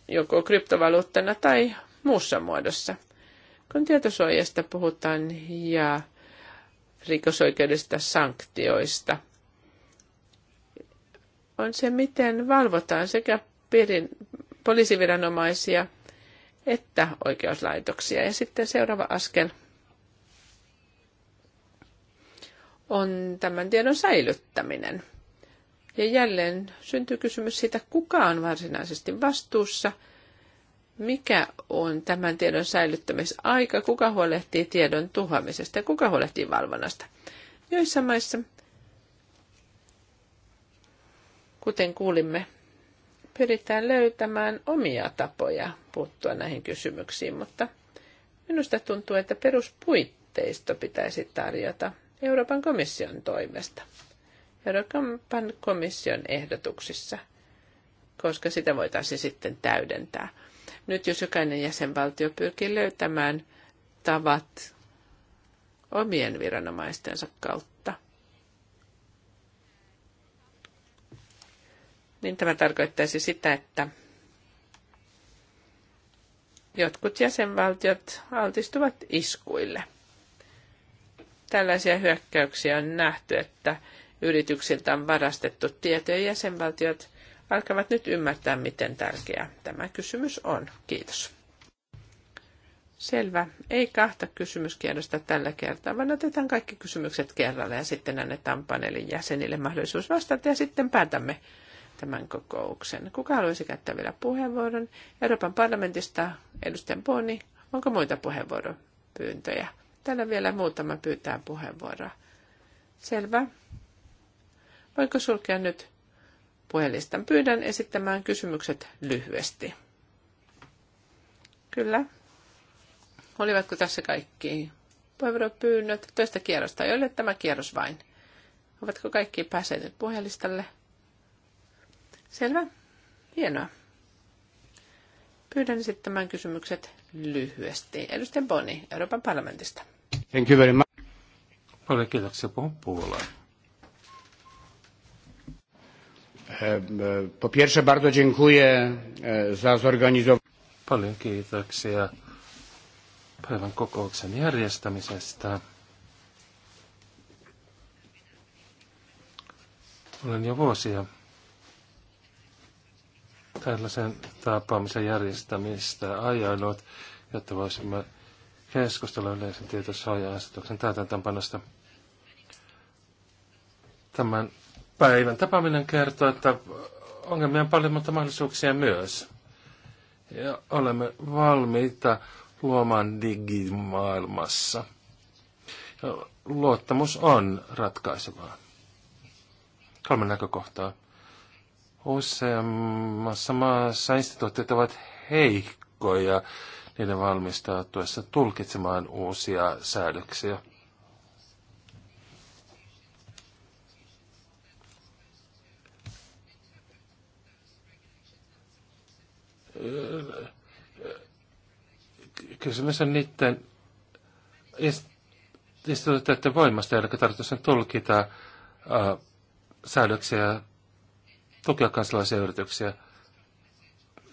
joko kryptovaluuttana tai muussa muodossa. Kun tietosuojasta puhutaan ja rikosoikeudesta sanktioista, on se, miten valvotaan sekä piirin, poliisiviranomaisia että oikeuslaitoksia. Ja sitten seuraava askel on tämän tiedon säilyttäminen. Ja jälleen syntyy kysymys siitä, kuka on varsinaisesti vastuussa – mikä on tämän tiedon säilyttämisaika, kuka huolehtii tiedon tuhoamisesta ja kuka huolehtii valvonnasta. Joissa maissa, kuten kuulimme, pyritään löytämään omia tapoja puuttua näihin kysymyksiin, mutta minusta tuntuu, että peruspuitteisto pitäisi tarjota Euroopan komission toimesta, Euroopan komission ehdotuksissa, koska sitä voitaisiin sitten täydentää. Nyt jos jokainen jäsenvaltio pyrkii löytämään tavat omien viranomaistensa kautta, niin tämä tarkoittaisi sitä, että jotkut jäsenvaltiot altistuvat iskuille. Tällaisia hyökkäyksiä on nähty, että yrityksiltä on varastettu tietoja jäsenvaltiot alkavat nyt ymmärtää, miten tärkeä tämä kysymys on. Kiitos. Selvä. Ei kahta kysymyskierrosta tällä kertaa, vaan otetaan kaikki kysymykset kerralla ja sitten annetaan paneelin jäsenille mahdollisuus vastata ja sitten päätämme tämän kokouksen. Kuka haluaisi käyttää vielä puheenvuoron? Euroopan parlamentista edustajan Boni. Onko muita puheenvuoropyyntöjä? Täällä vielä muutama pyytää puheenvuoroa. Selvä. Voinko sulkea nyt puhelistan. Pyydän esittämään kysymykset lyhyesti. Kyllä. Olivatko tässä kaikki puheenvuoropyynnöt toista kierrosta, joille tämä kierros vain? Ovatko kaikki päässeet nyt puhelistalle? Selvä. Hienoa. Pyydän esittämään kysymykset lyhyesti. Edustaja Boni, Euroopan parlamentista. Thank you very much. Paljon kiitoksia puhun puolella. E, po pierwsze bardzo dziękuję e, za zorganizowanie. Paljon kiitoksia päivän kokouksen järjestämisestä. Olen jo vuosia tällaisen tapaamisen järjestämistä ajanut, jotta voisimme keskustella yleisen tietosuoja-asetuksen täytäntöönpanosta. Tämän päivän tapaaminen kertoo, että ongelmia on paljon, mutta mahdollisuuksia myös. Ja olemme valmiita luomaan digimaailmassa. Ja luottamus on ratkaisevaa. Kolme näkökohtaa. Useammassa maassa instituutiot ovat heikkoja niiden valmistautuessa tulkitsemaan uusia säädöksiä Kysymys on niiden instituutioiden voimasta, eli tarkoitus on tulkita ää, äh, säädöksiä tukea kansalaisia yrityksiä.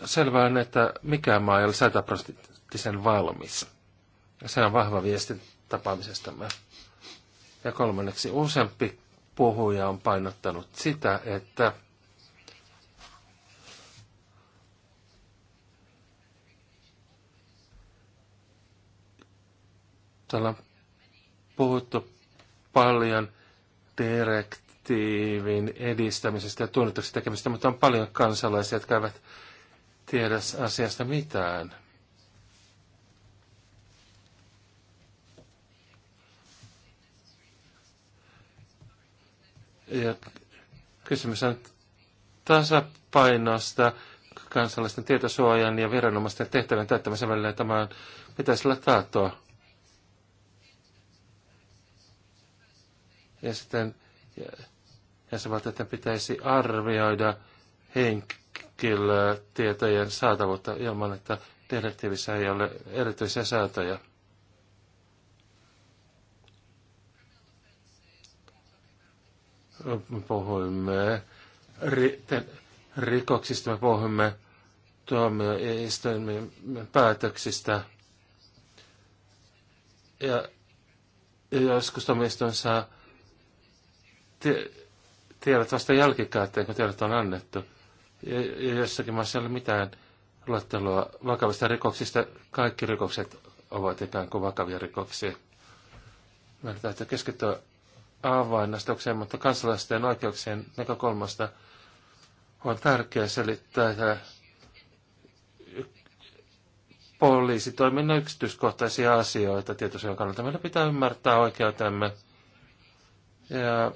Selvää on, että mikään maa ei ole sataprosenttisen valmis. Se on vahva viesti tapaamisestamme. Ja kolmanneksi useampi puhuja on painottanut sitä, että taustalla puhuttu paljon direktiivin edistämisestä ja tunnetuksi tekemistä, mutta on paljon kansalaisia, jotka eivät tiedä asiasta mitään. Ja kysymys on tasapainosta kansalaisten tietosuojan ja viranomaisten tehtävän täyttämisen välillä. Tämä pitäisi olla taattua. Ja sitten että pitäisi arvioida henkilötietojen saatavuutta ilman, että direktiivissä ei ole erityisiä säätöjä. Me puhuimme ri, te, rikoksista, me puhuimme tuomioistuimien päätöksistä. Ja joskus tuomioistuin saa Tiedät vasta jälkikäteen, kun tiedot on annettu. Ja jossakin maassa ei ole mitään luettelua vakavista rikoksista. Kaikki rikokset ovat ikään kuin vakavia rikoksia. Meidän täytyy keskittyä avainnastukseen, mutta kansalaisten oikeuksien näkökulmasta on tärkeää selittää että poliisitoiminnan yksityiskohtaisia asioita tietosuojan kannalta. Meidän pitää ymmärtää oikeutemme ja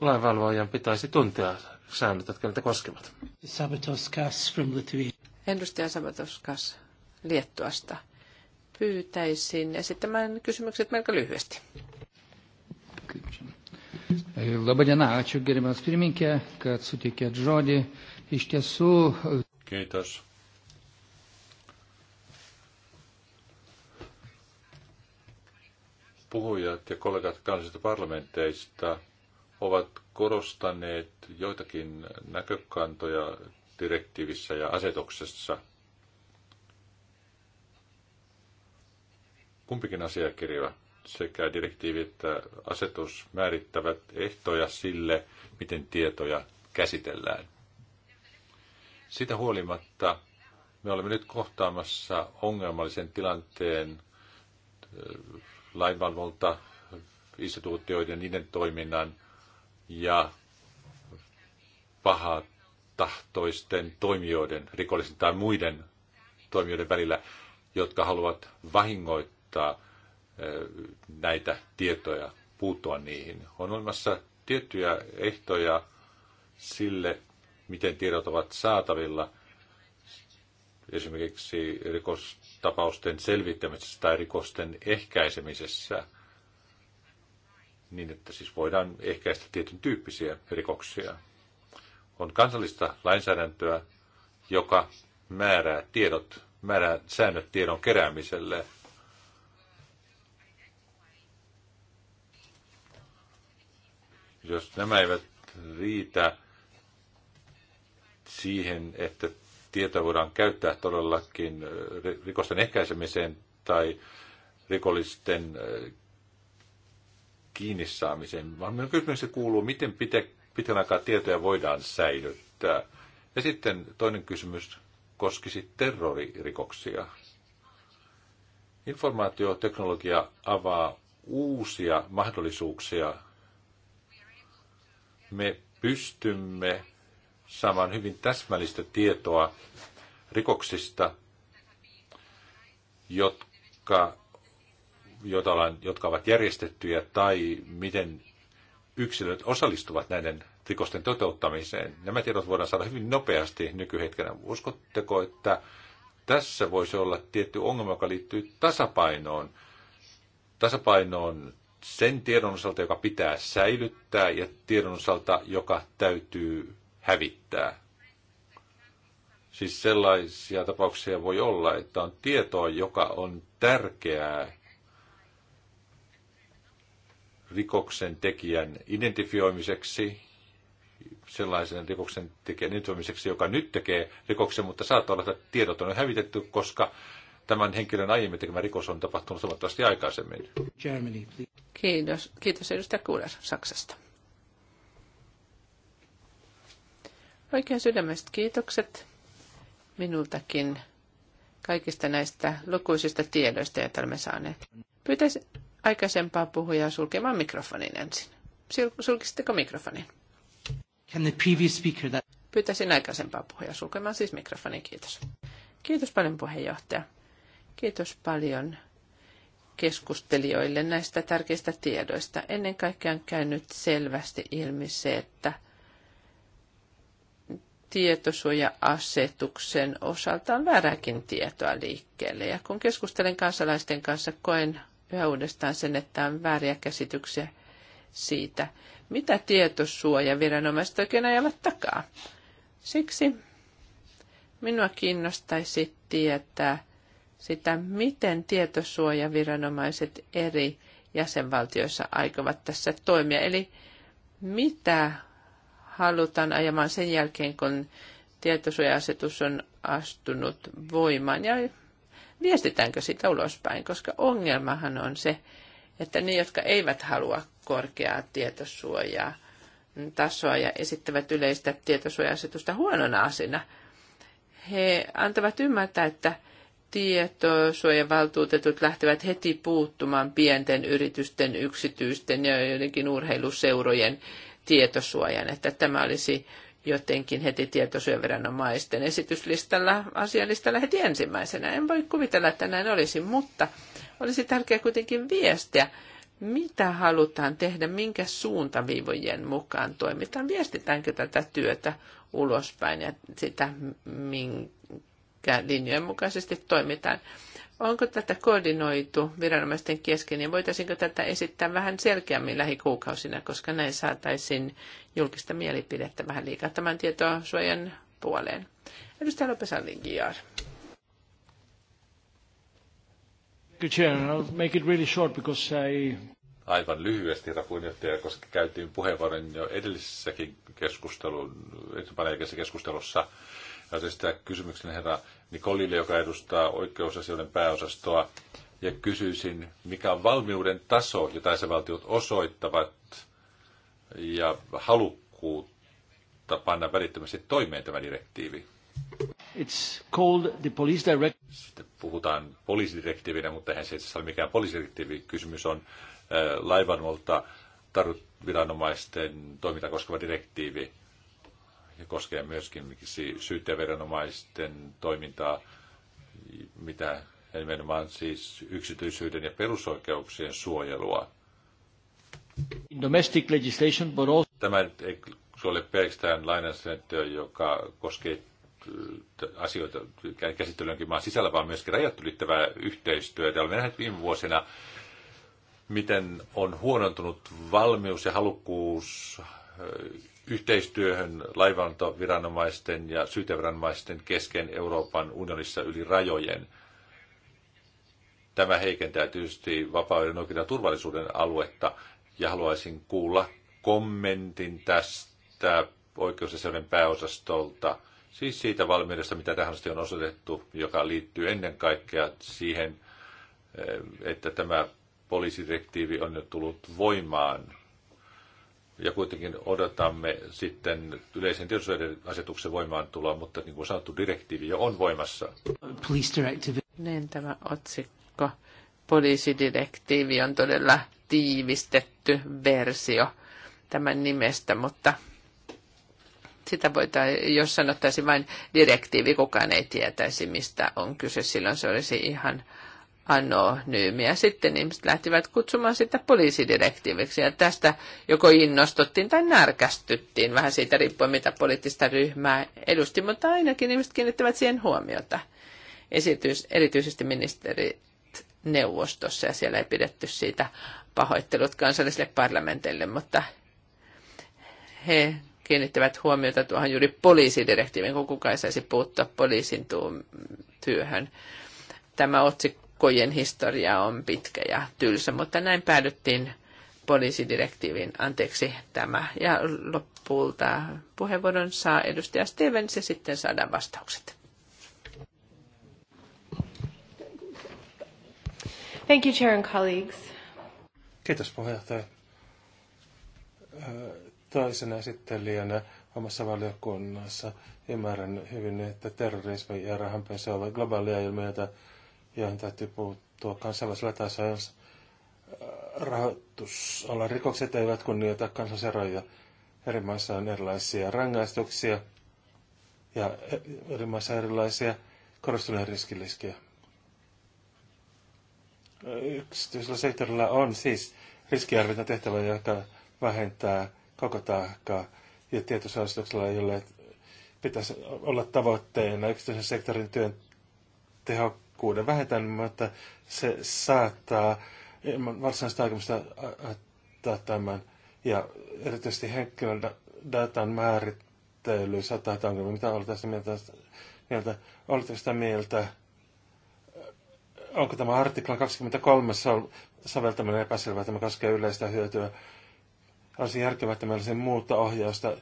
lainvalvojan pitäisi tuntea säännöt, jotka niitä koskevat. Sabatoskas from Lithuania. Edustaja Sabatoskas Liettuasta. Pyytäisin esittämään kysymykset melko lyhyesti. Labadiena, Kiitos. Puhujat ja kollegat kansallisista parlamenteista ovat korostaneet joitakin näkökantoja direktiivissä ja asetuksessa. Kumpikin asiakirja, sekä direktiivi että asetus, määrittävät ehtoja sille, miten tietoja käsitellään. Sitä huolimatta me olemme nyt kohtaamassa ongelmallisen tilanteen äh, lainvalvonta instituutioiden niiden toiminnan ja pahatahtoisten toimijoiden, rikollisten tai muiden toimijoiden välillä, jotka haluavat vahingoittaa näitä tietoja, puuttua niihin. On olemassa tiettyjä ehtoja sille, miten tiedot ovat saatavilla, esimerkiksi rikostapausten selvittämisessä tai rikosten ehkäisemisessä – niin että siis voidaan ehkäistä tietyn tyyppisiä rikoksia. On kansallista lainsäädäntöä, joka määrää tiedot, määrää säännöt tiedon keräämiselle. Jos nämä eivät riitä siihen, että tietoa voidaan käyttää todellakin äh, rikosten ehkäisemiseen tai rikollisten äh, kiinni saamiseen, vaan minun kysymys kuuluu, miten pitkän aikaa tietoja voidaan säilyttää. Ja sitten toinen kysymys koskisi terroririkoksia. Informaatioteknologia avaa uusia mahdollisuuksia. Me pystymme saamaan hyvin täsmällistä tietoa rikoksista, jotka joita ollaan, jotka ovat järjestettyjä, tai miten yksilöt osallistuvat näiden rikosten toteuttamiseen. Nämä tiedot voidaan saada hyvin nopeasti nykyhetkenä. Uskotteko, että tässä voisi olla tietty ongelma, joka liittyy tasapainoon? Tasapainoon sen tiedon osalta, joka pitää säilyttää, ja tiedon osalta, joka täytyy hävittää. Siis sellaisia tapauksia voi olla, että on tietoa, joka on tärkeää rikoksen tekijän identifioimiseksi, sellaisen rikoksen tekijän identifioimiseksi, joka nyt tekee rikoksen, mutta saattaa olla, että tiedot on hävitetty, koska tämän henkilön aiemmin tekemä rikos on tapahtunut huomattavasti aikaisemmin. Germany, kiitos, kiitos edustaja Kuuler Saksasta. Oikein sydämestä kiitokset minultakin kaikista näistä lukuisista tiedoista, joita olemme saaneet. Pyytäisin aikaisempaa puhujaa sulkemaan mikrofonin ensin. Sulkisitteko mikrofonin? Can the previous speaker that... Pyytäisin aikaisempaa puhujaa sulkemaan siis mikrofonin, kiitos. Kiitos paljon puheenjohtaja. Kiitos paljon keskustelijoille näistä tärkeistä tiedoista. Ennen kaikkea on käynyt selvästi ilmi se, että tietosuoja-asetuksen osalta on vääräkin tietoa liikkeelle. Ja kun keskustelen kansalaisten kanssa, koen yhä uudestaan sen, että on vääriä käsityksiä siitä, mitä viranomaiset oikein ajavat takaa. Siksi minua kiinnostaisi tietää sitä, miten tietosuojaviranomaiset eri jäsenvaltioissa aikovat tässä toimia. Eli mitä halutaan ajamaan sen jälkeen, kun tietosuoja-asetus on astunut voimaan ja viestitäänkö sitä ulospäin, koska ongelmahan on se, että ne, jotka eivät halua korkeaa tietosuojaa, tasoa ja esittävät yleistä tietosuoja-asetusta huonona asina. He antavat ymmärtää, että tietosuojavaltuutetut lähtevät heti puuttumaan pienten yritysten, yksityisten ja joidenkin urheiluseurojen tietosuojan, että tämä olisi jotenkin heti tietosyöviranomaisten esityslistalla, asialistalla heti ensimmäisenä. En voi kuvitella, että näin olisi, mutta olisi tärkeää kuitenkin viestiä, mitä halutaan tehdä, minkä suuntaviivojen mukaan toimitaan, viestitäänkö tätä työtä ulospäin ja sitä, minkä linjojen mukaisesti toimitaan. Onko tätä koordinoitu viranomaisten kesken ja voitaisiinko tätä esittää vähän selkeämmin lähikuukausina, koska näin saataisiin julkista mielipidettä vähän tämän tietoa suojan puoleen. Edustaja lopes Aivan lyhyesti, herra puheenjohtaja, koska käytiin puheenvuoron jo edellisessäkin keskustelun, keskustelussa Haluaisin kysymyksen herra Nikolille, joka edustaa oikeusasioiden pääosastoa, ja kysyisin, mikä on valmiuden taso, jota se valtiot osoittavat ja halukkuutta panna välittömästi toimeen tämä direktiivi. It's called the police direct- Sitten puhutaan poliisidirektiivinä, mutta eihän se itse ole mikään poliisidirektiivi. Kysymys on laivanmolta tarvitsemaan viranomaisten toiminta koskeva direktiivi ja koskee myöskin syyttäjäviranomaisten toimintaa, mitä nimenomaan siis yksityisyyden ja perusoikeuksien suojelua. domestic legislation, but also... Tämä ei ole pelkästään lainsäädäntöä, joka koskee äh, asioita käsittelyynkin maan sisällä, vaan myöskin rajat ylittävää yhteistyötä. Olemme nähneet viime vuosina, miten on huonontunut valmius ja halukkuus äh, yhteistyöhön laivantoviranomaisten ja syyteviranomaisten kesken Euroopan unionissa yli rajojen. Tämä heikentää tietysti vapauden oikeuden turvallisuuden aluetta ja haluaisin kuulla kommentin tästä oikeusasioiden pääosastolta, siis siitä valmiudesta, mitä tähän asti on osoitettu, joka liittyy ennen kaikkea siihen, eh, että tämä poliisidirektiivi on jo tullut voimaan ja kuitenkin odotamme sitten yleisen tietosuojan asetuksen voimaantuloa, mutta niin kuin sanottu, direktiivi jo on voimassa. Police directive. Niin tämä otsikko. Poliisidirektiivi on todella tiivistetty versio tämän nimestä, mutta sitä voitaisiin, jos sanottaisiin vain direktiivi, kukaan ei tietäisi, mistä on kyse. Silloin se olisi ihan anonyymiä. Sitten ihmiset lähtivät kutsumaan sitä poliisidirektiiviksi ja tästä joko innostuttiin tai närkästyttiin, vähän siitä riippuen mitä poliittista ryhmää edusti, mutta ainakin ihmiset kiinnittävät siihen huomiota. Esitys, erityisesti ministerit neuvostossa ja siellä ei pidetty siitä pahoittelut kansalliselle parlamentille, mutta he kiinnittävät huomiota tuohon juuri poliisidirektiivin, kun kukaan saisi puuttua poliisin työhön. Tämä otsikko lakkojen historia on pitkä ja tylsä, mutta näin päädyttiin poliisidirektiivin, anteeksi tämä. Ja lopulta puheenvuoron saa edustaja Stevens ja sitten saadaan vastaukset. Thank you, Chair and colleagues. Kiitos puheenjohtaja. Toisena esittelijänä omassa valiokunnassa ymmärrän hyvin, että terrorismi ja rahanpesu ovat globaalia ilmiötä, joihin täytyy puuttua kansainvälisellä tasolla. Äh, rahoitusalan rikokset eivät kunnioita kansalliseroja. Eri maissa on erilaisia rangaistuksia ja eri maissa erilaisia korostuneen riskiliskiä. Yksityisellä sektorilla on siis riskiarvinta tehtävä, joka vähentää koko taakkaa ja tietosuosituksella, jolle pitäisi olla tavoitteena yksityisen sektorin työn teho, tehokkuuden vähentämättä se saattaa ilman varsinaista aikomista ottaa tämän. Ja erityisesti henkilön datan määrittely saattaa ongelmia. Mitä olette tästä mieltä? mieltä? Olette sitä mieltä, onko tämä artikla 23 soveltaminen epäselvä, tämä koskee yleistä hyötyä. Olisi järkevää, että meillä olisi muuta ohjausta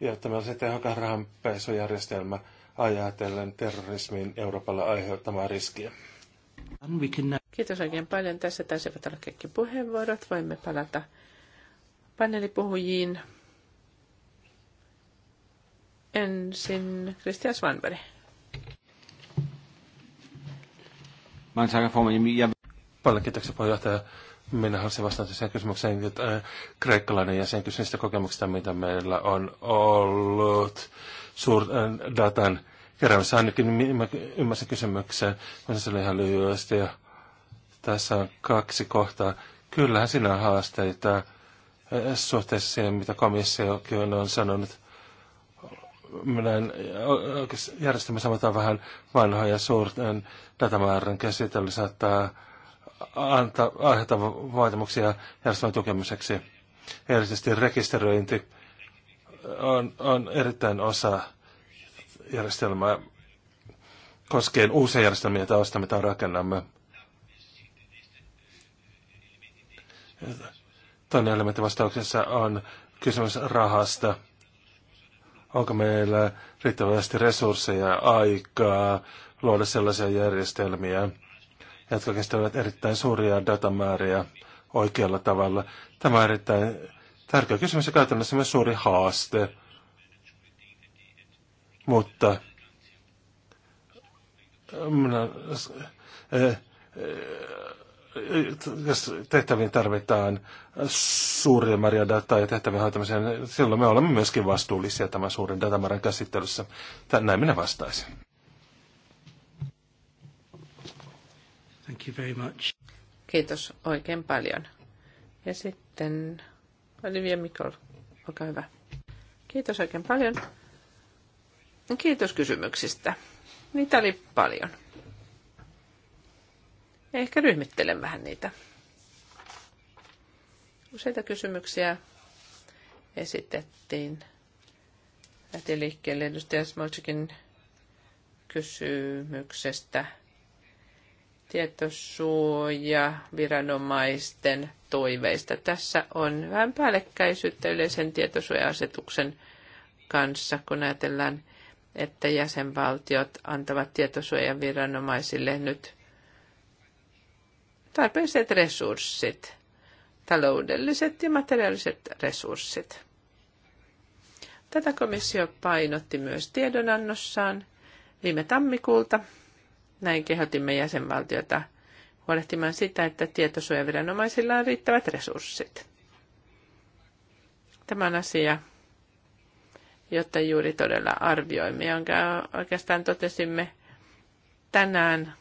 ja että meillä olisi tehokas rahanpesujärjestelmä – ajatellen terrorismin Euroopalle aiheuttamaa riskiä. Kiitos oikein paljon. Tässä taisivat olla kaikki puheenvuorot. Voimme palata paneelipuhujiin. Ensin Christian Svanberg. Paljon kiitoksia puheenjohtaja. Minä haluaisin vastata sen kysymykseen, että äh, kreikkalainen jäsen kysyi sitä kokemuksista mitä meillä on ollut suurdatan äh, keräämisessä ainakin mä ymmärsin kysymyksen, kun se oli ihan lyhyesti. Ja tässä on kaksi kohtaa. Kyllähän siinä on haasteita äh, suhteessa siihen, mitä komissiokin on sanonut. Minä en äh, järjestelmässä otan vähän vanhoja suurten datamäärän käsitellä saattaa antaa aiheuttaa vaatimuksia järjestelmän tukemiseksi. Erityisesti rekisteröinti on, on erittäin osa järjestelmää koskien uusia järjestelmiä, tausta, mitä rakennamme. Toinen elementti vastauksessa on kysymys rahasta. Onko meillä riittävästi resursseja ja aikaa luoda sellaisia järjestelmiä, jotka kestävät erittäin suuria datamääriä oikealla tavalla? Tämä on erittäin tärkeä kysymys ja käytännössä myös suuri haaste. Mutta äh, minä, äh, äh, jos tehtäviin tarvitaan suuria määriä dataa ja tehtävien hoitamiseen, silloin me olemme myöskin vastuullisia tämän suuren datamäärän käsittelyssä. näin minä vastaisin. Thank you very much. Kiitos oikein paljon. Ja sitten Olivia Mikol, olkaa hyvä. Kiitos oikein paljon. Kiitos kysymyksistä. Niitä oli paljon. ehkä ryhmittelen vähän niitä. Useita kysymyksiä esitettiin. Lähti liikkeelle edustaja Smolcikin kysymyksestä – tietosuoja viranomaisten toiveista. Tässä on vähän päällekkäisyyttä yleisen tietosuoja-asetuksen kanssa, kun ajatellaan, että jäsenvaltiot antavat tietosuojan viranomaisille nyt tarpeelliset resurssit, taloudelliset ja materiaaliset resurssit. Tätä komissio painotti myös tiedonannossaan viime tammikuulta näin kehotimme jäsenvaltiota huolehtimaan sitä, että tietosuojaviranomaisilla on riittävät resurssit. Tämä on asia, jotta juuri todella arvioimme, jonka oikeastaan totesimme tänään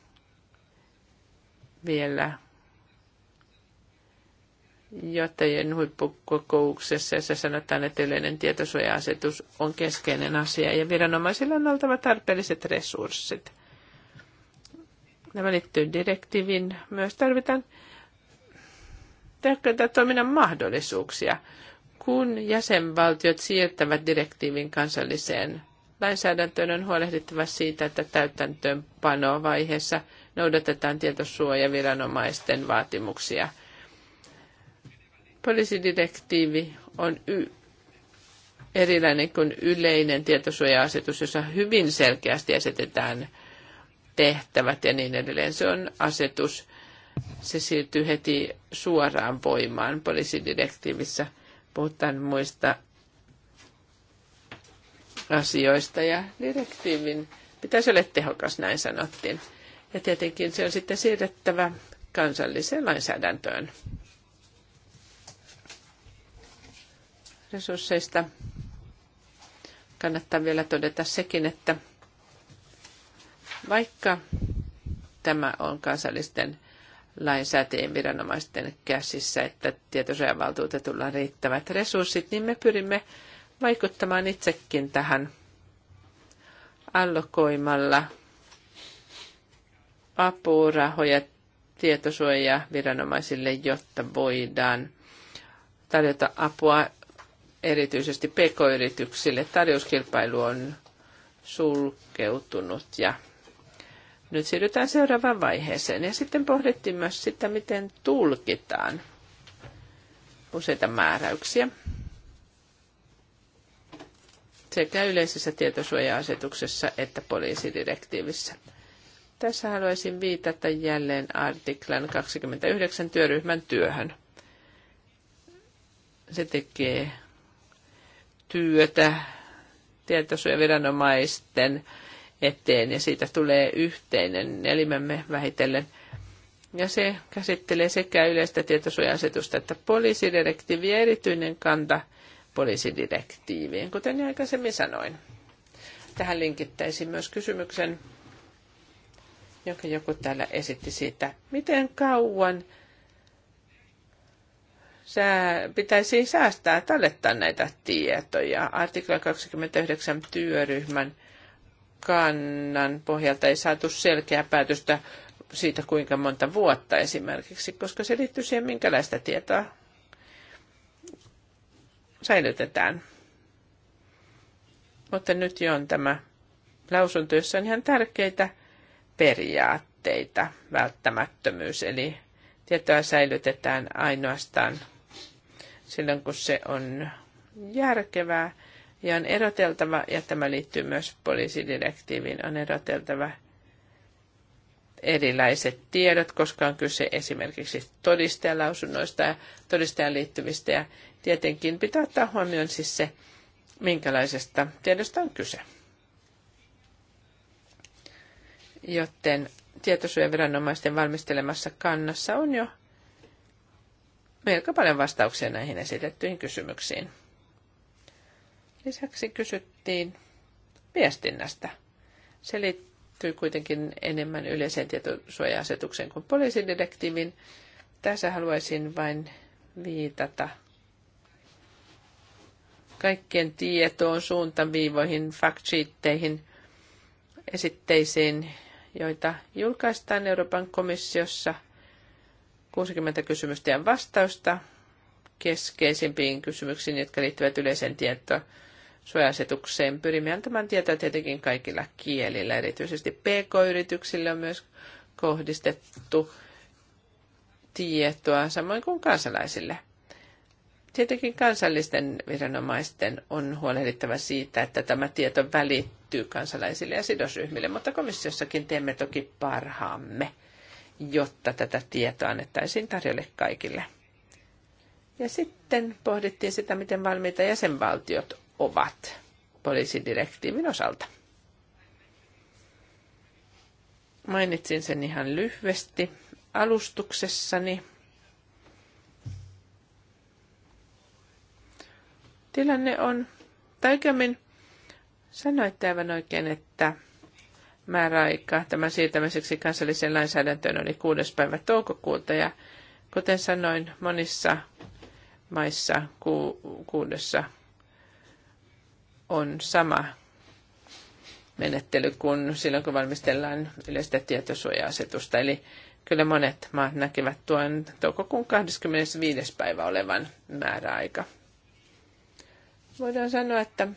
vielä johtajien huippukokouksessa, jossa sanotaan, että yleinen tietosuoja-asetus on keskeinen asia ja viranomaisilla on oltava tarpeelliset resurssit – Nämä liittyy direktiivin. Myös tarvitaan tärkeitä toiminnan mahdollisuuksia, kun jäsenvaltiot siirtävät direktiivin kansalliseen lainsäädäntöön on huolehdittava siitä, että täytäntöönpanovaiheessa noudatetaan tietosuojaviranomaisten vaatimuksia. Poliisidirektiivi on y- erilainen kuin yleinen tietosuoja-asetus, jossa hyvin selkeästi esitetään – tehtävät ja niin edelleen. Se on asetus. Se siirtyy heti suoraan voimaan poliisidirektiivissä. Puhutaan muista asioista ja direktiivin pitäisi olla tehokas, näin sanottiin. Ja tietenkin se on sitten siirrettävä kansalliseen lainsäädäntöön. Resursseista kannattaa vielä todeta sekin, että vaikka tämä on kansallisten lainsäätäjien viranomaisten käsissä, että tietosuojavaltuutetulla on riittävät resurssit, niin me pyrimme vaikuttamaan itsekin tähän allokoimalla apurahoja tietosuoja viranomaisille, jotta voidaan tarjota apua erityisesti pk-yrityksille. Tarjouskilpailu on sulkeutunut ja nyt siirrytään seuraavaan vaiheeseen. Ja sitten pohdittiin myös sitä, miten tulkitaan useita määräyksiä sekä yleisessä tietosuoja-asetuksessa että poliisidirektiivissä. Tässä haluaisin viitata jälleen artiklan 29 työryhmän työhön. Se tekee työtä tietosuojaviranomaisten viranomaisten eteen ja siitä tulee yhteinen elimemme vähitellen. Ja se käsittelee sekä yleistä tietosuoja-asetusta että poliisidirektiiviä erityinen kanta poliisidirektiiviin, kuten aikaisemmin sanoin. Tähän linkittäisin myös kysymyksen, jonka joku täällä esitti siitä, miten kauan sää, pitäisi säästää tallettaa näitä tietoja. Artikla 29 työryhmän kannan pohjalta ei saatu selkeää päätöstä siitä, kuinka monta vuotta esimerkiksi, koska se liittyy siihen, minkälaista tietoa säilytetään. Mutta nyt jo on tämä lausunto, jossa on ihan tärkeitä periaatteita, välttämättömyys, eli tietoa säilytetään ainoastaan silloin, kun se on järkevää ja on eroteltava, ja tämä liittyy myös poliisidirektiiviin, on eroteltava erilaiset tiedot, koska on kyse esimerkiksi todistajalausunnoista ja todistajan liittyvistä. Ja tietenkin pitää ottaa huomioon siis se, minkälaisesta tiedosta on kyse. Joten tietosuojaviranomaisten valmistelemassa kannassa on jo melko paljon vastauksia näihin esitettyihin kysymyksiin. Lisäksi kysyttiin viestinnästä. Se liittyy kuitenkin enemmän yleiseen tietosuoja-asetukseen kuin poliisidirektiivin. Tässä haluaisin vain viitata kaikkien tietoon, suuntaviivoihin, factsheetteihin, esitteisiin, joita julkaistaan Euroopan komissiossa. 60 kysymystä ja vastausta keskeisimpiin kysymyksiin, jotka liittyvät yleiseen tietoon suojasetukseen pyrimme antamaan tietoa tietenkin kaikilla kielillä. Erityisesti PK-yrityksille on myös kohdistettu tietoa, samoin kuin kansalaisille. Tietenkin kansallisten viranomaisten on huolehdittava siitä, että tämä tieto välittyy kansalaisille ja sidosryhmille, mutta komissiossakin teemme toki parhaamme, jotta tätä tietoa annettaisiin tarjolle kaikille. Ja sitten pohdittiin sitä, miten valmiita jäsenvaltiot ovat poliisidirektiivin osalta. Mainitsin sen ihan lyhyesti alustuksessani. Tilanne on, taikemin sanoitte aivan oikein, että määräaika tämän siirtämiseksi kansalliseen lainsäädäntöön oli 6. päivä toukokuuta ja kuten sanoin, monissa maissa ku, kuudessa on sama menettely kuin silloin, kun valmistellaan yleistä tietosuoja-asetusta. Eli kyllä monet maat näkevät tuon toukokuun 25. päivä olevan määräaika. Voidaan sanoa, että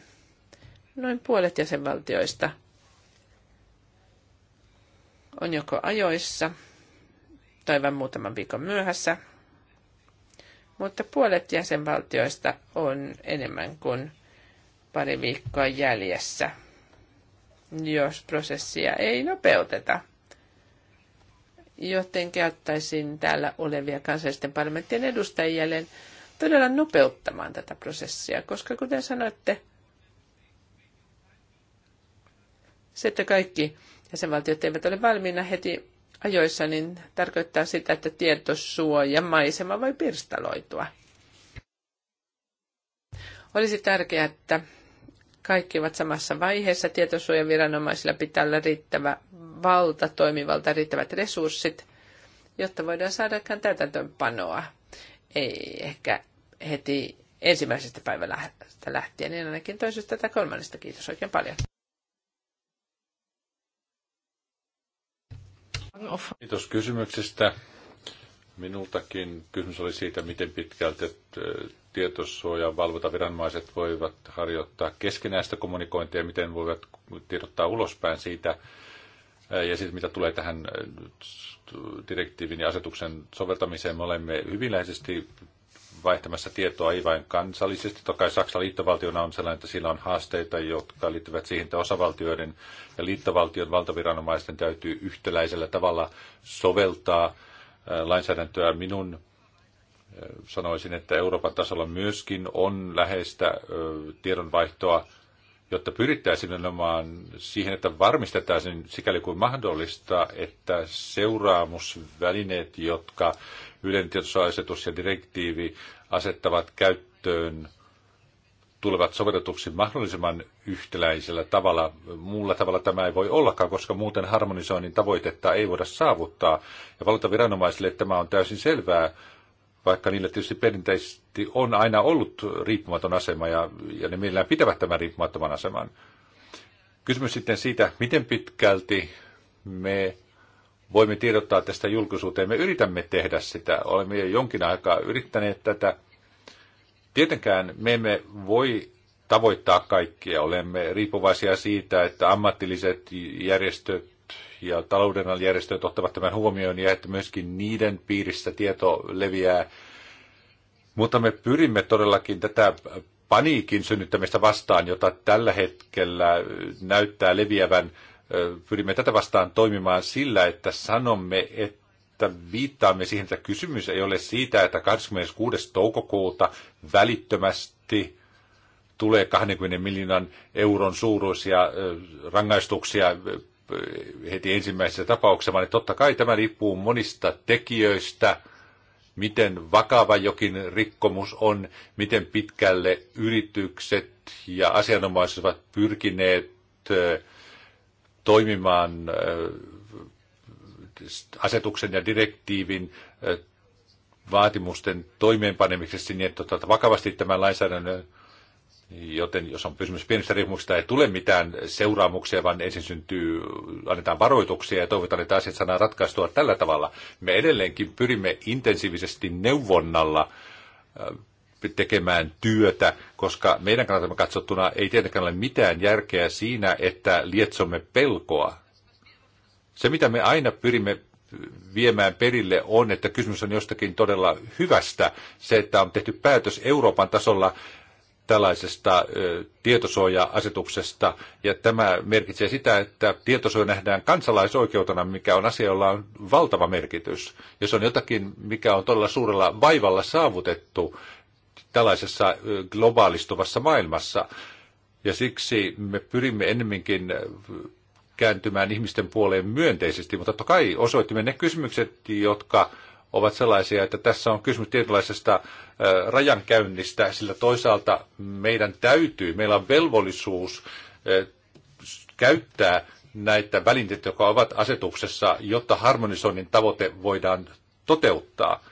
noin puolet jäsenvaltioista on joko ajoissa tai vain muutaman viikon myöhässä, mutta puolet jäsenvaltioista on enemmän kuin pari viikkoa jäljessä, jos prosessia ei nopeuteta. Joten käyttäisin täällä olevia kansallisten parlamenttien edustajia jälleen todella nopeuttamaan tätä prosessia, koska kuten sanoitte, se, että kaikki jäsenvaltiot eivät ole valmiina heti ajoissa, niin tarkoittaa sitä, että tietosuoja maisema voi pirstaloitua. Olisi tärkeää, että kaikki ovat samassa vaiheessa. Tietosuojaviranomaisilla pitää olla riittävä valta, toimivalta, riittävät resurssit, jotta voidaan saadakaan täytäntöönpanoa. Ei ehkä heti ensimmäisestä päivästä lähtien, niin ainakin toisesta tai kolmannesta. Kiitos oikein paljon. Kiitos kysymyksestä. Minultakin kysymys oli siitä, miten pitkälti tietosuojan viranomaiset voivat harjoittaa keskinäistä kommunikointia, miten voivat tiedottaa ulospäin siitä, ja sitten mitä tulee tähän direktiivin ja asetuksen soveltamiseen, me olemme hyvin läheisesti vaihtamassa tietoa, ei vain kansallisesti. Toki kai Saksa liittovaltiona on sellainen, että sillä on haasteita, jotka liittyvät siihen, että osavaltioiden ja liittovaltion valtaviranomaisten täytyy yhtäläisellä tavalla soveltaa lainsäädäntöä. Minun sanoisin, että Euroopan tasolla myöskin on läheistä tiedonvaihtoa, jotta pyrittäisiin nimenomaan siihen, että varmistetaan sikäli kuin mahdollista, että seuraamusvälineet, jotka yleinen ja direktiivi asettavat käyttöön tulevat sovelletuksi mahdollisimman yhtäläisellä tavalla. Muulla tavalla tämä ei voi ollakaan, koska muuten harmonisoinnin tavoitetta ei voida saavuttaa. Ja valtaviranomaisille tämä on täysin selvää, vaikka niillä tietysti perinteisesti on aina ollut riippumaton asema ja, ja ne mielellään pitävät tämän riippumattoman aseman. Kysymys sitten siitä, miten pitkälti me voimme tiedottaa tästä julkisuuteen. Me yritämme tehdä sitä. Olemme jo jonkin aikaa yrittäneet tätä Tietenkään me emme voi tavoittaa kaikkia. Olemme riippuvaisia siitä, että ammatilliset järjestöt ja talouden järjestöt ottavat tämän huomioon ja että myöskin niiden piirissä tieto leviää. Mutta me pyrimme todellakin tätä paniikin synnyttämistä vastaan, jota tällä hetkellä näyttää leviävän. Pyrimme tätä vastaan toimimaan sillä, että sanomme, että että viittaamme siihen, että kysymys ei ole siitä, että 26. toukokuuta välittömästi tulee 20 miljoonan euron suuruisia rangaistuksia heti ensimmäisessä tapauksessa, vaan totta kai tämä riippuu monista tekijöistä, miten vakava jokin rikkomus on, miten pitkälle yritykset ja asianomaiset ovat pyrkineet toimimaan asetuksen ja direktiivin vaatimusten toimeenpanemiseksi niin, että vakavasti tämän lainsäädännön, joten jos on kysymys pienistä rikmuksista, ei tule mitään seuraamuksia, vaan ensin syntyy, annetaan varoituksia ja toivotaan, että asiat saadaan ratkaistua tällä tavalla. Me edelleenkin pyrimme intensiivisesti neuvonnalla tekemään työtä, koska meidän kannalta katsottuna ei tietenkään ole mitään järkeä siinä, että lietsomme pelkoa se, mitä me aina pyrimme viemään perille on, että kysymys on jostakin todella hyvästä. Se, että on tehty päätös Euroopan tasolla tällaisesta tietosuoja-asetuksesta, ja tämä merkitsee sitä, että tietosuoja nähdään kansalaisoikeutena, mikä on asia, jolla on valtava merkitys. Jos on jotakin, mikä on todella suurella vaivalla saavutettu tällaisessa globaalistuvassa maailmassa, ja siksi me pyrimme ennemminkin kääntymään ihmisten puoleen myönteisesti, mutta totta kai osoitimme ne kysymykset, jotka ovat sellaisia, että tässä on kysymys tietynlaisesta rajankäynnistä, sillä toisaalta meidän täytyy, meillä on velvollisuus käyttää näitä välineitä, jotka ovat asetuksessa, jotta harmonisoinnin tavoite voidaan toteuttaa.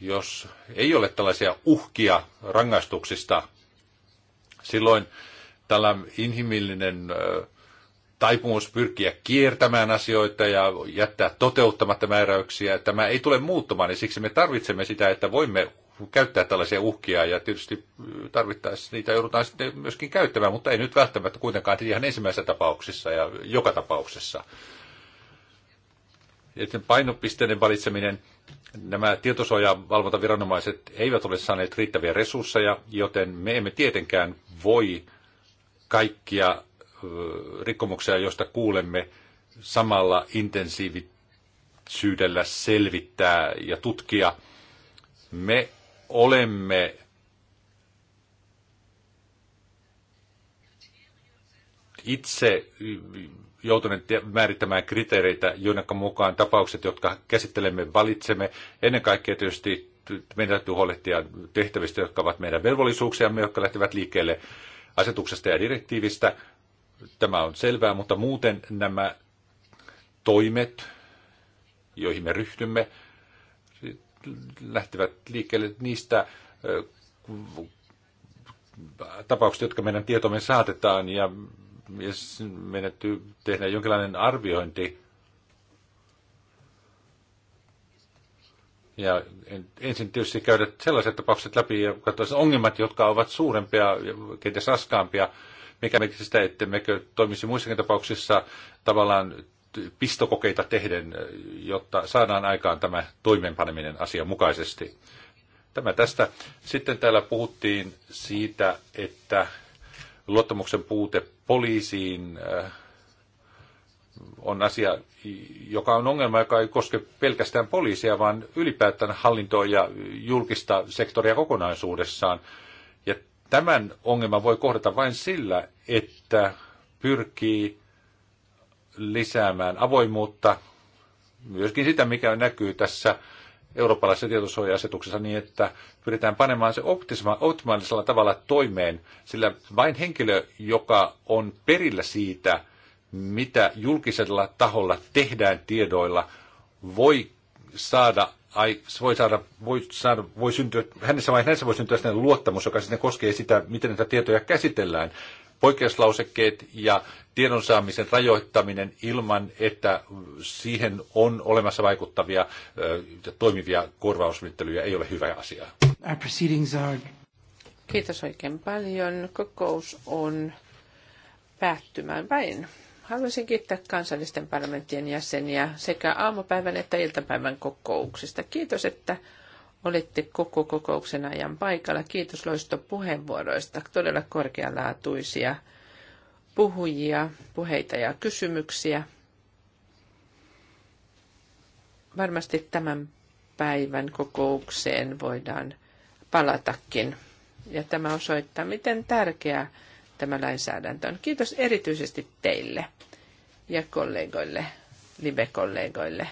Jos ei ole tällaisia uhkia rangaistuksista, silloin tällainen inhimillinen taipumus pyrkiä kiertämään asioita ja jättää toteuttamatta määräyksiä. Tämä ei tule muuttumaan, niin siksi me tarvitsemme sitä, että voimme käyttää tällaisia uhkia ja tietysti äh, tarvittaessa niitä joudutaan sitten myöskin käyttämään, mutta ei nyt välttämättä kuitenkaan ihan ensimmäisessä tapauksessa ja joka tapauksessa. Joten painopisteiden valitseminen, nämä tietosuojavalvontaviranomaiset eivät ole saaneet riittäviä resursseja, joten me emme tietenkään voi kaikkia rikkomuksia, joista kuulemme samalla intensiivisyydellä selvittää ja tutkia. Me olemme itse joutuneet määrittämään kriteereitä, joiden mukaan tapaukset, jotka käsittelemme, valitsemme. Ennen kaikkea tietysti meidän täytyy huolehtia tehtävistä, jotka ovat meidän velvollisuuksiamme, jotka lähtevät liikkeelle asetuksesta ja direktiivistä, Tämä on selvää, mutta muuten nämä toimet, joihin me ryhtymme, lähtevät liikkeelle niistä äh, tapauksista, jotka meidän tietomme saatetaan ja, ja meidän tehdä jonkinlainen arviointi. Ja ensin tietysti käydä sellaiset tapaukset läpi ja katsoa ongelmat, jotka ovat suurempia ja kenties raskaampia mikä merkitsi sitä, mekö toimisi muissakin tapauksissa tavallaan pistokokeita tehden, jotta saadaan aikaan tämä toimeenpaneminen asianmukaisesti. Tämä tästä. Sitten täällä puhuttiin siitä, että luottamuksen puute poliisiin äh, on asia, joka on ongelma, joka ei koske pelkästään poliisia, vaan ylipäätään hallintoa ja julkista sektoria kokonaisuudessaan. Ja Tämän ongelman voi kohdata vain sillä, että pyrkii lisäämään avoimuutta, myöskin sitä, mikä näkyy tässä eurooppalaisessa tietosuoja-asetuksessa niin, että pyritään panemaan se optimaalisella tavalla toimeen, sillä vain henkilö, joka on perillä siitä, mitä julkisella taholla tehdään tiedoilla, voi saada ai, voi, saada, voi, saada, voi syntyä, hänessä, vai hänessä voi syntyä sellainen luottamus, joka sitten koskee sitä, miten näitä tietoja käsitellään. Poikkeuslausekkeet ja tiedon saamisen rajoittaminen ilman, että siihen on olemassa vaikuttavia ja toimivia korvausmittelyjä ei ole hyvä asia. Kiitos oikein paljon. Kokous on päättymään päin. Haluaisin kiittää kansallisten parlamenttien jäseniä sekä aamupäivän että iltapäivän kokouksista. Kiitos, että olitte koko kokouksen ajan paikalla. Kiitos loistopuheenvuoroista, todella korkealaatuisia puhujia, puheita ja kysymyksiä. Varmasti tämän päivän kokoukseen voidaan palatakin. Ja tämä osoittaa, miten tärkeää tämä lainsäädäntö on. Kiitos erityisesti teille ja kollegoille, live-kollegoille.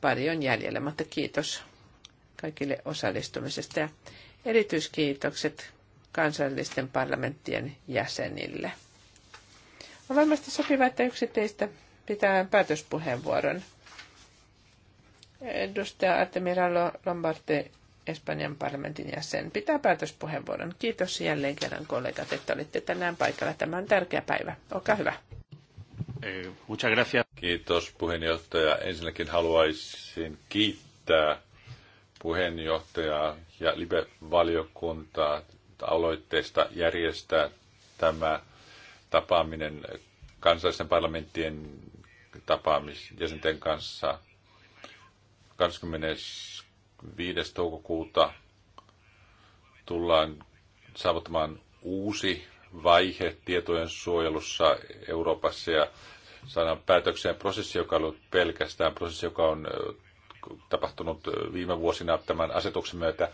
Pari on jäljellä, mutta kiitos kaikille osallistumisesta ja erityiskiitokset kansallisten parlamenttien jäsenille. On varmasti sopiva, että yksi teistä pitää päätöspuheenvuoron. Edustaja Artemira Lombarte Espanjan parlamentin jäsen, pitää päätöspuheenvuoron. Kiitos jälleen kerran kollegat, että olitte tänään paikalla. Tämä on tärkeä päivä. Olkaa hyvä. Eh, Kiitos puheenjohtaja. Ensinnäkin haluaisin kiittää puheenjohtajaa ja libe valiokuntaa aloitteesta järjestää tämä tapaaminen kansallisten parlamenttien tapaamis jäsenten kanssa 20. 5. toukokuuta tullaan saavuttamaan uusi vaihe tietojen suojelussa Euroopassa ja saadaan päätökseen prosessi, joka on ollut pelkästään prosessi, joka on tapahtunut viime vuosina tämän asetuksen myötä,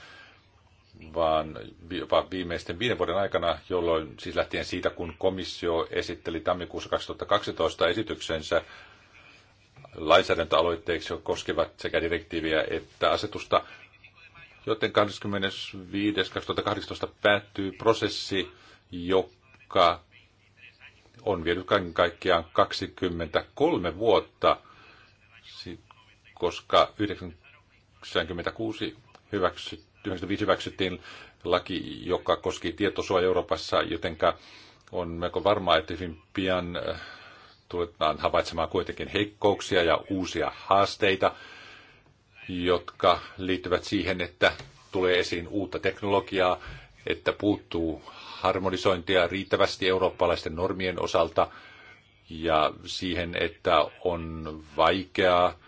vaan jopa viimeisten viiden vuoden aikana, jolloin siis lähtien siitä, kun komissio esitteli tammikuussa 2012 esityksensä lainsäädäntöaloitteiksi, jotka koskevat sekä direktiiviä että asetusta, joten 25.2018 päättyy prosessi, joka on vienyt kaiken kaikkiaan 23 vuotta, koska 1996 hyväksyt, 95 hyväksyttiin laki, joka koski tietosuoja Euroopassa, jotenka on melko varmaa, että hyvin pian äh, tullaan havaitsemaan kuitenkin heikkouksia ja uusia haasteita, jotka liittyvät siihen, että tulee esiin uutta teknologiaa, että puuttuu harmonisointia riittävästi eurooppalaisten normien osalta ja siihen, että on vaikeaa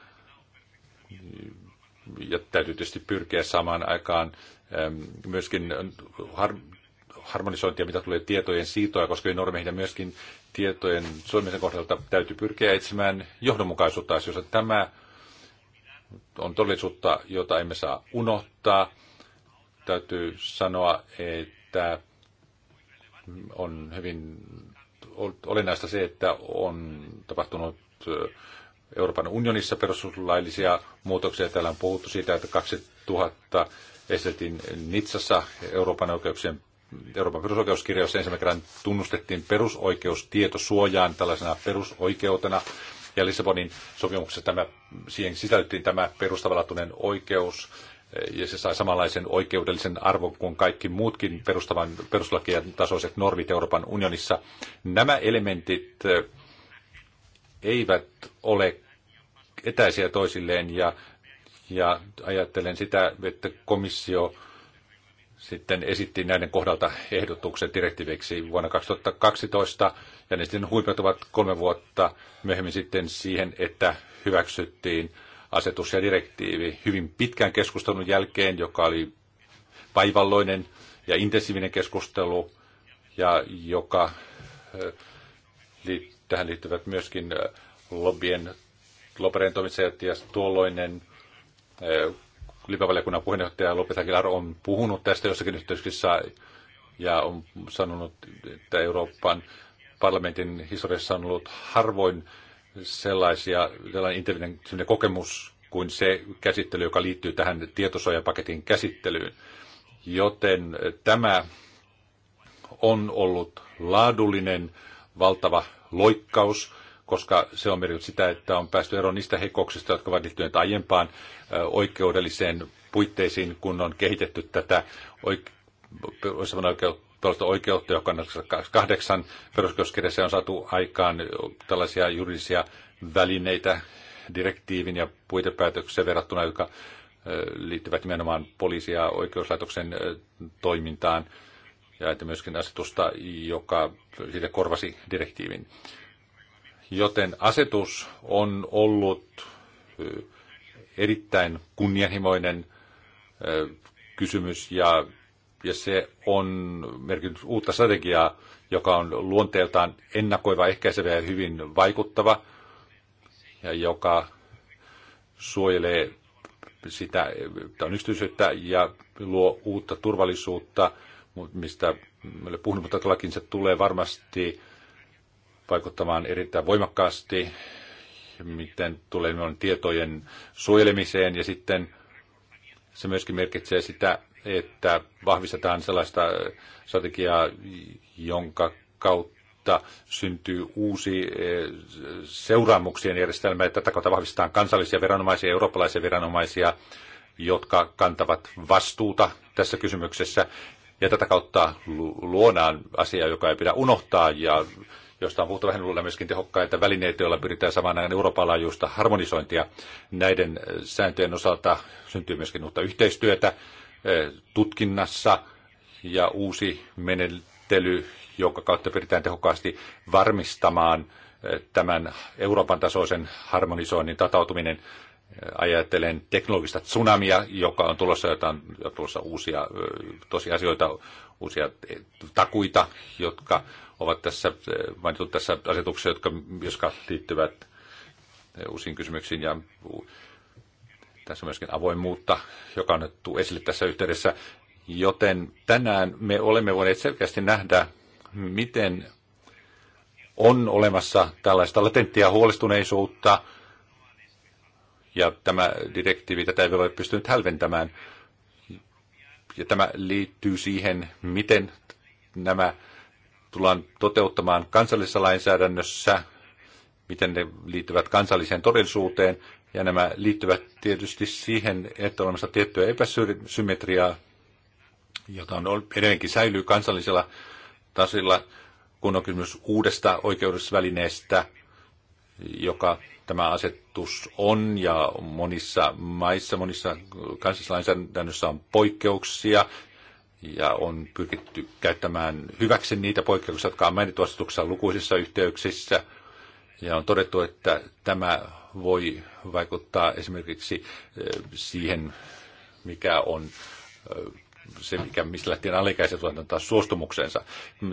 ja täytyy tietysti pyrkiä samaan aikaan ähm, myöskin har- harmonisointia, mitä tulee tietojen siirtoja koskevien normeihin ja myöskin tietojen solmisen kohdalta täytyy pyrkiä etsimään johdonmukaisuutta asioissa. Tämä on todellisuutta, jota emme saa unohtaa. Täytyy sanoa, että on hyvin olennaista se, että on tapahtunut Euroopan unionissa perustuslaillisia muutoksia. Täällä on puhuttu siitä, että 2000 esitettiin Nitsassa Euroopan oikeuksien Euroopan perusoikeuskirjassa ensimmäisen kerran tunnustettiin perusoikeustietosuojaan tällaisena perusoikeutena. Ja Lissabonin sopimuksessa tämä, siihen sisällyttiin tämä perustavanlaatuinen oikeus, ja se sai samanlaisen oikeudellisen arvon kuin kaikki muutkin perustavan, perustuslakien tasoiset normit Euroopan unionissa. Nämä elementit eivät ole etäisiä toisilleen ja, ja ajattelen sitä, että komissio sitten esitti näiden kohdalta ehdotuksen direktiiviksi vuonna 2012, ja ne sitten huipeutuvat kolme vuotta myöhemmin sitten siihen, että hyväksyttiin asetus ja direktiivi hyvin pitkän keskustelun jälkeen, joka oli vaivalloinen ja intensiivinen keskustelu, ja joka eh, tähän liittyvät myöskin eh, lobbien, lobbarien toimitsijat ja tuolloinen eh, lipavaliokunnan puheenjohtaja Lopez Aguilar on puhunut tästä jossakin yhteyksissä ja on sanonut, että Euroopan parlamentin historiassa on ollut harvoin sellaisia, sellainen intervinen kokemus kuin se käsittely, joka liittyy tähän tietosuojapaketin käsittelyyn. Joten tämä on ollut laadullinen valtava loikkaus, koska se on merkitty sitä, että on päästy eroon niistä heikoksista, jotka ovat liittyneet aiempaan oikeudelliseen puitteisiin, kun on kehitetty tätä oike- oikeutta tuollaista oikeutta, joka on kahdeksan peruskirjassa on saatu aikaan tällaisia juridisia välineitä direktiivin ja puitepäätöksen verrattuna, jotka liittyvät nimenomaan poliisi- ja oikeuslaitoksen toimintaan ja että myöskin asetusta, joka siitä korvasi direktiivin. Joten asetus on ollut erittäin kunnianhimoinen kysymys ja, ja se on merkinnyt uutta strategiaa, joka on luonteeltaan ennakoiva, ehkäisevä ja hyvin vaikuttava ja joka suojelee sitä on yksityisyyttä ja luo uutta turvallisuutta, mistä me puhunut, mutta todellakin se tulee varmasti vaikuttamaan erittäin voimakkaasti, miten tulee tietojen suojelemiseen ja sitten se myöskin merkitsee sitä, että vahvistetaan sellaista strategiaa, jonka kautta syntyy uusi eh, seuraamuksien järjestelmä, että tätä kautta vahvistetaan kansallisia viranomaisia ja eurooppalaisia viranomaisia, jotka kantavat vastuuta tässä kysymyksessä. Ja tätä kautta luodaan asia, joka ei pidä unohtaa ja josta on puhuttu vähän myöskin tehokkaita välineitä, joilla pyritään samaan aikaan Euroopan laajuista harmonisointia. Näiden eh, sääntöjen osalta syntyy myöskin uutta yhteistyötä eh, tutkinnassa ja uusi menettely, jonka kautta pyritään tehokkaasti varmistamaan eh, tämän Euroopan tasoisen harmonisoinnin tatautuminen. Ajattelen teknologista tsunamia, joka on tulossa, jota on tulossa uusia tosiasioita, uusia takuita, jotka ovat tässä eh, mainittu tässä asetuksessa, jotka, jotka liittyvät eh, uusiin kysymyksiin ja tässä myöskin avoimuutta, joka on nyt esille tässä yhteydessä. Joten tänään me olemme voineet selkeästi nähdä, miten on olemassa tällaista latenttia huolestuneisuutta, ja tämä direktiivi tätä ei ole pystynyt hälventämään. Ja tämä liittyy siihen, miten nämä tullaan toteuttamaan kansallisessa lainsäädännössä, miten ne liittyvät kansalliseen todellisuuteen, ja nämä liittyvät tietysti siihen, että olemassa tiettyä epäsymmetriaa, jota on edelleenkin säilyy kansallisella tasilla, kun on kysymys uudesta oikeudesvälineestä, joka tämä asetus on, ja monissa maissa, monissa kansallislainsäädännössä on poikkeuksia, ja on pyritty käyttämään hyväksi niitä poikkeuksia, jotka on mainittu asetuksessa lukuisissa yhteyksissä. Ja on todettu, että tämä voi vaikuttaa esimerkiksi eh, siihen, mikä on eh, se, mikä, mistä lähtien alikäiset antaa suostumuksensa.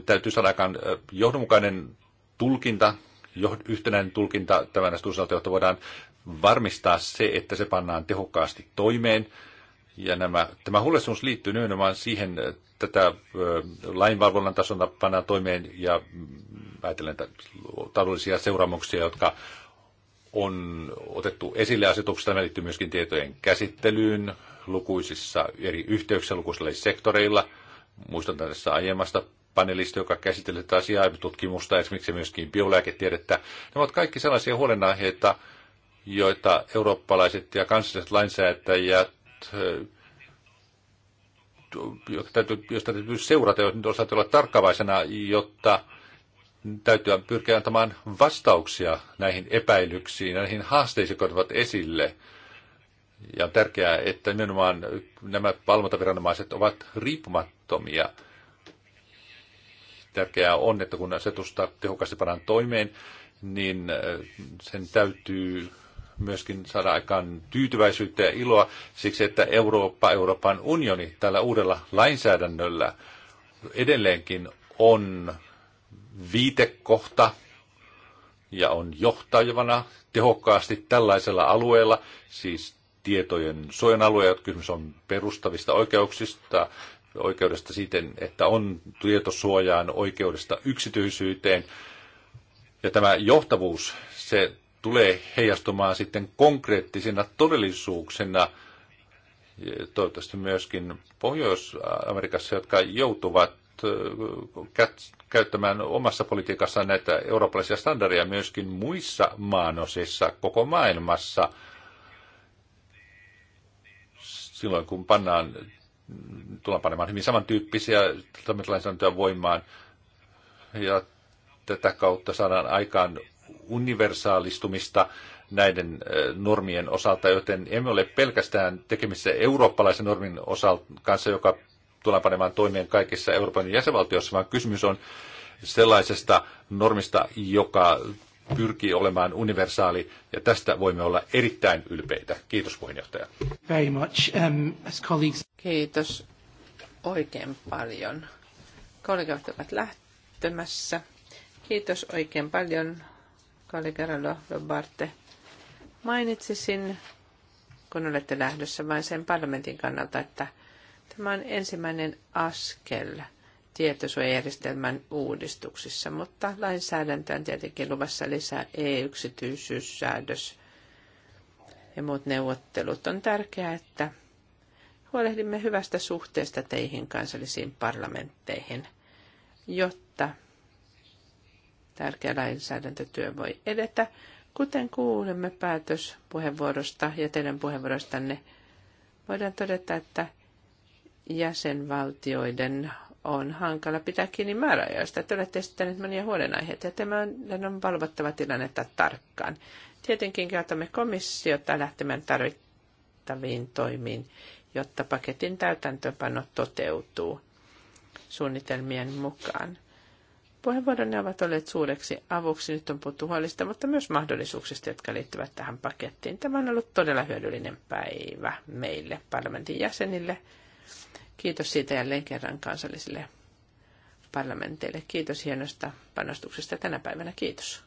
täytyy saada aikaan eh, johdonmukainen tulkinta, yhtenäinen tulkinta tämän asetuksen jotta voidaan varmistaa se, että se pannaan tehokkaasti toimeen ja nämä, tämä huolestumus liittyy nimenomaan siihen, että tätä lainvalvonnan tasolla pannaan toimeen ja mm, ajatellen taloudellisia seuraamuksia, jotka on otettu esille asetuksesta. Tämä liittyy myöskin tietojen käsittelyyn lukuisissa eri yhteyksissä, lukuisilla sektoreilla. Muistan tässä aiemmasta panelista, joka käsitteli tätä asiaa, tutkimusta, esimerkiksi myöskin biolääketiedettä. Ne ovat kaikki sellaisia huolenaiheita, joita eurooppalaiset ja kansalliset lainsäätäjät Eh, täytyy, jos täytyy seurata, jos nyt osaatte olla tarkkavaisena, jotta täytyy pyrkiä antamaan vastauksia näihin epäilyksiin ja näihin haasteisiin, jotka ovat esille. Ja on tärkeää, että nimenomaan nämä valvontaviranomaiset ovat riippumattomia. Tärkeää on, että kun asetusta tehokkaasti pannaan toimeen, niin eh, sen täytyy myöskin saada aikaan tyytyväisyyttä ja iloa siksi, että Eurooppa, Euroopan unioni tällä uudella lainsäädännöllä edelleenkin on viitekohta ja on johtajavana tehokkaasti tällaisella alueella, siis tietojen suojan alueella, kysymys on perustavista oikeuksista, oikeudesta siten, että on tietosuojaan, oikeudesta yksityisyyteen. Ja tämä johtavuus, se tulee heijastumaan sitten konkreettisina todellisuuksina toivottavasti myöskin Pohjois-Amerikassa, jotka joutuvat käyttämään omassa politiikassaan näitä eurooppalaisia standardeja myöskin muissa maanosissa koko maailmassa silloin, kun pannaan, tullaan panemaan hyvin samantyyppisiä lainsäädäntöä voimaan ja tätä kautta saadaan aikaan universaalistumista näiden normien osalta, joten emme ole pelkästään tekemisissä eurooppalaisen normin osalta kanssa, joka tullaan panemaan toimeen kaikissa Euroopan jäsenvaltioissa, vaan kysymys on sellaisesta normista, joka pyrkii olemaan universaali, ja tästä voimme olla erittäin ylpeitä. Kiitos puheenjohtaja. Very much, um, as colleagues. Kiitos oikein paljon. Kollegat ovat lähtemässä. Kiitos oikein paljon Kalligeralo Lobarte. Mainitsisin, kun olette lähdössä vain sen parlamentin kannalta, että tämä on ensimmäinen askel tietosuojajärjestelmän uudistuksissa, mutta lainsäädäntö on tietenkin luvassa lisää e-yksityisyyssäädös ja muut neuvottelut. On tärkeää, että huolehdimme hyvästä suhteesta teihin kansallisiin parlamentteihin, jotta tärkeä lainsäädäntötyö voi edetä. Kuten kuulemme päätöspuheenvuorosta ja teidän puheenvuorostanne, voidaan todeta, että jäsenvaltioiden on hankala pitää kiinni määräajoista. Te olette esittäneet monia huolenaiheita ja tämä on valvottava tilannetta tarkkaan. Tietenkin käytämme komissiota lähtemään tarvittaviin toimiin, jotta paketin täytäntöpano toteutuu suunnitelmien mukaan ne ovat olleet suureksi avuksi. Nyt on puhuttu huolista, mutta myös mahdollisuuksista, jotka liittyvät tähän pakettiin. Tämä on ollut todella hyödyllinen päivä meille, parlamentin jäsenille. Kiitos siitä jälleen kerran kansallisille parlamenteille. Kiitos hienosta panostuksesta tänä päivänä. Kiitos.